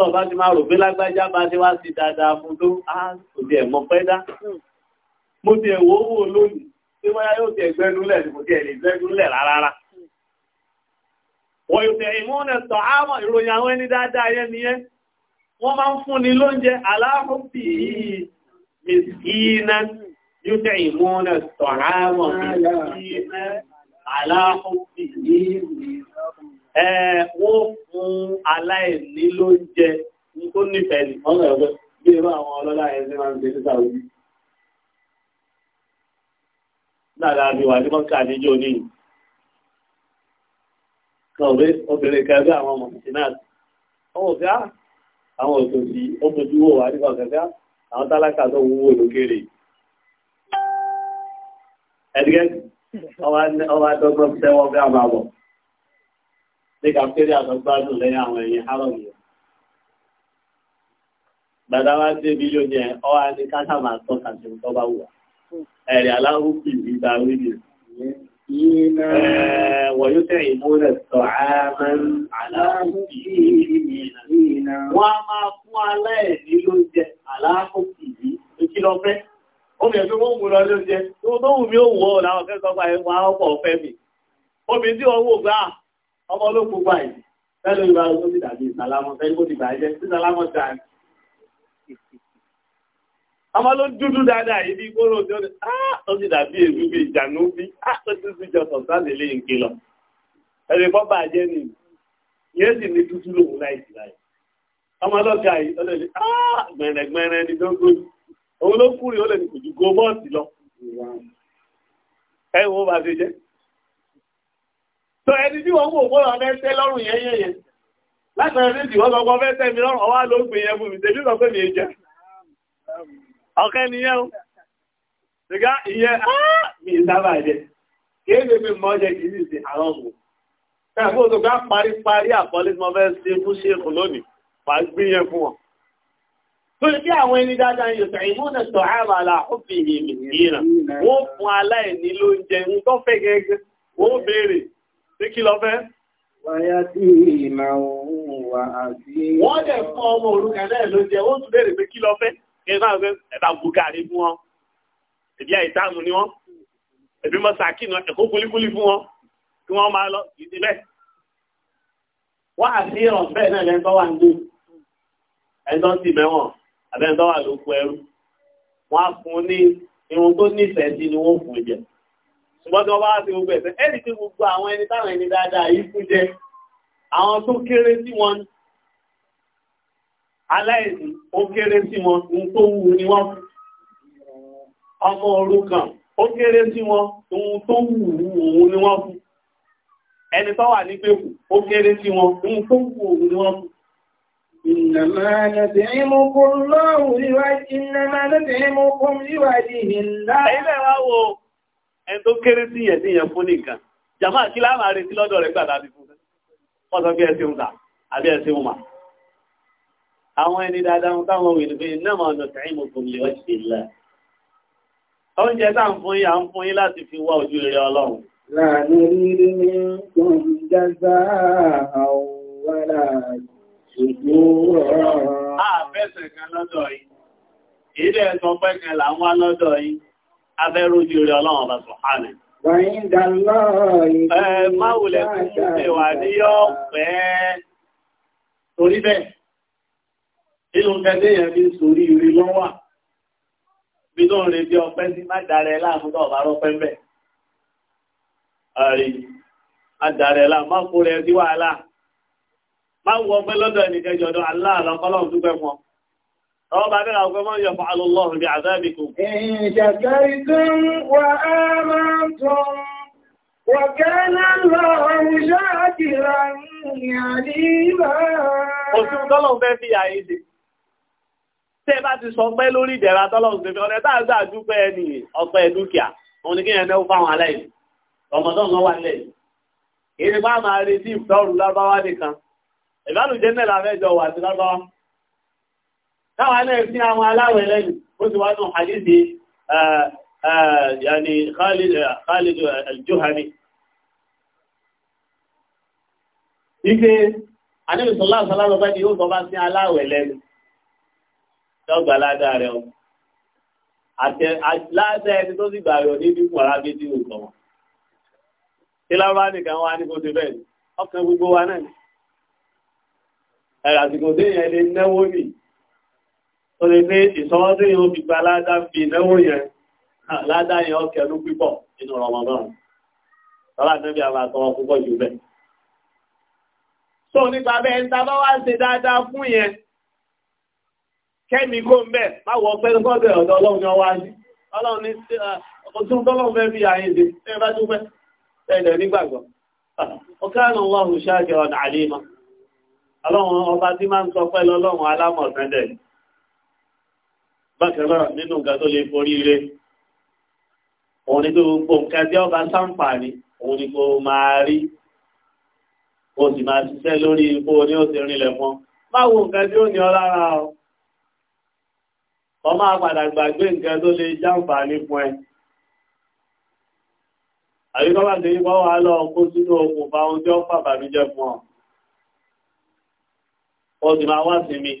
tó bá ti máa rò pé lágbájá bá ti wá sí dáadáa fún tó á kò tiẹ̀ mọ pẹ́ dá hmm. mo tiẹ̀ wò ó wò lónìí tí wọ́n yá yóò tiẹ̀ gbẹ́nulẹ̀ ni kò tiẹ̀ lè gbẹ́nulẹ̀ rárá hmm. wọ́n yóò tẹ̀ ìmúnẹ̀ tọ̀ ámọ̀ ìròyìn àwọn ẹni dáadáa yẹn nìyẹn wọ́n máa ń fúnni lóúnjẹ aláhùnbí mìsíínà hmm. yóò tẹ̀ ìmúnẹ̀ tọ̀ ámọ̀ mìsíínà aláhùnbí mìsíínà wọ́n fún aláìní ló ń jẹ ní tó nífẹ̀ẹ́ nìkan náà ẹgbẹ́ bí irú àwọn ọlọ́lá ẹ̀ ṣe máa ń ṣe ní sàwùjí. Lára àbí wà ní mọ́kà níjó ní yìí. Kọ̀wé obìnrin kan bí àwọn ọmọ ìṣìnà. Ọmọ òfin á, àwọn òṣòṣì ó fojú wò wá nípa kẹ̀kẹ́ ah! àwọn tálákà tó wúwo lókèrè. Ẹ̀dígẹ́ ọwọ́ adọ́gbọ́n tẹ́wọ́ bí a máa bọ̀ ní kàfẹ́rí àtọ́gbádùn lẹ́yìn àwọn ẹ̀yìn haram yẹn. wá dé bí yóò yẹn, ọ káṣà máa tọ́ kàṣẹ tó bá wù wá. Ẹ̀rì aláwùkì ní ìgbà orí yẹn. Wọ̀n yóò tẹ̀ ìmúlẹ̀ sọ ààrùn aláwùkì yìí. Wọ́n á máa fún aláìní lóúnjẹ aláwùkì yìí. Kí ọmọ olókùn gbà yìí tẹ́lẹ̀ ìgbà tó ti dàbí ìsàlámọ́ tẹ́lẹ̀ bó ti gbà jẹ́ ìsàlámọ́ ta ni. ọmọ ló dúdú dáadáa yìí bí gbóró tó ní tó ti dàbí èlú bí ìjànú bí tó ti sì jọ sọ̀tàdé lè ń ké lọ. ẹ̀rẹ̀ kọ́ bá jẹ́ ni yẹn sì ní dúdú lòun láì sí láì. ọmọ ọlọ́gà yìí ó lè ní gbẹ̀rẹ̀gbẹ̀rẹ̀ ni dógó òun ló kúrì ó lè ní kòjú gomọ́ọ̀tì lọ. ẹ wo bá ṣe jẹ́ so ẹni tí wọ́n wò wọ́n ọ̀lẹ́sẹ̀ lọ́rùn yẹn yẹn yẹn látàrí ní ìwọ́n gbogbo ọfẹ́ tẹ́mi lọ́rùn ọwá ló gbé yẹn fún mi tẹ́jú sọ pé mi jẹ́ ọ̀kẹ́ nìyẹn o ṣùgbọ́n ìyẹn ah, mi sábà jẹ kéèké mi mọ́ jẹ kì í sì àwọn ọmọ ẹ̀fọ́ tó gbá parí parí àkọlé tí mo fẹ́ ṣe fún ṣéèkù lónìí wà á gbé yẹn fún wọn. tó ní kí àwọn ẹni dáadáa yóò tẹ̀ pé kí lọ fẹ́. Wáyá sí ìmọ̀ òun wà àti. Wọ́n dẹ̀ fún ọmọ òrukàn náà ló jẹ, ó tún béèrè pé kí lọ fẹ́. Ẹ máa fẹ́ ẹ̀bà bùkàrí fún wọn. Ẹ̀bí àìsàmù ni wọ́n. Ẹ̀bí mọ́sàkì náà ẹ̀kọ́ kúlíkúlí fún wọn. Kí wọ́n máa lọ kì í ti bẹ́ẹ̀. Wọ́n àti ìrọ̀ bẹ́ẹ̀ náà lẹ́ńtọ́ wà ń gbé. Ẹ̀ńtọ́ sì mẹ́wọ̀n, àbẹ́ńtọ́ wà lóko ẹrú. Wọ́n á fún ní irun tó nífẹ̀ẹ́ sí ni wọ́n fún jẹ ṣùgbọ́n tí wọ́n bá ti gbogbo ẹ̀sẹ̀ ẹ̀rì tí gbogbo àwọn ẹni táwọn ẹni dáadáa yìí kú jẹ àwọn tó kéré sí wọn aláìsí ó kéré sí wọn ohun tó wù ní wọn ọmọ òrukàn ó kéré sí wọn ohun tó wù òun ní wọn fún ẹni tó wà ní pẹ̀kù ó kéré sí wọn ohun tó wù òun ní wọn fún إنما ندعمكم الله لوجه إنما ندعمكم لوجه الله ẹni tó kéré sí yẹn níyẹn fún nìkan jàmáà kí láàmà retí lọ́dọ̀ rẹ̀ gbàdá bí fún wọ́n sọ bí ẹ ṣeun ta àbí ẹ ṣeun mà àwọn ẹni dáadáa wọn táwọn wí ni pé iná máa nà tẹ̀yìn mo kò lè wá ṣe lẹ̀ oúnjẹ tá ń fún yín à ń fún yín láti fi wá ojú rere ọlọ́run. láàánú rírí ní kùn jáza àwọ̀wárà ìlú ọ̀rọ̀. a fẹsẹ̀ kan lọ́dọ̀ yìí ìdẹ̀ ẹ̀sán là ń wá lọ́dọ̀ yìí abẹ́rójú rẹ̀ ọlọ́run ọba sọ̀hánì. Máwùlẹ̀ fún ìwà ní yọ́ pẹ́ torí bẹ́ẹ̀. Inú kẹ́lẹ́ yẹn bí sórí ìrí lọ́wà. Bí tó ń rí bí ọpẹ́ sí má darẹ̀ láàmúdà ọ̀bá rọ́pẹ́ láà, má kó rẹ̀ sí wàhálà. Má wọ ọpẹ́ lọ́dọ̀ ẹnìkẹjọ ọdọ̀ Ọba bẹ́ra ọgbọ́n mọ́ yọ fa'alọ́ lọ́rùn bí àzábìkú. Ìṣẹ̀kẹ́rìtún wà á máa tún wà kẹ́lá lọ́rùn ṣáàkìrà ní àdíbà. Òṣùn tọ́lọ̀ fẹ́ fi àyè dé. Tẹ́ bá ti sọ pé lórí ìdẹ̀ra tọ́lọ̀ táwọn náà sí àwọn aláwẹ̀ lẹ́nu ó ti wá nù hadithi yani Khalid al-Juhani ike anábì sọlá sọlá lọ bá ní yóò sọ bá sí aláwẹ̀ lẹ́nu lọ́gbà ládàá rẹ̀ o àtẹ ládàá ẹni tó sì gbà rẹ̀ ní bí mọ̀ra bí tí òkọ̀ wọn tí ti bẹ́ẹ̀ ọkàn gbogbo lè náwó nìyí tó lè pé ìsọwọ́dé yóò fi gba aládá fi ìnáwó yẹn aládá yẹn ọkẹ̀lú pípọ̀ nínú Ramadan tọ́lá nẹ́bí àwọn àtọwọ́ púpọ̀ jù bẹ́ẹ̀. tó nípa bẹ́ẹ̀ ń tabá wá ṣe dáadáa fún yẹn kẹ́mi kó ń bẹ̀ má wọ pẹ́ lọ́dọ̀ ọ̀dọ̀ ọlọ́run ni ọwọ́ ajé ọlọ́run ní ah, ọdún tọ́lọ́run fẹ́ fi àyè dé ẹ bá dúpẹ́ ẹ̀dẹ̀ nígbàgbọ́ ọ̀ká náà wà hùṣáàjẹ́ ọ̀nà àlímọ̀ ọlọ́run ọba tí máa ń sọ pẹ́ lọ́lọ́run alámọ̀ bákan náà nínú nǹkan tó lè forí rẹ òun ni tó gbogbo nǹkan tí ọba sáǹfààní òun ni kò máa rí kò sì máa ṣiṣẹ́ lórí ipò ní ó ti rinlẹ̀ fún máa wo nǹkan tí ó ní ọ lára ọ ọ máa padà gbàgbé nǹkan tó lè jàǹfààní fún ẹ àríkọ́ bá ti wà lọ kó sínú okùnfà oúnjẹ ọ̀pá bàmíjẹ́ fún ọ ó sì máa wá sí mi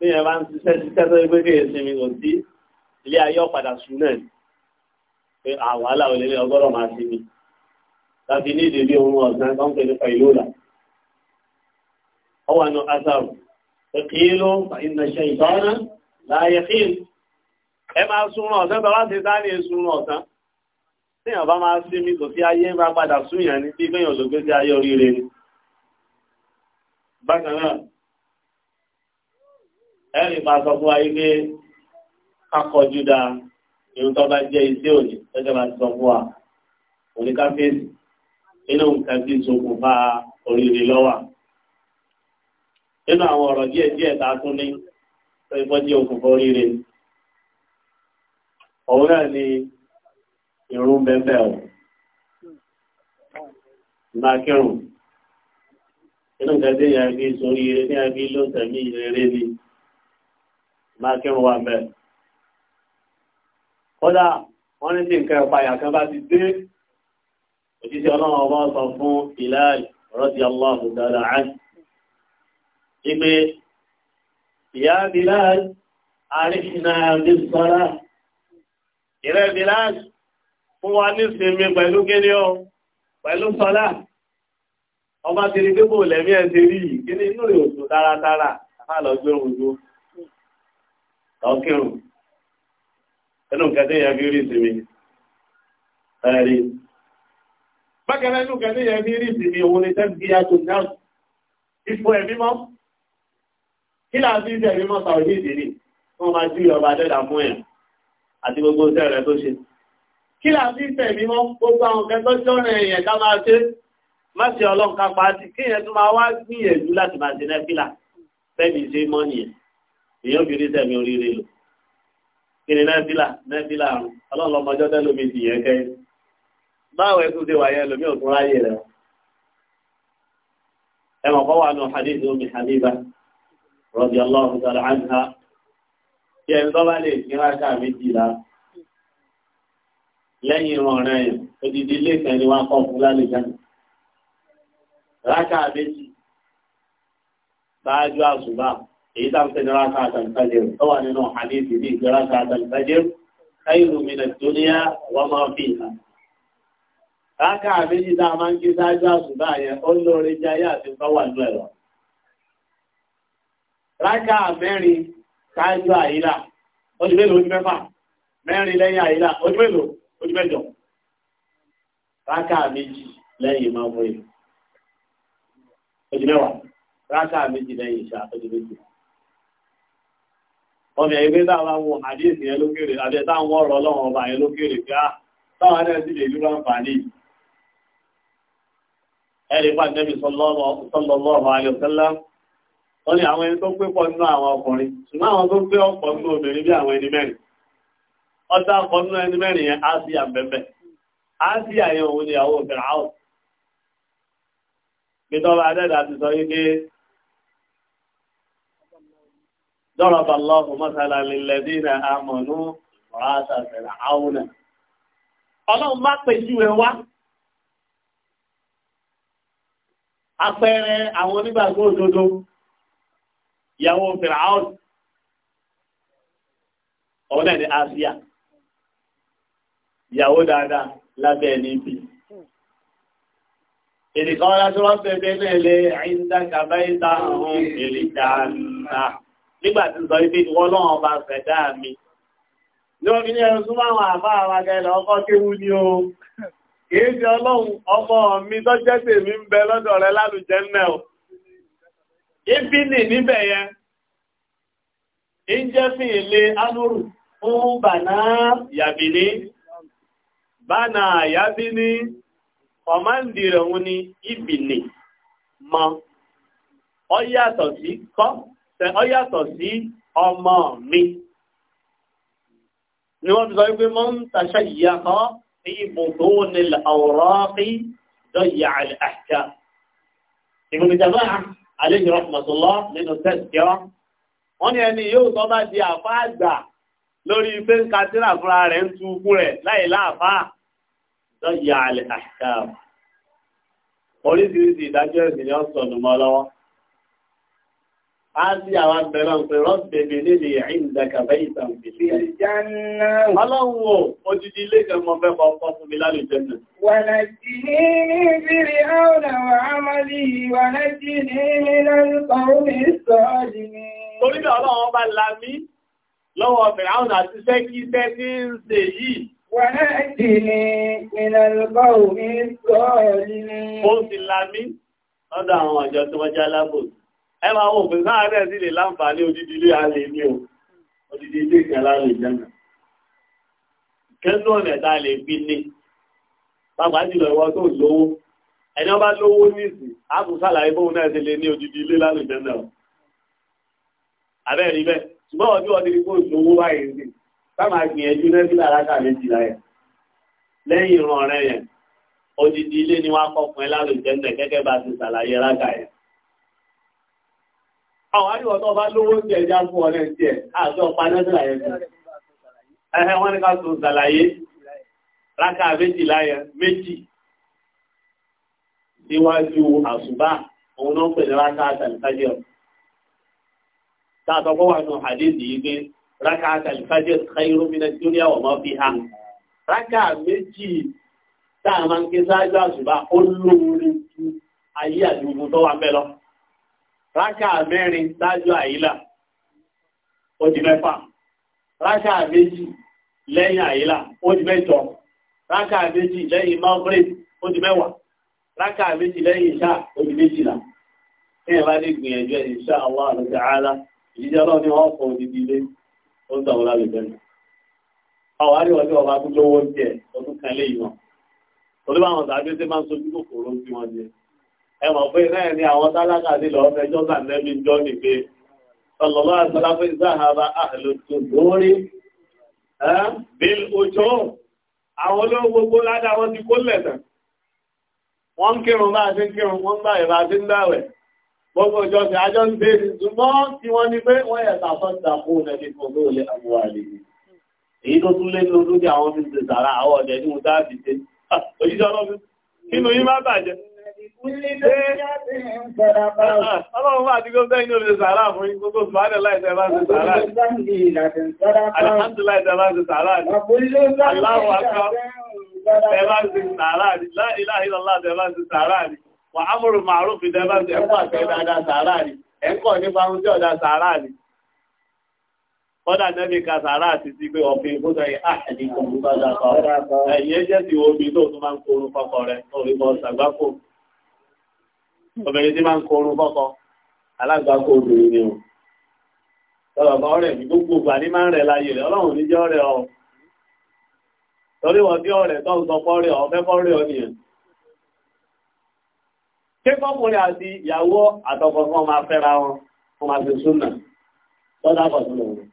bí yẹn bá ń ṣiṣẹ́ ṣiṣẹ́ tó gbé kéèyàn sinmi kò sí ilé ayé ọ̀padà sùn náà ni pé àwàhálà ò lè ní ọgọ́rọ̀ máa sinmi tàbí ní ìdílé ohun ọ̀sán tó ń pè nípa ìlú là ọwọ́ àna asáru ìkìlú ìnà ṣe ìtọ́nà láàyè fíìmù ẹ máa sunrun ọ̀sán bàbá ti dá ní sunrun ọ̀sán tíyàn bá máa sinmi kò sí ayé máa padà súnyàn ní bí kéèyàn ló ẹ̀rì máa sọ fún wa yìí pé kakọjú da irun tó bá jẹ́ iṣẹ́ òní lọ́jọ́ bá ti sọ fún wa òní káfíńsì nínú nǹkan tí ṣokùnfà oríire lọ́wà. nínú àwọn ọ̀rọ̀ díẹ̀ díẹ̀ tá a tún ní pé bọ́jú okùnfà oríire òun náà ni irun bẹ́ẹ̀ o máa kírun nínú nǹkan tí ìyá ẹbí sórí ire ní ẹbí ló tẹ̀mí ìrere ni máa kírun wà mẹ́ kódà wọ́n ní sí nǹkan ìpayà kan bá ti dé òjíṣẹ́ ọlọ́run ọba sọ fún Bilal radiyallahu ta'ala anhu ìgbé ìyá Bilal àríṣìnà àbí sọ́lá ìrẹ́ Bilal fún wa ní sinmi pẹ̀lú kíní ọ pẹ̀lú sọ́lá ọba ti rí gbogbo lẹ́mí ẹ̀ ti rí kíní inú ìhòsù lọ́kìrùn ẹnu nǹkan tí èèyàn fi rí ìsinmi ẹ̀rí bákẹ́rẹ́ inú nǹkan tí èèyàn fi rí ìsinmi òun ni tẹ́bí àtò náà ipò ẹ̀mí mọ́ kí láà fi ìṣẹ̀mí mọ́ sàwọ́dí ìdìrí wọ́n máa jú ìyọba dẹ́dà fún ẹ̀ àti gbogbo iṣẹ́ rẹ̀ tó ṣe kí láà fi ìṣẹ̀mí mọ́ gbogbo àwọn nǹkan tó jọ́rọ̀ èèyàn ká máa ṣe má ṣe ọlọ́nkà pàtì kí èèyàn tó máa wá gbìyànjú láti máa ṣe nẹ́fìlà fẹ́mi ṣe mọ́ nìyẹn èèyàn fi rí sẹ́mi oríire lò kí ni nẹ́fílà nẹ́fílà àrùn ọlọ́run ọmọjọ́ tẹ́lómi ti yẹn kẹ́ báwo ẹkú ṣe wáyé ẹlòmí òtún ráyè rẹ ẹ mọ̀ kọ́ wà nù hadith omi Habiba radiyallahu ta'ala anha kí ẹni tó bá lè kí ráṣà méjìlá lẹ́yìn ìran rẹ̀ odidi ilé kan ni kọ́ fún lálejò ráṣà méjì báájú àṣùbà èyí tá ń pè ní rákà àtàlùfẹ́jẹ̀ tó wà nínú hadith ní ìgbé rákà àtàlùfẹ́jẹ̀ káyìlú mi nàìjíríà wọ́n máa fi hàn. rákà méjì tá a máa ń kí sáájú àsùbá yẹn ó lóore jẹ́ ayé àti tọ́wà nú ẹ̀rọ. rákà mẹ́rin sáájú àyílà ojú mélòó ojú mẹ́fà mẹ́rin lẹ́yìn àyílà ojú mélòó ojú mẹ́jọ. lẹ́yìn ìṣà ojú ọmọ ẹgbẹ́ táwọn àwọn àdíyèsí yẹn lókèrè àbẹ́ táwọn ọ̀rọ̀ ọlọ́run ọba yẹn lókèrè pé á ah, táwọn náà sì lè lúra àǹfààní ẹ̀rí pa nẹ́bí sọlọ́lọ́ọ̀rọ̀ ayọ̀sẹ́lá wọ́n ní àwọn ẹni tó gbé pọ̀ nínú àwọn ọkùnrin ṣùgbọ́n àwọn tó gbé ọ̀pọ̀ nínú obìnrin bí àwọn ẹni mẹ́rin ọ̀tá ọ̀pọ̀ nínú ẹni mẹ́rin yẹn á ضرب الله مثلا للذين آمنوا رأس فرعون ọlọ́run ما pèjú ẹ wá àpẹẹrẹ àwọn onígbàgbọ́ òdodo ìyàwó fìràún ọ̀nà ní Asia ìyàwó dáadáa lábẹ́ ẹni bí èdè kan wọ́n fẹ́ bẹ́ẹ̀ lẹ́ẹ̀lẹ́ àìsíta kàbáyé táwọn èrè dáadáa nígbà tí sọ ibi ìwọ lọ́wọ́ ọba ṣẹ̀dá mi lórí ní ẹnu súnmọ́ àwọn àbá àwagẹ́lẹ̀ ọkọ̀ kéwú ni o kìí ṣe ọlọ́run ọmọ mi tọ́jẹ́ tèmi ń bẹ lọ́dọ̀ rẹ lálùjẹ́ nẹ́ o ibi nì níbẹ̀ yẹn ń jẹ́ fi ilé alúrù fún bàná yàbìní bàná yàbìní ọmọdé rẹ̀ òun ni ibìní mọ́ ọ yàtọ̀ sí kọ́ ọ yàtọ̀ sí ọmọ mi ni wọ́n ti sọ wípé mọ́ ń tàṣà ìyàkọ́ ní ibùdó ní àwòrán-kí dọ́yà àlẹ́àjá ìgbìmọ̀ ìjàmbá àlejò rahmatullah nínú tẹ́sìkẹ́ wọ́n ní ẹni yóò tọ́ bá di àfá àgbà ìdájọ́ ìsìn yóò sọ̀nù mọ́ lọ́wọ́ Áàdì àwọn abẹ̀rẹ̀ ọ̀pẹ̀ rọ́bẹ̀bẹ̀ nílé ìrìndàkà bẹ́ ìtàn ìfìsí ẹ̀rẹ̀. Ọlọ́run ò, ojúdí ilé kan mọ́ fẹ́ pọ̀ pọ̀ fún mi lálẹ́ jẹ́nà. Wà náà jí ní ìbìrì àwọn àwọn àmàlì, wà náà jí ní Wà náà ní ẹ máa wọ́n pín sáàrẹ̀ sí lè láǹfààní odidi ilé alè ní o odidi ilé ìkẹlá lè jẹ́nà kẹ́lú ọ̀nà lè fi ní pàpàá jùlọ ìwọ tó lówó ẹni ọba lówó nìsì áàtù sàlàyé bóun náà ti lè ní odidi ilé lálè jẹ́nà o abẹ́rí bẹ́ẹ̀ ṣùgbọ́n ọdún ọdún ní kó lówó báyìí sí sáàmà gbìyànjú àwọn ní ká sọ rákà méjì láyẹ méjì níwájú àṣùbá òun náà pè rákà àtàlìfájẹ́ tààtọ̀kọ́ wà nù hadith yìí pé rákà àtàlìfájẹ́ khairu minad dunya wa ma fiha rákà méjì táà máa ń ké sáájú àṣùbá ó lóore rákà mẹ́rin ṣáájú àyílà ó di mẹ́fà rákà méjì lẹ́yìn àyílà ó mẹ́jọ rákà méjì lẹ́yìn mọ́bírì ó mẹ́wàá rákà méjì lẹ́yìn ìṣá ó méjìlá ní ẹ̀bá ní gbìyànjú ẹ̀ ta'ala ìdíjẹ́ ọlọ́run ní wọ́n fọ òdìdí ilé ó ń tàwọn lábẹ́ bẹ́ẹ̀ àwọn àríwọ̀dé ọba tó lówó jẹ́ ọdún kan olúbàwọn tàbí ó ti máa ń sojú kòkòrò wọ́n ẹmọ̀ pé náà ni àwọn tálákà sí lọ ọ̀fẹ́jọ́ bá nẹ́bí jọ ní pé ọlọ́lọ́ àtọ́lá pé záhàbá àlòtò lórí bíl ojú àwọn olówó gbogbo ládá wọn ti kó lẹ̀tàn wọ́n kírun bá ti kírun wọ́n bá ìbá ti ń dáwẹ̀ gbogbo ìjọ sí ajọ́ ń dé ní túnmọ́ tí wọ́n ní pé wọ́n yẹ̀ sàfọ́ta fún ẹni tó lóòlé àwọn àlejò èyí tó tún lé ní olóòdì Ọlọ́run a ti gbogbo gbogbo bá ṣe sàárà. Alhamdulillah ìjọba ṣe sàárà ní. ẹ̀kọ́ nípa ohun tí ọ̀dá sàárà nẹ́bí ka sàárà ti pé bá Ẹ̀yẹ́ jẹ́ ti omi tó obìnrin tí máa ń korun kọ́kọ́ alágbàkó obìnrin ni o lọ́wọ́ ọ̀rẹ́ mi gbogbo ìgbà ní máa ń rẹ̀ láyé rẹ̀ ọlọ́run ní jẹ́ ọ̀rẹ́ ọ torí wọ́n bí ọ̀rẹ́ tó ń sọ fọ́rẹ́ ọ fẹ́ fọ́rẹ́ ọ nìyẹn ṣé kọ́kùnrin àti ìyàwó àtọkọ máa fẹ́ra wọn wọn máa fi súnà lọ́dà pọ̀ sínú wọn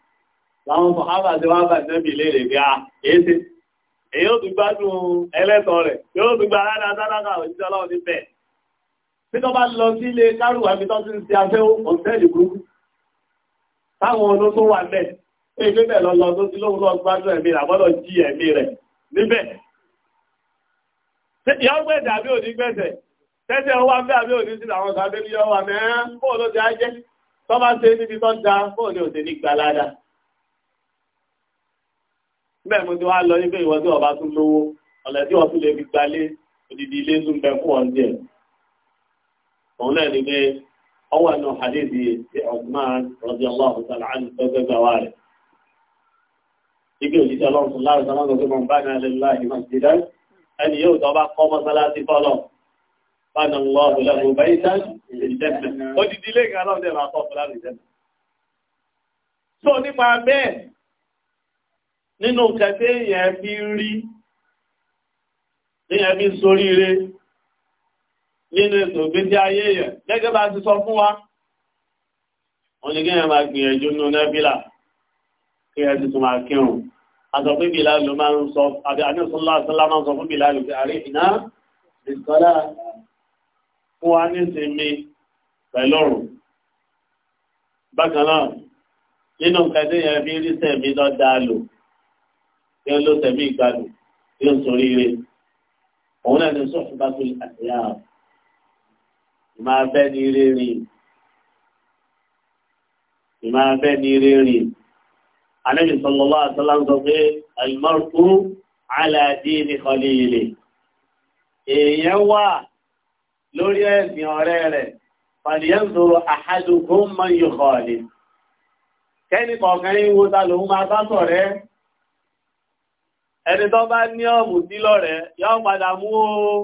làwọn sọ̀hábà tí wọ́n bá tẹ́bì léèrè pé a ah, èyí ti gbádùn ẹlẹ́tọ̀ rẹ̀ yóò ti gba aládàá sálákà òṣìṣẹ́ ọlọ́run níbẹ̀ Bí tọ́ bá lọ sí ilé kárùwà bí tọ́ sí ti afẹ́ òǹtẹ́lì burúkú. Táwọn ọ̀nà tó wà lẹ̀, èyí pé bẹ̀ lọ́lọ́ tó ti lóhun lọ gbádùn ẹ̀mí rẹ̀ àbọ́lọ̀ jí ẹ̀mí rẹ̀ níbẹ̀. Ìyá gbẹ̀dẹ̀ àbí òní gbẹ̀dẹ̀, tẹ́tẹ́ ọwọ́ abẹ́ àbí òní sí àwọn sàbẹ́ ní ọwọ́ àmẹ́ bóò ló ti á jẹ́. Tọ́ bá ṣe níbi tọ́ da bóò ní òṣèlú gbalada. Bẹ́ẹ̀ mo ti wá lọ nígbà ìwọ́n tí ọba tún lówó, ọ̀lẹ́ tí wọ́n tún òun náà ni pé ọwọ́ ẹnu hadithi ti Uthman radiyallahu ta'ala anhu tó fẹ́ gbà wá rẹ̀. Ibi òjijì ọlọ́run tó láàrín sọ́mọ́ tó mọ̀ bá náà lélá ìmọ̀ sí dá. Ẹni yóò tọ́ bá kọ́ mọ́sálásí fọ́lọ̀. Bána ń nínú ètò ìgbésí ayé yẹn gẹ́gẹ́ bá ti sọ fún wa wọ́n ní kéèyàn máa gbìyànjú nínú nẹ́bílà kéèyàn ti tún máa kírun àtọ̀ pé bìlá ló máa ń sọ àbí àníṣọ́lá àṣọ́lá máa ń sọ fún bìlá ló fi àrí ìná ìsọ́lá fún wa nísinmi pẹ̀lọ́rùn bákan náà nínú nǹkan yẹn fi rí sẹ̀mí lọ dáa lò kí ló sẹ̀mí ìgbàlù yóò sọ rí rẹ̀ òun náà ní sọ́ọ̀fù bá tó àtìyá ìmáa bẹ́ ní eré rìn ìmáa bẹ́ ní eré rìn Ànábì sallallahu alaihi wasallam sọ pé al-mar'u ala dini khalilihi èèyàn wà lórí ẹ̀sìn ọ̀rẹ́ rẹ̀ fàlìyànzòrò ahadukum man yukhalil kẹ́ni kọ̀ọ̀kan yín wo ta lòun máa bá ẹni tó bá ní ọ̀mù sí lọ́rẹ̀ yọ́ padà mú oó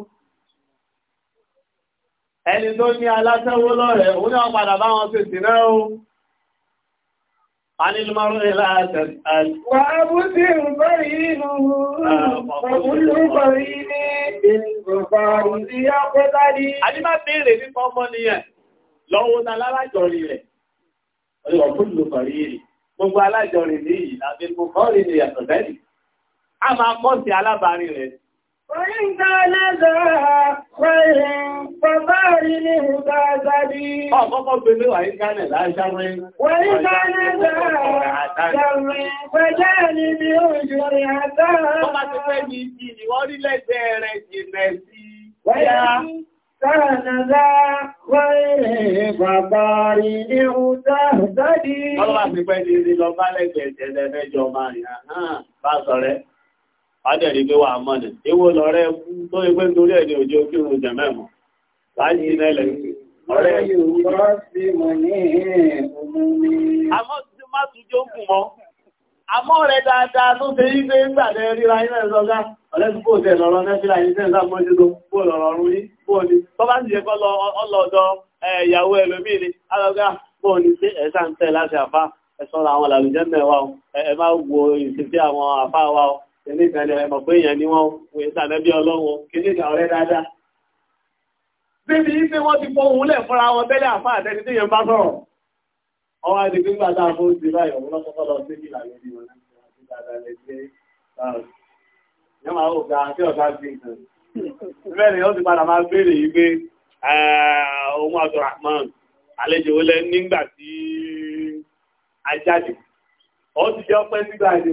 ẹni tó ní alátẹ́wó lọ́rẹ̀ òun náà padà bá wọn fèsì náà o anilmarun ilá àtẹ̀sán wà ábúsí ìrùbárí inú ah, ọkùnlúbárí ní ìrùbárùn tí yá pẹ́lá ní adímá bèèrè nípa ọmọ nìyẹn lọ́wọ́ ta lálájọrí rẹ̀ ọkùnlúbárí rẹ̀ gbogbo alájọrí ní ìlàbẹ̀ Ọ̀pọ̀pọ̀ pẹ̀lú àìkánẹ̀ láṣáwẹ́. Wọ́n ní bá ní ṣàrẹ̀ pẹ̀lẹ́ ní bí ó ìjọrin àtàrà. Wọ́n bá ti fẹ́ ní ìjì ni wọ́n rí lẹ́gbẹ̀ẹ́ rẹ̀ jìnà sí. Wọ́n yá. Sáàdàdá wọ́n rí bàbá rí ní ọjọ́ àdádì. Ọlọ́pàá ti fẹ́ ní ìrìnlọ bá lẹ́gbẹ̀ẹ́ jẹ́ adẹ̀rí pé wà mọ́nà ewó lọ́rẹ́ kú tó ipé torí ẹ̀dẹ̀ òjò kí oòrùn jẹ̀mẹ́ mọ̀ láti iná ilẹ̀ ọ̀rẹ́ yorùbá sí mọ̀ ní ọmọ mi. àmọ́ má tún mọ́ rẹ̀ dáadáa yí pé lọ́rọ́ kìíní ìtàlẹ̀ ẹ̀mọ̀ pé èèyàn ni wọ́n wòye sànẹ́bí ọlọ́wọ́ kìíní ìtà ọ̀rẹ́ dáadáa. Bébí yí pé wọ́n ti fọ ohun lẹ̀ fúnra wọn tẹ́lẹ̀ àfáà tẹ́lẹ̀ tí yẹn bá sọ̀rọ̀. Ọwọ́ àti gbígbà tá a fún ti báyìí òun lọ́kọ́kọ́ lọ sí ìlà lórí wọn láti ṣe dáadáa lè gbé báwọn. Yẹ́n máa wò ká kí ọ̀sá sí nǹkan. Bẹ́ẹ̀ ni wọ́n ti padà máa béèrè yìí pé ohun Abdulrahman àlejò wọlé nígbà tí ajáde. Ó ti jẹ́ ọpẹ́ sígbà yìí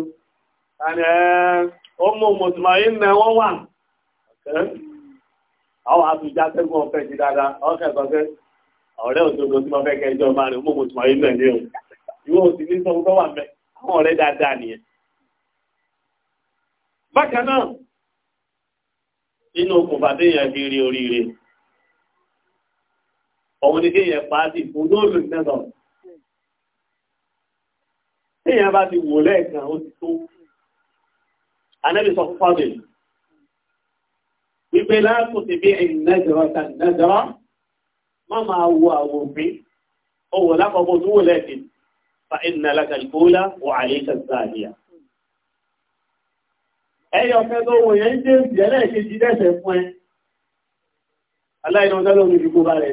àni ọmọ mọ̀tìmáyín náà wọ́n wà àwọn àtújá sẹ́gun ọ̀fẹ́ sí dáadáa ọ̀kẹ́ sọ́kẹ́ ọ̀rẹ́ òṣogbo tí wọ́n fẹ́ kẹjọ máa rìn ọmọ mọ̀tìmáyín náà o ìwọ òsì ní sọ fún wà mẹ́ àwọn ọ̀rẹ́ dáadáa nìyẹn. bákan náà nínú okùnfà téèyàn fi rí oríire òun ni kéèyàn pa á sí olóòlù nẹ́tọ̀ téèyàn bá ti wò lẹ́ẹ̀kan ó ti tó Ànábì sọ fún Fábìlì. Wípé láàkùn ti bí ẹ̀yìn nẹ́jọ́rọ̀ tàbí nẹ́jọ́rọ̀, má máa wo àwọn òfin, ó wò lápapọ̀ tó wò lẹ́ẹ̀kì, fa ìnà lákàlùkúlá wà àyíkà sáàdìyà. Ẹyọ fẹ́ tó wò yẹn jẹ́ ìjẹ́lẹ̀ kejì dẹ́sẹ̀ fún ẹ. Aláìnà ọjọ́ lórí ìdíkó bá rẹ̀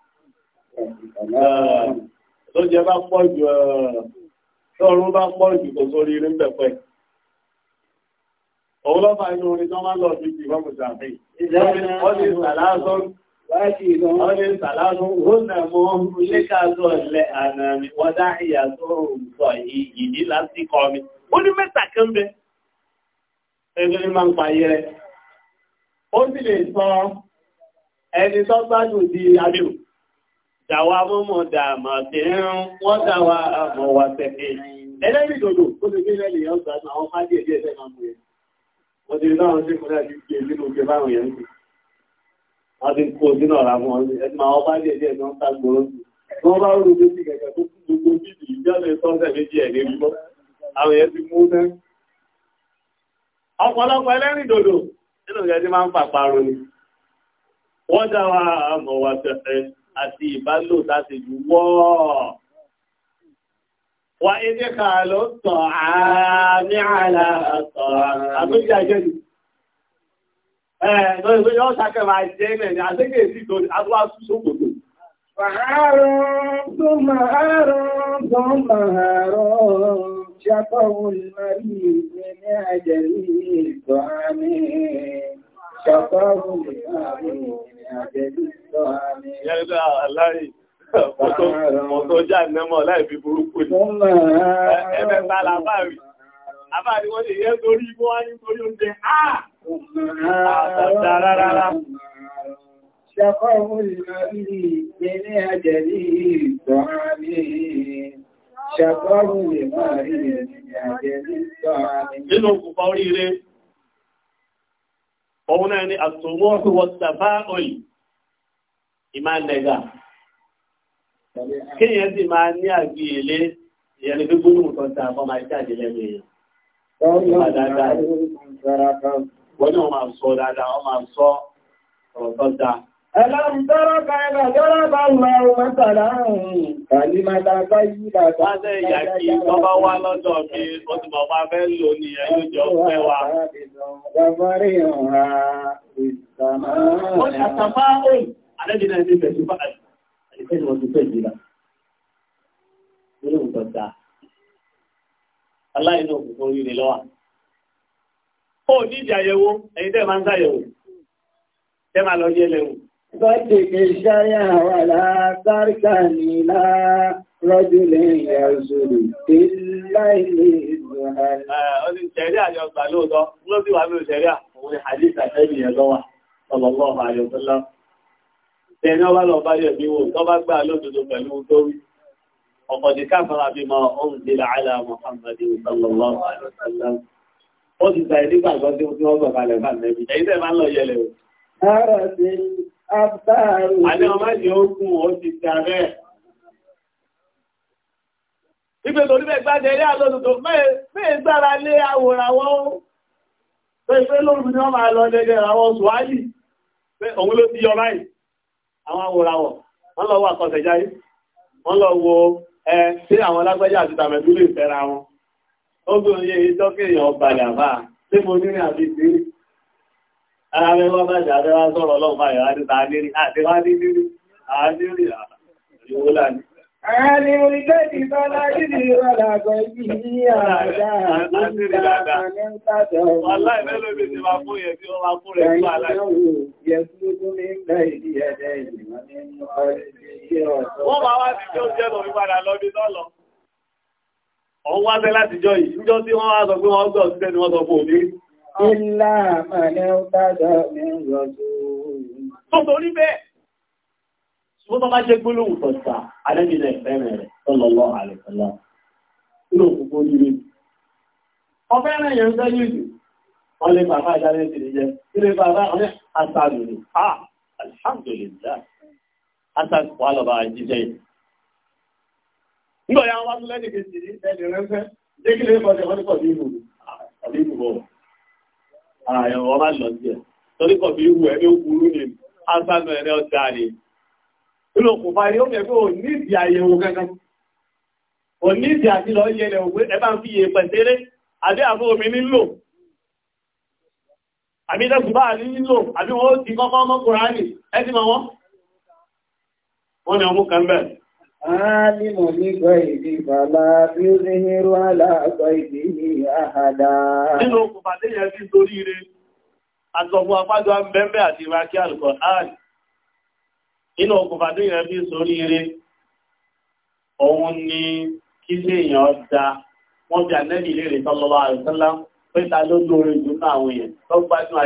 tó jẹ bá pọ̀ jù tọ́rún bá pọ̀ jù kò sórí rí ń bẹ̀ pẹ́ òun lọ́fà inú orin tán máa lọ sí ti wọ́n mú sàfí wọ́n ní sàlásán wọ́n ní sàlásán wọ́n nà mọ́ léka tó lẹ àná mi wọ́n dá ìyà tó ń sọ ìdí láti kọ́ mi ó ní mẹ́ta kan bẹ ẹgbẹ́ máa ń payé rẹ̀ ó sì lè sọ ẹni tó dàwa mọ́mọ́ dàmà tí wọ́n dàwa àmọ́ wa tẹ̀kẹ́ ẹlẹ́rìí dòdò ó ti gbé lẹ́yìn yẹn ọ̀sán àwọn fájì ẹ̀jẹ̀ ẹ̀jẹ̀ máa mú yẹn wọ́n ti náà sí fúnra ti gbé nínú oge báwọn yẹn ń wọ́n ti kó sínú ọ̀rá fún wọn ẹni máa wọ́n fájì ẹ̀jẹ̀ ẹ̀jẹ̀ ń ta gbòòrò sí wọ́n bá rú ojú sí kẹ̀kẹ́ tó kú gbogbo bíbí ìjọ́lẹ̀ sọ́sẹ̀ méjì ẹ̀ ní gbọ́ àwọn yẹn ti mú náà ọ̀pọ̀lọpọ̀ ẹlẹ́rìí dòdò nínú ìjẹ́ ti máa ń pàparun ni wọ́n dá wa àmọ̀ wa tẹ̀fẹ́ àti ìbálò tàṣe jù wọ́. Wà ilé ka ló tọ̀ àmì àlà àtọ̀ àtúnjẹ àjẹ́lù. Ẹ̀ẹ̀dọ́ ìwé yọ́ sákẹ̀ máa jẹ́ mẹ́rin àtẹ́kẹ̀ sí ìtòrí àtúwású sókòtò. Fàárùn tó ní àmì Yẹ́rẹ́dá aláì, mọ̀tọ́ já nẹ́mọ̀ láì fi burúkú ni. Ẹgbẹ́ ta làbárí. Àbárí wọ́n lè yẹ́ torí igbó wá ní torí oúnjẹ. Ah! Àtàtà rárá. Ṣàkọ́ Nínú òkùnfà oríire, òun náà ni àtòwọ́hù wọ́sàfá òyì ìmá nẹ́gà kíyàn sì máa ní àgbìyèlé ìyẹni tó gbóhùn kan tà fọ́ máa jáde lẹ́nu èèyàn wọ́n ni wọ́n máa sọ dáadáa wọ́n máa sọ ọ̀rọ̀ tọ́ta ألم تر كيف ضرب الله مثلا كلمة طيبة Láṣẹ ìyàkí tó bá wá lọ́dọ̀ mi, ó ti mọ̀ máa fẹ́ lò ní ẹ̀yọ́ jọ pẹ́ wa. Ó ní àtàmá òun, àrẹ́bìnà ẹni bẹ̀ sí fàájì, àìfẹ́ ni wọ́n aláìnà òkùnkùn orí ni lọ́wà. Ó ní ìdí àyẹ̀wò, ẹ̀yin tẹ́ máa ń sáyẹ̀wò, tẹ́ máa lọ yẹ́lẹ̀wò. فاتك الشيع ولا تركني لا رجل يرسل في الليل الزهل ọdún ṣẹ̀ríà yọ gbà lóòtọ́ ló sì wà lóò ṣẹ̀ríà òun hadith àtẹ́bì yẹn lọ́wà sallallahu alaihi wasallam tẹ́ni ọba lọ bá yẹ̀ bí wò tó bá gbà lóòtọ́ pẹ̀lú tó rí ọ̀pọ̀ ti káfàrà bí ma ọ̀hún ti làálà Muhammadin sallallahu alaihi wasallam ó ti sàìdí gbàgbọ́ tí wọ́n gbà kalẹ̀ fà nẹ́bí ẹ̀yìn tẹ́ máa ń lọ yẹlẹ̀ o. àbáàrù. Àní ọmọ ẹ̀jẹ̀ ogun ó ti dàrẹ́. Ibi tó níbẹ̀ gbájẹ ilé àlọ́dùtò me gbára lé àwòrán wọn ó. Pé pé lóòrùn ni O ma lọ lẹ́gẹ̀ ti yọ báyìí. Àwọn àwòrán lọ wọ wo ẹ sí wọn. mo ara rẹ̀ wá bá jà rẹ̀ wá sọ̀rọ̀ ọlọ́run máa yàrá níta lérí àdéhá ní lérí àdéhùn ìwò lánìí. Àárín orílẹ̀-èdè Bọ́lá ìdí ìrọ̀lá àgbọ̀ ibi ní àádá àti ìdáta ní ń tàbí ọ̀rọ̀. Aláìmẹ́lòmí ti máa fún yẹ tí ó máa fún rẹ̀ fún aláìmẹ́lòmí. Yẹ tí ó tún ní ń gbá ìdí ẹ̀dẹ́ ìrìnwọ̀n ní ọ̀rọ̀. Wọ́n máa wá sí tí ó jẹ́ lọ rí padà lọ bí lọ́lọ́ ọ̀wọ́ wá bẹ́ látijọ́ yìí níjọ́ tí wọ́n wá sọ pé wọ́n gbọ́ sí tẹ́ni wọ́n sọ fún òní Ilá àmàlẹ́ ọ̀tàdà mi rọ̀jú. Tó torí bẹ́ẹ̀, ṣùgbọ́n tó bá ṣe gbólóhùn tọ̀ta, alẹ́bìnrin ẹ̀fẹ́ rẹ̀ tọ́lọ́lọ́ àlẹ́kọ́lá. Inú òkúkú nílé. Ọfẹ́ rẹ̀ yẹn sẹ́ yìí jù, wọ́n lé bàbá ìdálẹ́ sí jẹ́, ilé bàbá ọ̀rẹ́ àtàlù ni, ha, alhamdulillah, àtàkù wà lọ́ba jíjẹ́ yìí. Nígbà yà wá tún lẹ́nìkejì ní ẹni rẹ̀ fẹ́, dé kí lè bọ́ ara ẹ̀ ọ̀rá lọ sí ẹ̀ torí kọ̀ fi wù ẹ́ ní òkúrú ni asánú ẹ̀rẹ́ ọjà rẹ̀ nínú òkùnfà ni ó mẹ́ pé ò nídìí àyẹ̀wò kankan ò nídìí àti lọ yẹlẹ̀ òwe ẹ bá ń fi yẹ pẹ̀sẹ̀rẹ́ àbí àbó omi nílò àbí dẹ́kùnbá àní nílò àbí wọ́n ti kọ́kọ́ mọ́kùnrin ẹni mọ́ wọ́n ni ọmú kan bẹ́ẹ̀ عالم الغيب فلا يظهر على غيبه أحدا nínú òkùnfà téèyàn fi ire àtọ̀fún apájọ bẹ́ẹ̀bẹ́ àti àlùkọ̀ nínú òkùnfà téèyàn sórí ni kí wọ́n bí anẹ́bì lè rí tọ́lọ́wọ́ àrùsọ́lá pé ta ló jù náà èèyàn tó gbájú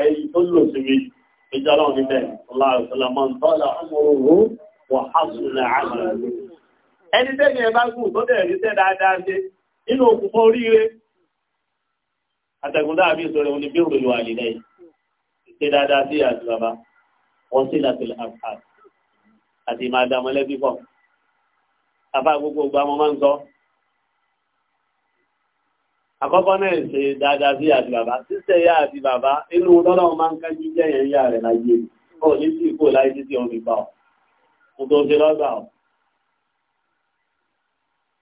ẹni tẹ́ni ẹ bá gùn tó dẹ̀ rí tẹ́ dáadáa ṣe nínú òkùnfọ́ oríire àtẹ̀gùn dáàbí ìṣòro òní bí òròyìn wà nílẹ̀ ṣe dáadáa sí àti bàbá wọ́n sí láti àfàd àti máa dá mọ́lẹ́bí pọ̀ àfà gbogbo ìgbà mo máa ń sọ àkọ́kọ́ náà ṣe dáadáa sí àti bàbá sísẹ̀ yá àti bàbá inú lọ́lọ́run máa ń kájú jẹ́yẹn yá rẹ̀ láyé ó ní sí ìkó láyé títí omi gbà ọ́ mo tó ṣe lọ́gbà ọ́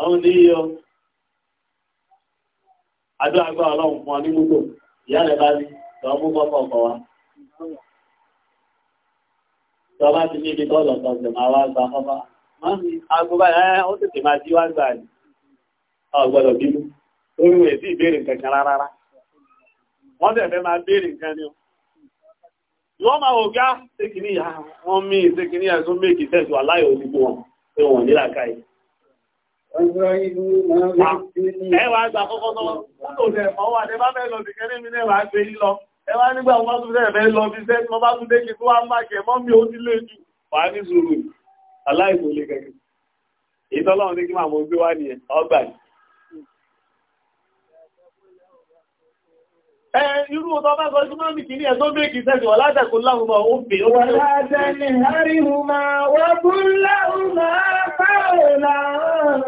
ọ̀hún ní yíyọ adó agbá ọlọ́run fún ọ ní mútò ìyá rẹ̀ bá ní lọ mú bọ́pọ̀ ọkọ̀ wa tó bá ti níbi bọ́ọ̀lù ọ̀tọ̀ọ̀tọ̀ máa wá gba ọba máa ní aago báyìí ẹ́ ó tètè máa jí wá gbà ní ọgbọ́dọ̀ bínú lórí wẹ̀ sí ìbéèrè kankan rárá wọ́n dẹ̀ fẹ́ gá sékìníyà wọ́n mí sékìníyà tó méjì tẹ̀sù aláyọ̀ òdìbò wọn pé wọ́n nílà káyìí Ẹwà àgbà kọ́kọ́ náà, ó lò lẹ̀ mọ́ wà ní bá mẹ́ lọ bìkẹ́ mi náà wà gbé lọ. Ẹwà nígbà wọn bá tún bẹ̀rẹ̀ lọ bí sẹ́, bá tún tó wá ń irú ọ̀tọ́ bá sọ ìsúnmọ́ mi ní méèkì sẹ́jọ látẹ̀kù láhùnmọ́ ó ó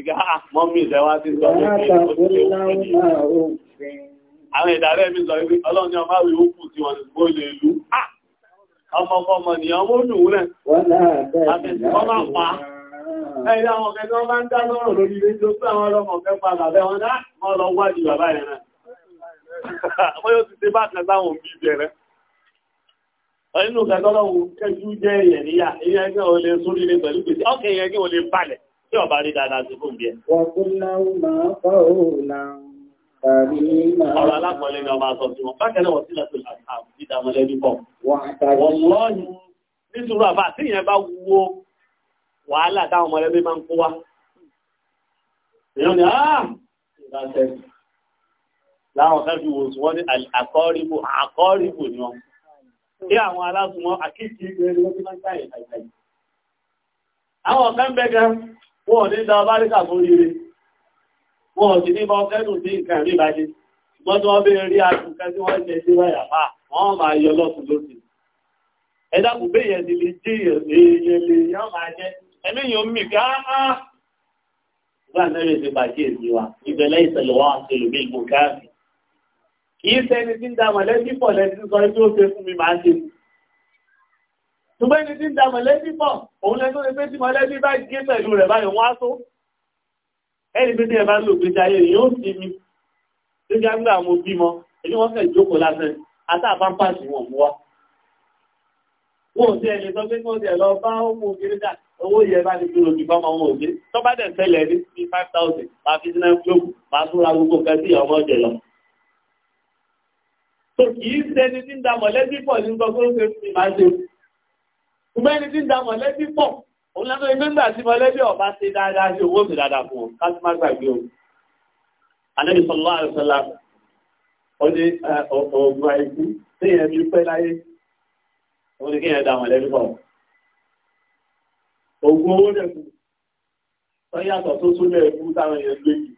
ìgbà ah, mọ́mí ìṣẹ́wá ti sọ àwọn ìdàrẹ́ mi sọ wípé ọlọ́ni ọmọ àwẹ̀ òkú tí wọ́n gbó lè lú ah, ọmọkọmọ ni ọmọ olùwú rẹ̀ wọ́n máa pa ẹ̀yà àwọn ọ̀kẹ́ tí wọ́n bá ń dá lọ́rọ̀ lórí ilé tó pé àwọn ọlọ́mọ ọ̀kẹ́ pa bàbẹ́ wọn náà wọ́n lọ wájú bàbá rẹ̀ náà [laughs] wọ́n yóò ti dé bá kan sáwọn òbí bẹ̀rẹ̀ nínú kẹtọ́lọ́wọ́ kẹjú jẹ́ èèyàn níyà èèyàn kí wọ́n lè sórí ilé pẹ̀lú pèsè ọkẹ̀ èèyàn kí wọ́n lè balẹ̀ tí ọba rí dáadáa sí fún bí ẹ. Ọ̀rọ̀ alákọ̀ọ́lẹ́ ni ọba sọ sí wọn, bákan náà wọ́n sílẹ̀ tó àti ìdámọ́lẹ́bí pọ̀. Wọ́n lọ́yìn nítorí àbá tí ìyẹn bá wo wàhálà táwọn ọmọlẹ́bí máa ń kó wá. Èèyàn ni, ah! Ìgbàṣẹ́ láwọn kan àkọ́rìbò àkọ́rìbò ni wọ́n tí àwọn alásùnmọ́ àkíkì ìgbẹ̀rẹ̀ wọ́n wọ́n ní dá báríkà tó ríire wọ́n ti ní bọ́ fẹ́dùn sí nǹkan rí báyé ṣùgbọ́n tí wọ́n rí àtúnkẹ́ tí wọ́n jẹ sí wáyà wọ́n máa yọ lọ́sùn lóṣù ẹ̀dá yẹn ti lè jẹ́ èèyàn lè yọ́ máa jẹ́ ẹ̀mí yóò mì ká ṣùgbọ́n ẹni tí ń da mọ̀lẹ́bí pọ̀ òun lẹ tó lè pé tí mọ̀lẹ́bí bá gé pẹ̀lú rẹ̀ báyìí wọ́n á tó ẹni pé tí ẹ bá lò pé jayé yóò sí mi tó já ń gbà mo bímọ èyí wọ́n fẹ́ jókòó lásán àtàbámpàṣì wọn mú wa wọ́n ò sí ẹni sọ pé kí ti ẹ̀ lọ bá ọmọ òkèrè kí five thousand máa fi sínú ẹ̀fúlóòkù máa tún ra ṣùgbọ́n ẹni tí ń da mọ̀lẹ́bí pọ̀ òun lẹ́nu ẹgbẹ́ ńgbà tí mọ̀lẹ́bí ọ̀bá ṣe dáadáa sí owó mi dáadáa fún un káṣí má gbàgbé o. Ànábì sallallahu alaihi wasallam ó ní ọ̀gbọ̀n àìkú tí èèyàn fi pẹ́ láyé òun ni kí èèyàn da mọ̀lẹ́bí pọ̀. Ògùn owó dẹ̀ kù tó yàtọ̀ tó tún lẹ̀ fún táwọn èèyàn gbé jù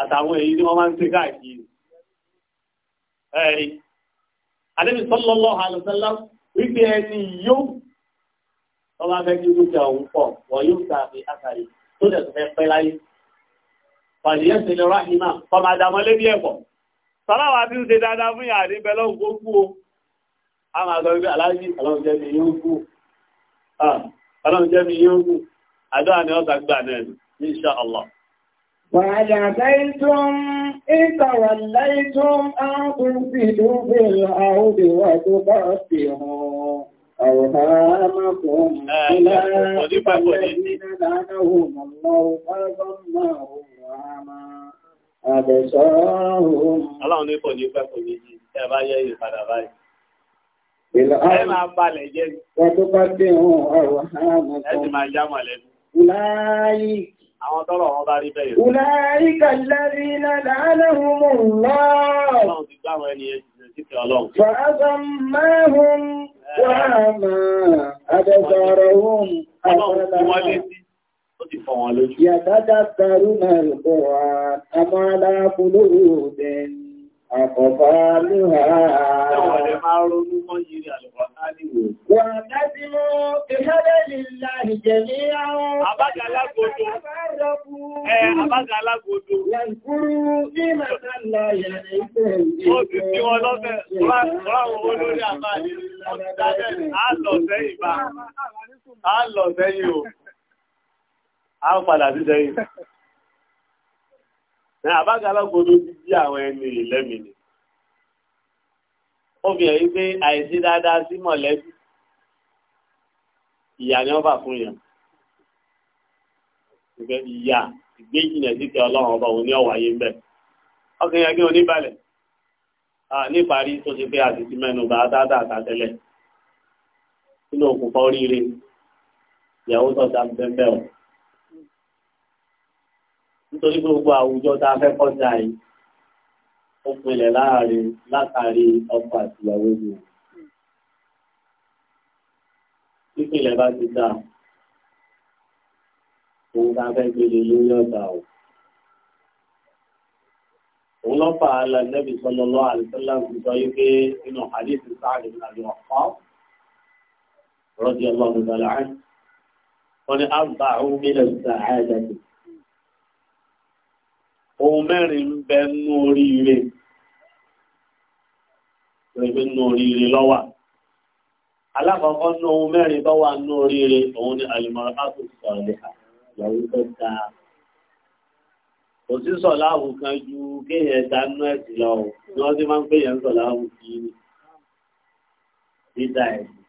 àtàwọn èyí tí wọ́n máa ń ṣe káàkiri. Ẹ̀rí Ànábì sallallahu alaihi wasallam wípé ẹni yóò ọba fẹ́ kí dúkìá òun pọ̀ wọ́n yóò ta àfi àkàrí tó dẹ̀ tó fẹ́ pẹ́ láyé. pàdéyẹ́ ṣe lè ráhìn náà kọ́mọ àdàmọ́ lébi ẹ̀kọ́. sọláwà tí ń ṣe dáadáa fún yàrá ní bẹ́lọ́ ń gbógbó o. a máa sọ wípé aláàjì ọlọ́run jẹ́ mi yóò kú. ọlọ́run jẹ́ mi yóò kú. àdúrà ni ọ̀sà gbà náà ní insha Allah. وعجبتم إن توليتم أن تفسدوا في الأرض وتقسموا أوهامكم Ọlọ́run ní kò ní pẹ́ kò ẹ bá yẹ ìpadà báyìí. Ẹ máa balẹ̀ jẹ́ ni. tó bá dé wọn ọ̀rọ̀ ààmọ̀ Ẹ ti máa já mọ̀lẹ́bí. Láyìí. Àwọn tọ́lọ̀ wọn bá rí bẹ́ẹ̀. Láyìí kàlẹ́rí Fàázàmáhùn wàhámà àdẹ́gbàràhùn àpàdàmà. Yàtàdà tàrúnà ìkọ̀wà àmàlà kúlò òdìn. أقبالها وقدموا بهدى لله جميعا وتفرقوا واذكروا نعمة الله عليكم Àlọ̀ sẹ́yìn o, a ń padà sí sẹ́yìn ní àbágalágbodò ti jí àwọn ẹni ìlẹ́mìí ni ó fi hàn yí pé àìsí dáadáa sí mọ̀lẹ́bí ìyà ni wọ́n bà fún yàn ìgbẹ́ ìyà ìgbé jìnà síkẹ́ ọlọ́run ọba òun ní ọ̀wáyé ń bẹ̀ ọkàn yẹn kí wọn níbalẹ̀ níparí tó ti pé àti ti mẹ́nu bá dáadáa àtàtẹ́lẹ̀ nínú òkùnfà oríire ìyàwó tọ́ta bẹ́ẹ̀ bẹ́ẹ̀ o torí gbogbo àwùjọ tá a fẹ́ kọjá yìí ó pinlẹ̀ láàrin látàrí ọkọ àtìyàwó mi ìpínlẹ̀ bá ti dá òun tá a fẹ́ gbélé lórí ọ̀dà o òun lọ fà á la nẹ́bí sallallahu alaihi wasallam fi sọ yí pé inú àdéhùn sáàdì àbí ọ̀pá radiyallahu ta'ala anhu wọn ni àbá òun mílẹ̀ sàáyà jáde ohun mẹ́rin ń bẹ nú oríire rẹ̀ nú oríire lọ́wà alákọ̀ọ́kọ́ nú ohun mẹ́rin tó wà nú oríire òun ni àlùmọ̀rọ̀ ápùsọ̀ rẹ̀ ìyàwó tó dáa kò sí sọ̀láhù kan ju kéèyàn dánú ẹ̀sìn lọ ni wọ́n ti máa ń pè yẹn sọ̀láhù kí ní dídá ẹ̀sìn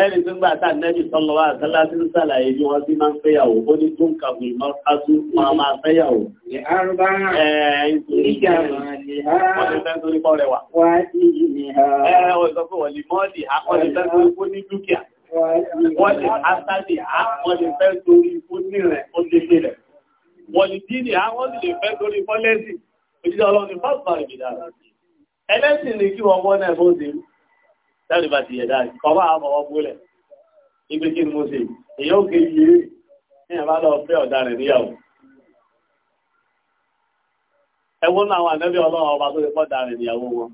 ẹ̀rí tó gbà tá nẹ́bí sọlọ́wọ́ àtàlá tí ń sàlàyé bí wọ́n sí máa ń fẹ́yàwó ó ní tó ń kàbù ìmọ̀kású máa máa fẹ́yàwó. Wọ́n lè asádì á, wọ́n lè fẹ́ torí ikú ní rẹ̀ ó lè lè rẹ̀. Wọ́n lè dí ní á, wọ́n lè fẹ́ torí fọ́lẹ́sì. Òjìdá ọlọ́run ni fásitì ìgbìdá. Ẹlẹ́sìn ni kí wọ́n wọ́n sẹ́rì bá ti yẹ dáa ọba àwọn ọmọ gbólẹ̀ ibi kí ni mo ṣe èyí ó kéjì rí ní ẹ̀bá lọ fẹ́ ọ̀daràn níyàwó ẹwọ́n náà àwọn ànábì ọlọ́run ọba tó lè pọ́ daràn níyàwó wọn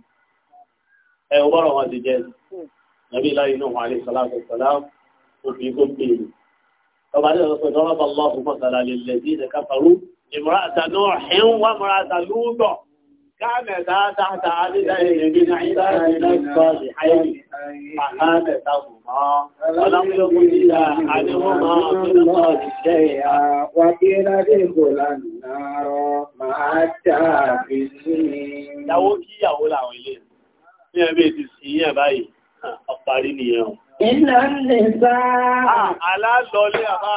ẹ ò bọ́rọ̀ wọn ti jẹ́ nàbí láyé inú wọn àlẹ́ sọlá sọlá òbí kó pèèrè ọba ní ọ̀sọ̀ كانتا تحت عبدين من عبادنا الصالحين فحادثهما ولم يكن إلى عنهما من الله شيئا وقيل ادخلا النار مع الداخلين. Ìyàwó kí ìyàwó làwọn ilé ní ẹbí ti sí yẹn báyìí, ọ̀parí nìyẹn. Iná nìta. Àlá lọlé àbá.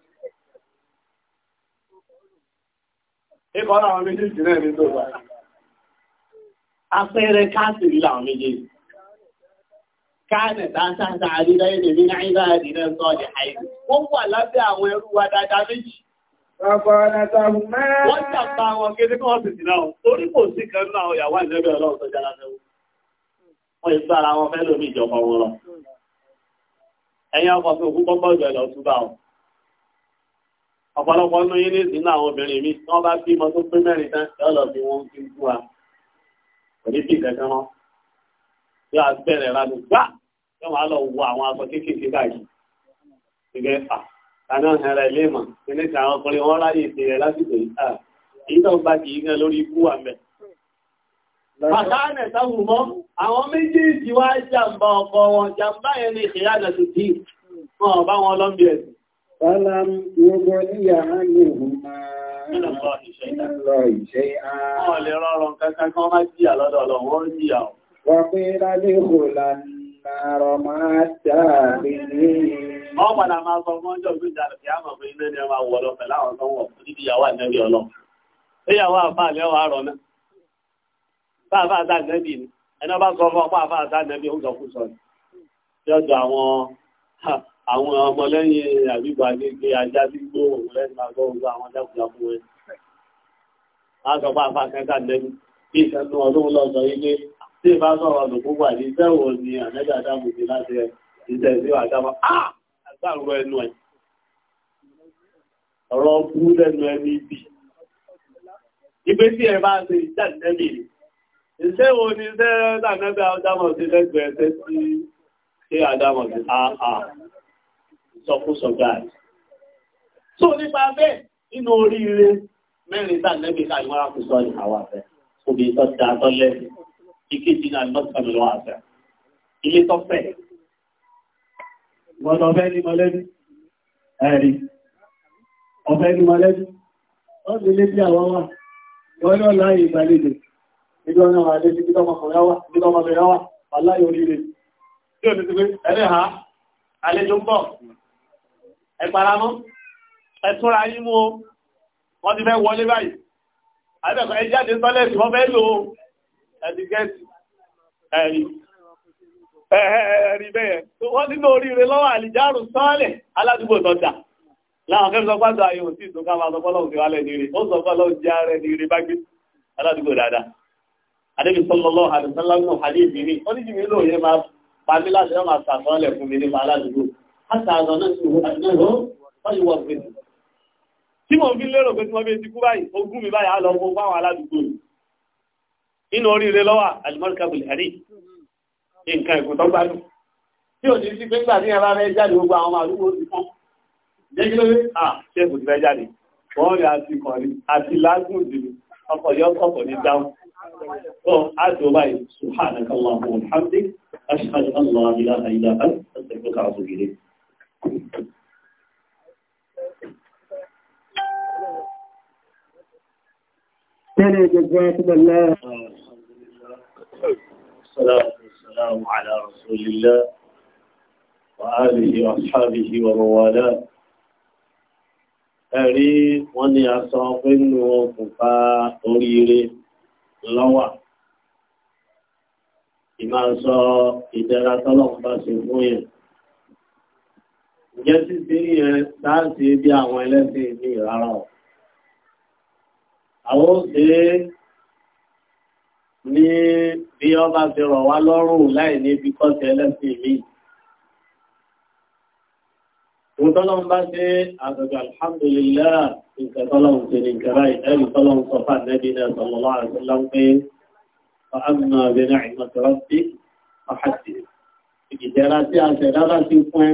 Ikọ̀ àwọn méjèèjì náà ní tó bá. Afẹ́rẹ káàkiri làwọn méjèèjì. Káàdẹ̀ dáadáa àrídá èdè àdínà sọ́ọ̀dẹ̀ àìdá. Wọ́n wà lábẹ́ àwọn ẹrú wa dáadáa méjì. Wọ́n jàpá wọn kí wọ́n sì sí náà, torí kò sí kan náà ọ̀pọ̀lọpọ̀ inú yín ní ìsìn àwọn obìnrin mi tí wọ́n bá bímọ tó pé mẹ́rin tán yọ́lọ̀ bí wọ́n ti ń kú wa kò ní sí ìkẹ́kẹ́ wọn bẹ̀rẹ̀ lánàá gbá yóò wá lọ wọ àwọn aṣọ kéékèèké báyìí ìgbẹ́ fà tàbí ọ̀hìn rẹ̀ lè mọ̀ nínú ìta àwọn ọkùnrin wọn ráyè sí rẹ̀ lásìkò yìí tà bá kì í gan lórí ikú wa mẹ́. Bàtánẹ̀ sáwùn فلم يغني عنهما من الله شيئا وقيل ادخلا النار مع الداخلين Wọ́n padà máa sọ fún ọjọ́ ìgbìjà àti àmọ̀ fún ilé ni ọmọ àwọ̀ lọ pẹ̀lú àwọn tó wọ̀ fún níbi ìyàwó àìnẹ́bí ọlọ́run. Ìyàwó àfáà lẹ́wọ̀ àárọ̀ náà. Bá àfáà sáà nẹ́bí ni, ẹni ọba sọ fún ọpá àfáà sáà nẹ́bí ó sọ fún sọ àwọn ọmọlẹ́yìn àbíbà ní kí ajá sí gbó òun lẹ́yìn àgọ́ ogun àwọn jákùjákù rẹ̀. a sọ pé afá kẹta lẹ́nu bí ìṣẹ́nu ọdún lọ́sọ ilé tí ìbá sọ̀rọ̀ ọdún púpọ̀ àti iṣẹ́ wo ni ànẹ́gbẹ̀ adámù ti láti rẹ̀ iṣẹ́ sí àdámọ́ àgbàrú ẹnu ẹ̀ ọ̀rọ̀ kú lẹ́nu ẹni ibi ibi tí ẹ bá ṣe ìjáde iṣẹ́ wo ni iṣẹ́ ànẹ́gbẹ̀ adámù ti lẹ́gbẹ̀ẹ́ ṣe sí àdámù ti ìsọkúsọ gáàdì. Tó nípa bẹ́ẹ̀ nínú oríire mẹ́rin tá nẹ́bí ká ìwọ́n àkùsọ ìhàwà fẹ́. Obì tó da tọ́lẹ̀ ìkéjì náà lọ́sàn lọ àfẹ́. Ilé tó fẹ́. Ìwọ́n ọ̀fẹ́ ní mọ̀lẹ́bí. Ẹ̀rí. Ọ̀fẹ́ ní mọ̀lẹ́bí. Ó sì lé bí àwọn wà. Wọ́n lọ láàyè ìgbàlejò. Ìjọ náà wà lé sí bí tọ́mọkùnrin wà, bí tọ́mọbìnrin wà, aláyò oríire. Tí ò ní ti pé, ẹ̀rẹ́ ha, àlejò ń bọ̀ ẹ̀pàramọ́ ẹ̀túnra yín mú o wọ́n ti fẹ́ wọlé báyìí àbẹ̀kọ̀ ẹ jáde tọ́lẹ̀tì wọ́n fẹ́ lò ẹ̀dìgẹ́sì ẹ̀rí ẹ̀rí bẹ́ẹ̀ wọ́n nínú oríire lọ́wọ́ àlìjárù sọ́ọ̀lẹ̀ aládùúgbò tọ́jà láwọn kẹ́mi sọ pàdé ayé òsì tó ká máa sọ fọ́lọ́hùn sí wálẹ̀ ní ire ó sọ fọ́lọ́hùn jẹ́ ààrẹ ní ire bá gbé aládùúgbò dáadáa adébí sọlọ́lọ́ àdùsánlámù àdébí ní ó ní jìmí lóòyè máa pa láti máa sàkọ́ọ̀lẹ̀ fún mi nípa aládùúgbò حتى ظننته أنه سيوظفه tí mo fi lérò pé tí wọ́n bí ti kú báyìí ogún mi báyìí àlọ́ ọmọ fáwọn aládùúgbò inú oríire lọ́wà alimọ́ríkàbùlì àrí nǹkan ẹ̀kùn tó gbádùn tí ò ní sí pé nígbà tí ẹ bá fẹ́ jáde gbogbo àwọn àdúgbò ti fún jẹ́jú lórí à ṣe kò ti fẹ́ jáde wọ́n rí àti kọ̀rí àti lágùn ìdìbò ọkọ̀ yọ kọ̀kọ̀ ní dáhùn tó a tó báyìí subhanakallahu wa bihamdik ashhadu an la ilaha illa anta astaghfiruka wa atubu ilayk سنة جزاكم الله الصلاة والسلام على رسول الله وآله وأصحابه وموالاه ẹ̀rí wọ́n ní a sọ pé nínú òkùnfà oríire lọ́wà ìmá sọ ìdẹ̀ra tọ́lọ́pàá sí fún yẹn Ìjẹ́ sí sí yẹ láti bí àwọn ẹlẹ́sìn ní ìrárá ọ̀. Àwọn òṣèré ní bí ọba fi rọ̀ wá lọ́rùn láì ní ibi kọ́sẹ̀ ẹlẹ́sìn mi. Ìtọ́lọ́run bá ṣe àgbẹ̀gbẹ̀ alhamdulillah ìkẹtọ́lọ́run ti ní kẹrà ìtẹ́rì tọ́lọ́run sọ fà nẹ́bí náà sallallahu alaihi wasallam ọ̀hánà bẹ̀rẹ̀ àìmọ̀tọ̀rọ̀ sí ọ̀hásì. Ìjẹ́ra sí àṣẹ̀dára sí fún ẹ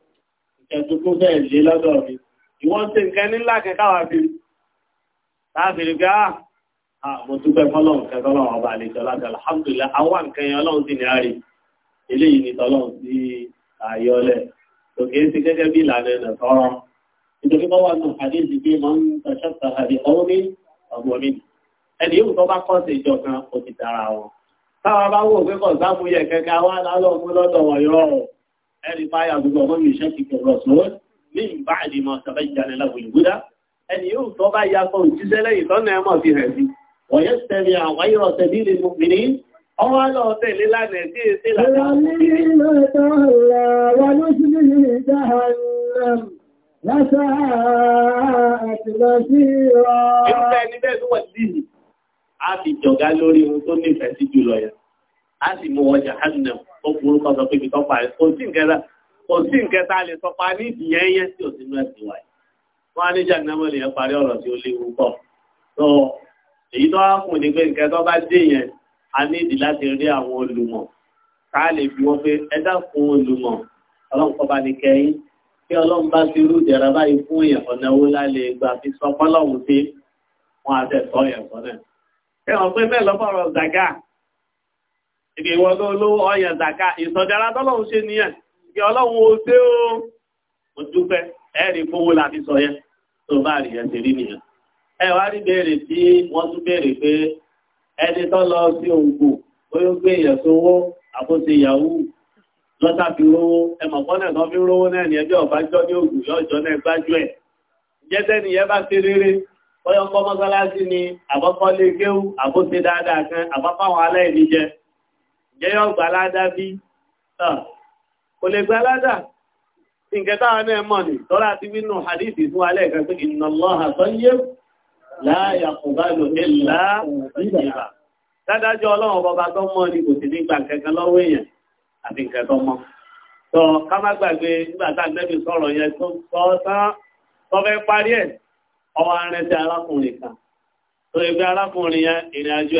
ẹ̀tù tó fẹ́ lè lọ́dọ̀ mi ìwọ́n tí nǹkan nílá kẹkàwà bí láàbìrì pé á ah, ah, mo dúpẹ́ fọ́lọ́run kẹtọ́lọ́run ọba àlejò láti alhamdulillah àwọn nǹkan yẹn ọlọ́run sì ní àárí eléyìí ni tọ́lọ́run sí àyọlẹ̀ òkè sí gẹ́gẹ́ bí ìlànà ẹ̀nà tọ́rọ nítorí bọ́ wà nù àdéhùn pé mo ń tọ́ṣọ́ta àdé ọwọ́ mi ọgbọ́n mi ẹni yóò tọ́ bá kọ́ sí ìjọ kan ó ti dára wọn táwa bá wò pé kọ̀ sáfù yẹ kẹ́kẹ́ wá lálọ́ mú lọ́dọ̀ wọ̀nyọ́rùn ẹni báyà gbogbo ọmọ mi ṣe ti kẹrọ sọ́ọ́ ní ìbá àdìmọ̀ sàbẹ̀ ìjànà ìlàwọ̀ ìgbúdá ẹni yóò tọ́ bá ya kọ́ òṣìṣẹ́ lẹ́yìn tọ́nà ẹmọ̀ fi hẹ̀ sí wọ̀nyẹ́ sẹ́mi àwọn ayọ̀rọ̀ sẹ́mi lè mú mi ní ọwọ́ lọ tẹ̀lé lánàá sí èsì lánàá. sí ìrọ̀. Ìrúfẹ́ ó burú kọ́ sọ pé ibi tọ́pa ẹ̀ kò sí nǹkan kò sí nǹkan tá a lè tọpa ní ìyẹn yẹn tí ò sí inú ẹ̀sìn wáyé wọn á ní jàǹdàmọ́ lè yẹn parí ọ̀rọ̀ tí ó léwu pọ̀ tó èyí tó wá kùn ní pé nǹkan tó bá dé yẹn a ní ìdí láti rí àwọn olùmọ̀ ká lè fi wọ́n pé ẹ dákun olùmọ̀ ọlọ́run kọ́ ní kẹ́yìn tí ọlọ́run bá ti rú ìdẹ̀ra báyìí fún èèyàn ọ̀nà lálẹ́ gbà fi sọ fọ́lọ́run sí wọn àtẹ̀tọ́ yẹn sọ náà. ẹ ìgbè wọn tó lówó ọyàn zaka ìsọdára tọ́lọ́run ṣe nìyẹn ìgbè ọlọ́run ó ṣe ó mo dúpẹ́ ẹ̀rí fowó la fi sọ yẹn tó bá rí yẹn ti rí nìyẹn ẹ wá rí béèrè tí wọ́n tún béèrè pé ẹni tó lọ sí òǹkù ó yóò gbé èèyàn sówó àkóso yahoo lọ́tà fi rówó ẹmọ̀pọ́nà kan fi rówó náà ní ẹjọ́ ọ̀bájọ́ ní ògùn yọ́jọ́ náà gbájú ẹ̀ jẹ́tẹ́ nìyẹn bá ṣe rere bọ́yọ̀ ń mọ́sálásí ni àbọ́kọ́lé kéwú àbóṣe dáadáa kan àbáfáwọn aláìní jẹ jẹ́yọ́ gbà ládá bí kò lè gbà ládá nǹkan táwọn náà mọ̀ ní tọ́lá ti wínú hadithi fún alẹ́ kan pé inna Allaha tayyib la yaqbalu illa tayyiba dádájọ́ ọlọ́run bọba tó mọ́ ní kò sì ní gbà kankan lọ́wọ́ èèyàn àti nǹkan tó mọ́ tọ́ ká má gbàgbé nígbà tá ọwọ́ arìnrìn ti arákùnrin kan tó ẹgbẹ́ arákùnrin yẹn ìrìn àjò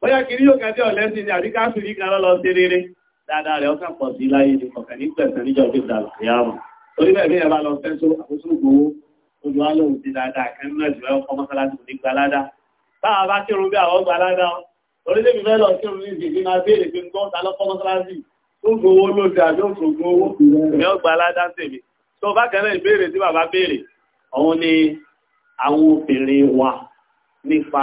bóyá kiri yóò kẹ́ tí ọ̀lẹ́ sí ni àríká sùúrí kan lọ́lọ́ sí rere dáadáa rẹ̀ ọkàn pọ̀ sí láyé ní kọ̀kẹ́ ní pẹ̀sẹ̀ níjọ́ tó dà kìyàmù torí bẹ́ẹ̀ bí ẹ bá lọ fẹ́ só àkóso gbowó ojú wa lòun ti dáadáa kẹ́ nínú ẹ̀sìn ọkọ̀ mọ́sálásí kò ní gba ládá báwa bá kírun bí àwọn gba ládá torí débi fẹ́ lọ kírun ní ìsìn máa béèrè pé nǹkan ta lọ́kọ́ mọ́sálásí tó gbowó ló ti àjọ òṣogbo owó ìrẹ́ ọgbà ládá sèmi tó bá kẹ́lẹ́ ìbéèrè tí bàbá béèrè òun ni àwọn obìnrin wa nípa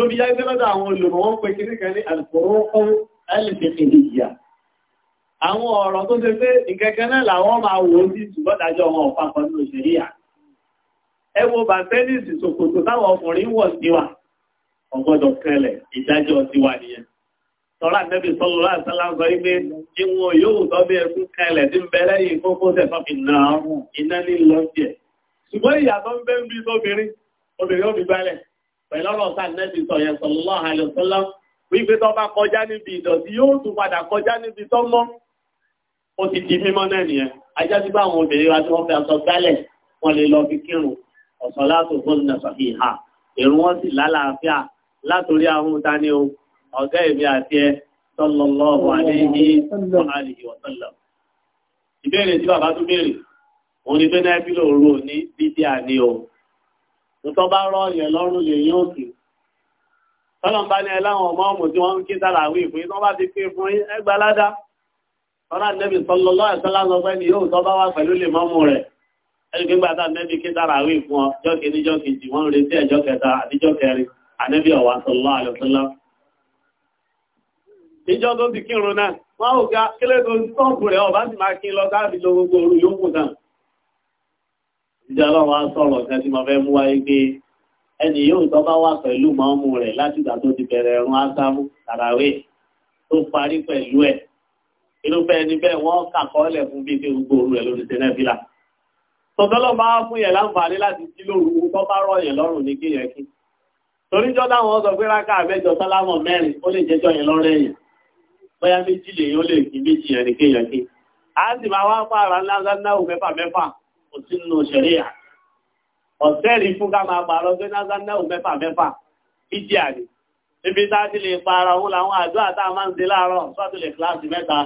tó bí yáyé tẹ́lọ́dọ̀ àwọn olùmọ̀ wọ́n pè kí nìkan ní alùpùpù alìfẹ̀kìlìyà àwọn ọ̀rọ̀ tó ṣe pé ìkẹ́kẹ́ náà làwọn máa wò ó sí ìtùbọ́dájọ́ wọn ọ̀pápọ̀ nínú ìṣẹ̀ríyà ẹ wo bàtẹ́nìsì ṣòkòtò táwọn ọkùnrin wọ̀ síwà ọgọ́dọ̀ kẹlẹ̀ ìdájọ́ síwà nìyẹn tọ́lá nẹ́bí sọ́lọ́ láàṣálá sọ wípé ìwọ̀n yóò tọ́ bí ẹkún kẹlẹ̀ tí ń bẹ lẹ́yìn kókó tẹ̀sán fi nà án iná ní lọ́jẹ̀ ṣùgbọ́n ìyàtọ̀ ń bẹ́ ń bí pẹ̀lú ọ̀rọ̀ sáà nẹ́ẹ̀sì sọ yẹn sallallahu alaihi wasallam wípé tó bá kọjá níbi ìdọ̀tí yóò tún padà kọjá níbi tó mọ́ ó ti di mímọ́ náà nìyẹn ajá sí bá àwọn obìnrin wa tí wọ́n fi aṣọ gbálẹ̀ wọ́n lè lọ fi kírun ọ̀sán látò fún nàṣàfi ìhà èrò wọn sì lálàáfíà látòrí àwọn tani o ọ̀gá èmi àti ẹ sallallahu alaihi wa alihi wa sallam ìbéèrè tó bá rọ yẹn lọ́rùn lè yín òkè tọ́lọ̀ bá ní ẹláwọn ọmọ ọmọ tí wọ́n ń kí sàlàwí ìpín tó bá ti pé fún ẹgbà ládá tọ́lá nẹ́bì sọlọ́lọ́ ẹ̀sọ́lá sọ pé ní yóò tọ́ bá wà pẹ̀lú lè mọ́mú rẹ̀ ẹgbẹ́ gbàtà nẹ́bì kí sàlàwí fún ọ jọ́kì ní jọ́kì jì wọ́n retí ẹjọ́ kẹta àtijọ́ kẹrin ànẹ́bì ọ̀wà sọlọ́ àlọ́sọ́lá ìjọ tó ti kírun náà wọ́n ò ga kílẹ̀ tó ìjọ ọlọ́run á sọ̀rọ̀ kan tí mo fẹ́ mú wáyé pé ẹni yóò tọ́ bá wà pẹ̀lú mọ́mú rẹ̀ láti ìgbà tó ti bẹ̀rẹ̀ ẹ̀rùn ásámú tàràwé tó parí pẹ̀lú ẹ̀ irúfẹ́ ẹni bẹ́ẹ̀ wọ́n kàkọ́ọ́lẹ̀ fún bíi pé gbogbo òru rẹ̀ lórí sẹ́nẹ́fìlà tọ́tọ́lọ́ bá fún yẹn láǹfààní láti jí lóru tó bá rọ̀ yẹn lọ́rùn ní kéèyàn kí toríjọ́ láwọn sọ pé rákà mẹ́jọ sálámọ̀ mẹ́rin ó lè jẹ́jọ́ yẹn lọ́rẹ́ yẹn bóyá méjì lèyìn ó lè kí méjì yẹn ní kéèyàn kí á sì máa wá pààrà ńlá ńlá náà mẹ́fà mẹ́fà kò sí nínú ṣẹ̀ríà ọ̀sẹ́ẹ̀lì fún ká máa pààrọ̀ pé násánẹ́wò mẹ́fà mẹ́fà fíjì àdì ibi tá ti lè para òun làwọn àdúrà tá a máa ń ṣe láàárọ̀ sọ́tò lè kíláàsì mẹ́ta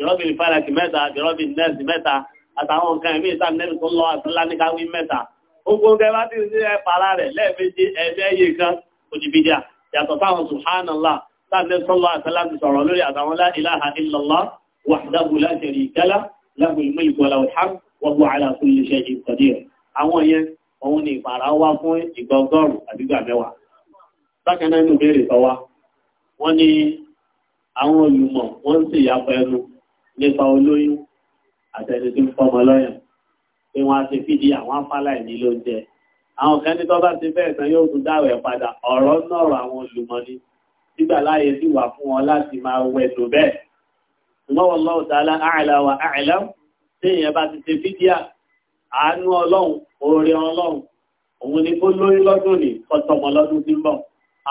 ìrọ́bì ìfàlàkì mẹ́ta ìrọ́bì nẹ́ẹ̀sì mẹ́ta àtàwọn nǹkan ẹ̀mí ìta nẹ́ẹ̀sì tó lọ àtúnlá ní káwí mẹ́ta gbogbo ń kẹfà tí ṣe ẹ para rẹ̀ lẹ́ẹ̀mejì ẹ̀mí ẹ̀yẹ kan òjìbìjà yàtọ̀ táwọn subhanallah táwọn sọ́lọ́ ti sọ̀rọ̀ lórí àtàwọn la ilaha illallah wahdahu la sharika lahu lahul mulku wallahu ala kulli shay'in qadir àwọn yẹn òun ni ìpàrà wá fún ìgbà ọgọ́rùn-ún àdúgbà mẹ́wàá bákan náà nínú ìbéèrè kan wá wọ́n ní àwọn olùmọ̀ wọ́n sì yàpọ̀ ẹnu nípa olóyún àtẹni tí ń fọmọ lọ́yàn pé wọ́n á ti fìdí àwọn afáláì ní ló ń jẹ àwọn kan ní tọ́ba ti bẹ́ẹ̀ tán yóò tún dáwẹ̀ padà ọ̀rọ̀ nọ̀rọ̀ àwọn olùmọ̀ ni nígbà láàyè sì wà fún wọn láti máa wẹ̀ tó bẹ́ẹ̀ ṣùgbọ́n wallahu ta'ala a'la wa a'lam téèyàn bá ti ṣe fídíà àánú ọlọ́run oore ọlọ́run òun ni kó lórí lọ́dún ní ọ̀tọ̀mọ̀ lọ́dún tí ń bọ̀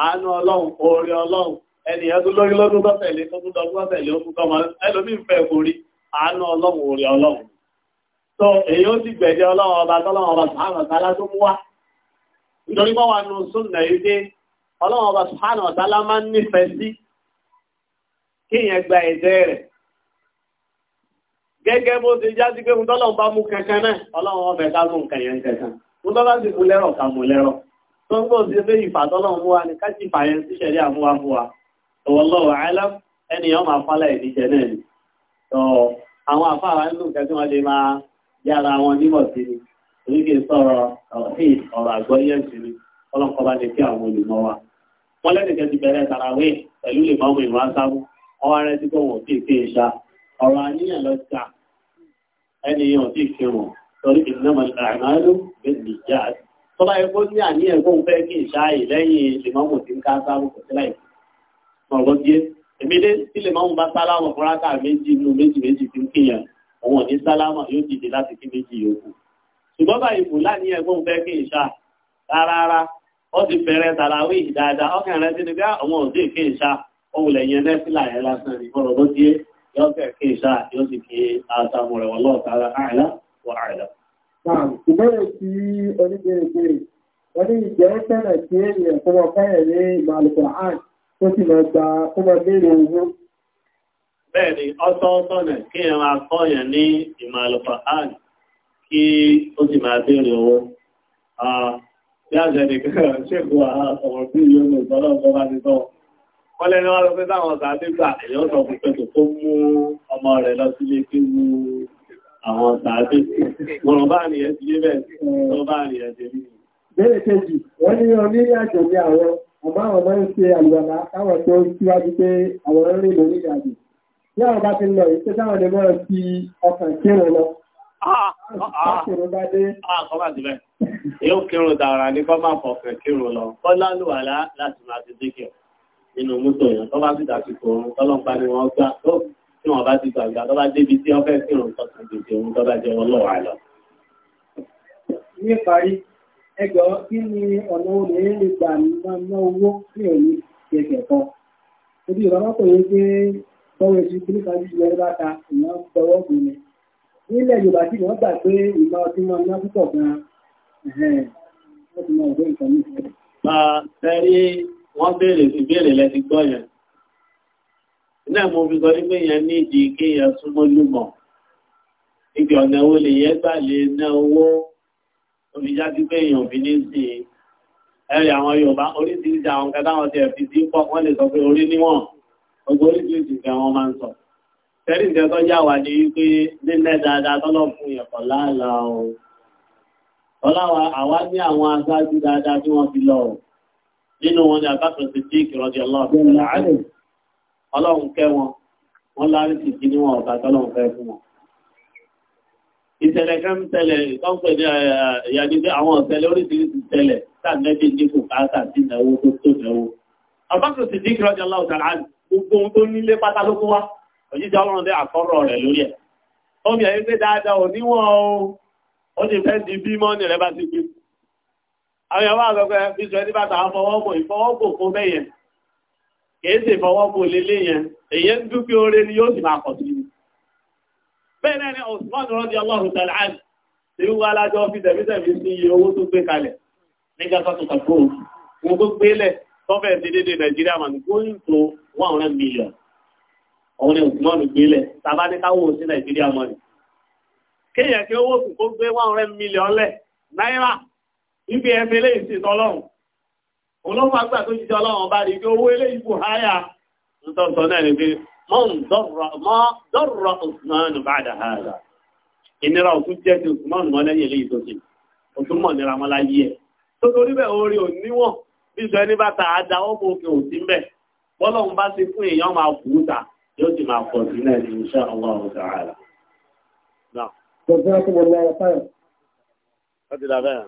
àánú ọlọ́run oore ọlọ́run ẹnìyàn tó lórí lọ́dún tọ́tẹ̀lé tó tún dọ́gbọ́n tẹ̀lé ogún tọmọ ẹlòmíì fẹ́ borí àánú ọlọ́run oore ọlọ́run tó èyí ó sì gbẹ̀dẹ̀ ọlọ́run ọba tọ́lọ́run ọba sàánà tálá tó mú wá nítorí pọ́ wà nù súnnà gẹ́gẹ́ bó ti já sí pé mú tọ́lọ̀ bá mú kẹ̀kẹ́ náà ọlọ́run ọbẹ̀ ká mú nǹkan yẹn kẹ̀kẹ́ mú tọ́lá sì mú lẹ́rọ̀ ká mú lẹ́rọ̀ tó ń gbọ́n sí pé ìfà tọ́lọ̀ mú wa ní káàkiri ìfà yẹn sí ṣẹ̀rí àmúwa fún wa ọwọ́ lọ́wọ́ àìlá ẹnìyàn máa fọ́lá ìdíjẹ náà ni tó àwọn afára ń lù kẹ́kẹ́ wọn lè máa yára wọn nímọ̀ sí ni oríkè sọ̀rọ̀ ọ̀rọ̀ àníyàn lọ jà ẹni yàn tí ìṣẹ́wọ̀n torí ìnáwó àmàlù bẹ́ẹ̀ni jà tó bá ẹkọ́ ní àníyàn kó ń fẹ́ kí ìṣáàyè lẹ́yìn lèmọ́mù tí ń ká sáwọ́ kò sí láì ọ̀rọ̀ díẹ̀ èmi dé tí lèmọ́mù bá sálámù fúnráká méjì inú méjì méjì tí ń kíyàn òun ní sálámù yóò dìde láti kí méjì yòókù ṣùgbọ́n báyìí kù láníyàn kó ń fẹ́ kí ìṣá rárá ó ti bẹ̀rẹ̀ tàlàwí dáadáa ọkàn rẹ ti ní bí àwọn òde kí ìṣá òun lẹ̀yìn ẹlẹ́sìn láyẹ̀ lásán ní ọ̀rọ̀ bó díẹ̀ yóò fẹ́ kí ìṣá yóò sì kí àtàmù rẹ̀ wọ́n lọ́ọ̀ta ara àìlá wọ àìlá. ìbéèrè tí oníbèrè béèrè wọ́n ní ìjẹ́ fẹ́rẹ̀ sí èèyàn tó mọ fẹ́rẹ̀ ní màlùkù àn tó sì lọ gba tó mọ béèrè owó. bẹ́ẹ̀ni ọ̀tọ̀ọ̀tọ̀ sì máa béèrè ah, ọmọ Wọ́n lẹ́nu lọ pé táwọn ọ̀sán nígbà èèyàn sọ fún mú ọmọ rẹ̀ lọ sílé kí mú àwọn ọ̀sán àti mọ̀rọ̀ bá nìyẹn ti lé bẹ́ẹ̀ tó bá nìyẹn ti rí. Bẹ́ẹ̀ kejì, wọ́n ní onílé àjọ ní àwọn ọmọ àwọn ọmọ ń ṣe àlùwàlá káwọn tó ti lọ yìí pé nínú mọ́tò yẹn tó bá sì dàbí kò rún tọ́lọ́pàá ni wọ́n gbà tó tí wọ́n bá ti gbàgbà tó bá débi tí wọ́n fẹ́ sí òun tó kàn tètè òun tó bá jẹ́ wọn lọ́wọ́ àlọ́. ní parí ẹgbẹ́ kí ni ọ̀nà obìnrin lè gbà ná owó sí òní kẹ̀kẹ́ kan ojú ìrọ̀lọ́ kò yẹ pé tọ́wọ́ èsì kìlíkà jù lẹ́rẹ́ bá ta ìyẹn tọwọ́ bù ni nílẹ̀ Yorùbá tí wọ́n gbà pé ìgbà ọtí máa ná púpọ̀ gan-an ẹ̀hẹ́n wọ́n ti mọ ọ̀dọ́ ìkànnì wọ́n béèrè sí béèrè lẹ́ti gbọ́ yẹn náà mo fi sọ wípé yẹn ní ìdí kí yẹn súnmọ́ lùmọ̀ ibi ọ̀nà owó lè yẹ gbà lè ná owó olùjá sí pé èèyàn fi ní sí ẹ̀rì àwọn Yorùbá oríṣiríṣi àwọn nǹkan táwọn ti ẹ̀fì sí pọ̀ wọ́n lè sọ pé orí níwọ̀n gbogbo oríṣiríṣi nǹkan wọn máa ń sọ tẹ́lẹ̀ nǹkan tó yà wá ní wípé nílẹ̀ dáadáa tọ́lọ̀ fún yẹn kọ̀ láàlà o ọláwa àwa ní àwọn aṣáájú dáadáa tí wọ́n fi lọ o nínú wọn ni àbátan ti dí ìkìrọ̀dì ọlọ́run kẹ́ wọn wọ́n lárí sí kí níwọ̀n ọ̀tà tọ́lọ́run fẹ́ fún wọn ìṣẹ̀lẹ̀ kan tẹ̀lẹ̀ ìtọ́pẹ̀ ní ìyàdídé àwọn ọ̀tẹ̀lẹ̀ oríṣiríṣi tẹ̀lẹ̀ sáàmẹ́bí dínkù káàkà sí ìnáwó tó tó náwó. àbákan sì dín kìrọ̀jọ láwù tàrà gbogbo ohun tó nílé pátá ló kó wá òjíjẹ ọlọ́run ní àwọn yàwó àgbẹ̀gbẹ̀ bíṣọ ẹni bàtà fọwọ́bò ìfọwọ́bò kó bẹ́yẹn kìí sì fọwọ́bò lélé yẹn èyí ń dúkìá oore ni yóò sì máa kọ̀ sí i bẹ́ẹ̀ náà ni Osman rọ́dí ọlọ́run tẹ̀lé àjì tí wọ́n alájọ́ fi tẹ̀mítẹ̀mí sí iye owó tó gbé kalẹ̀ ní gásọ́ tó kàgbó wọn tó gbélẹ̀ tọ́fẹ̀ ti dédé Nàìjíríà mà ní going to one hundred million níbi ẹ̀fẹ́ eléyìí sí tọ́lọ́run olóòfà gbà tó jíjẹ ọlọ́run bá rí pé owó eléyìí bù háyà ntọ́sọ náà ni pé mọ́ dọ́rọ̀ Usman bàdà hàrà ìnira òkú jẹ́ ti Usman mọ́ lẹ́yìn eléyìí tó ti òtún mọ̀ nira mọ́ láyé ẹ̀ tó torí bẹ́ẹ̀ orí ò níwọ̀n bí sọ ẹni bá ta àdá ọmọ òkè òsì ń bẹ̀ bọ́lọ́run bá ti fún èèyàn máa kú ta yóò sì máa pọ̀ sí náà ní iṣẹ́ ọlọ́run sàárà. Ṣé o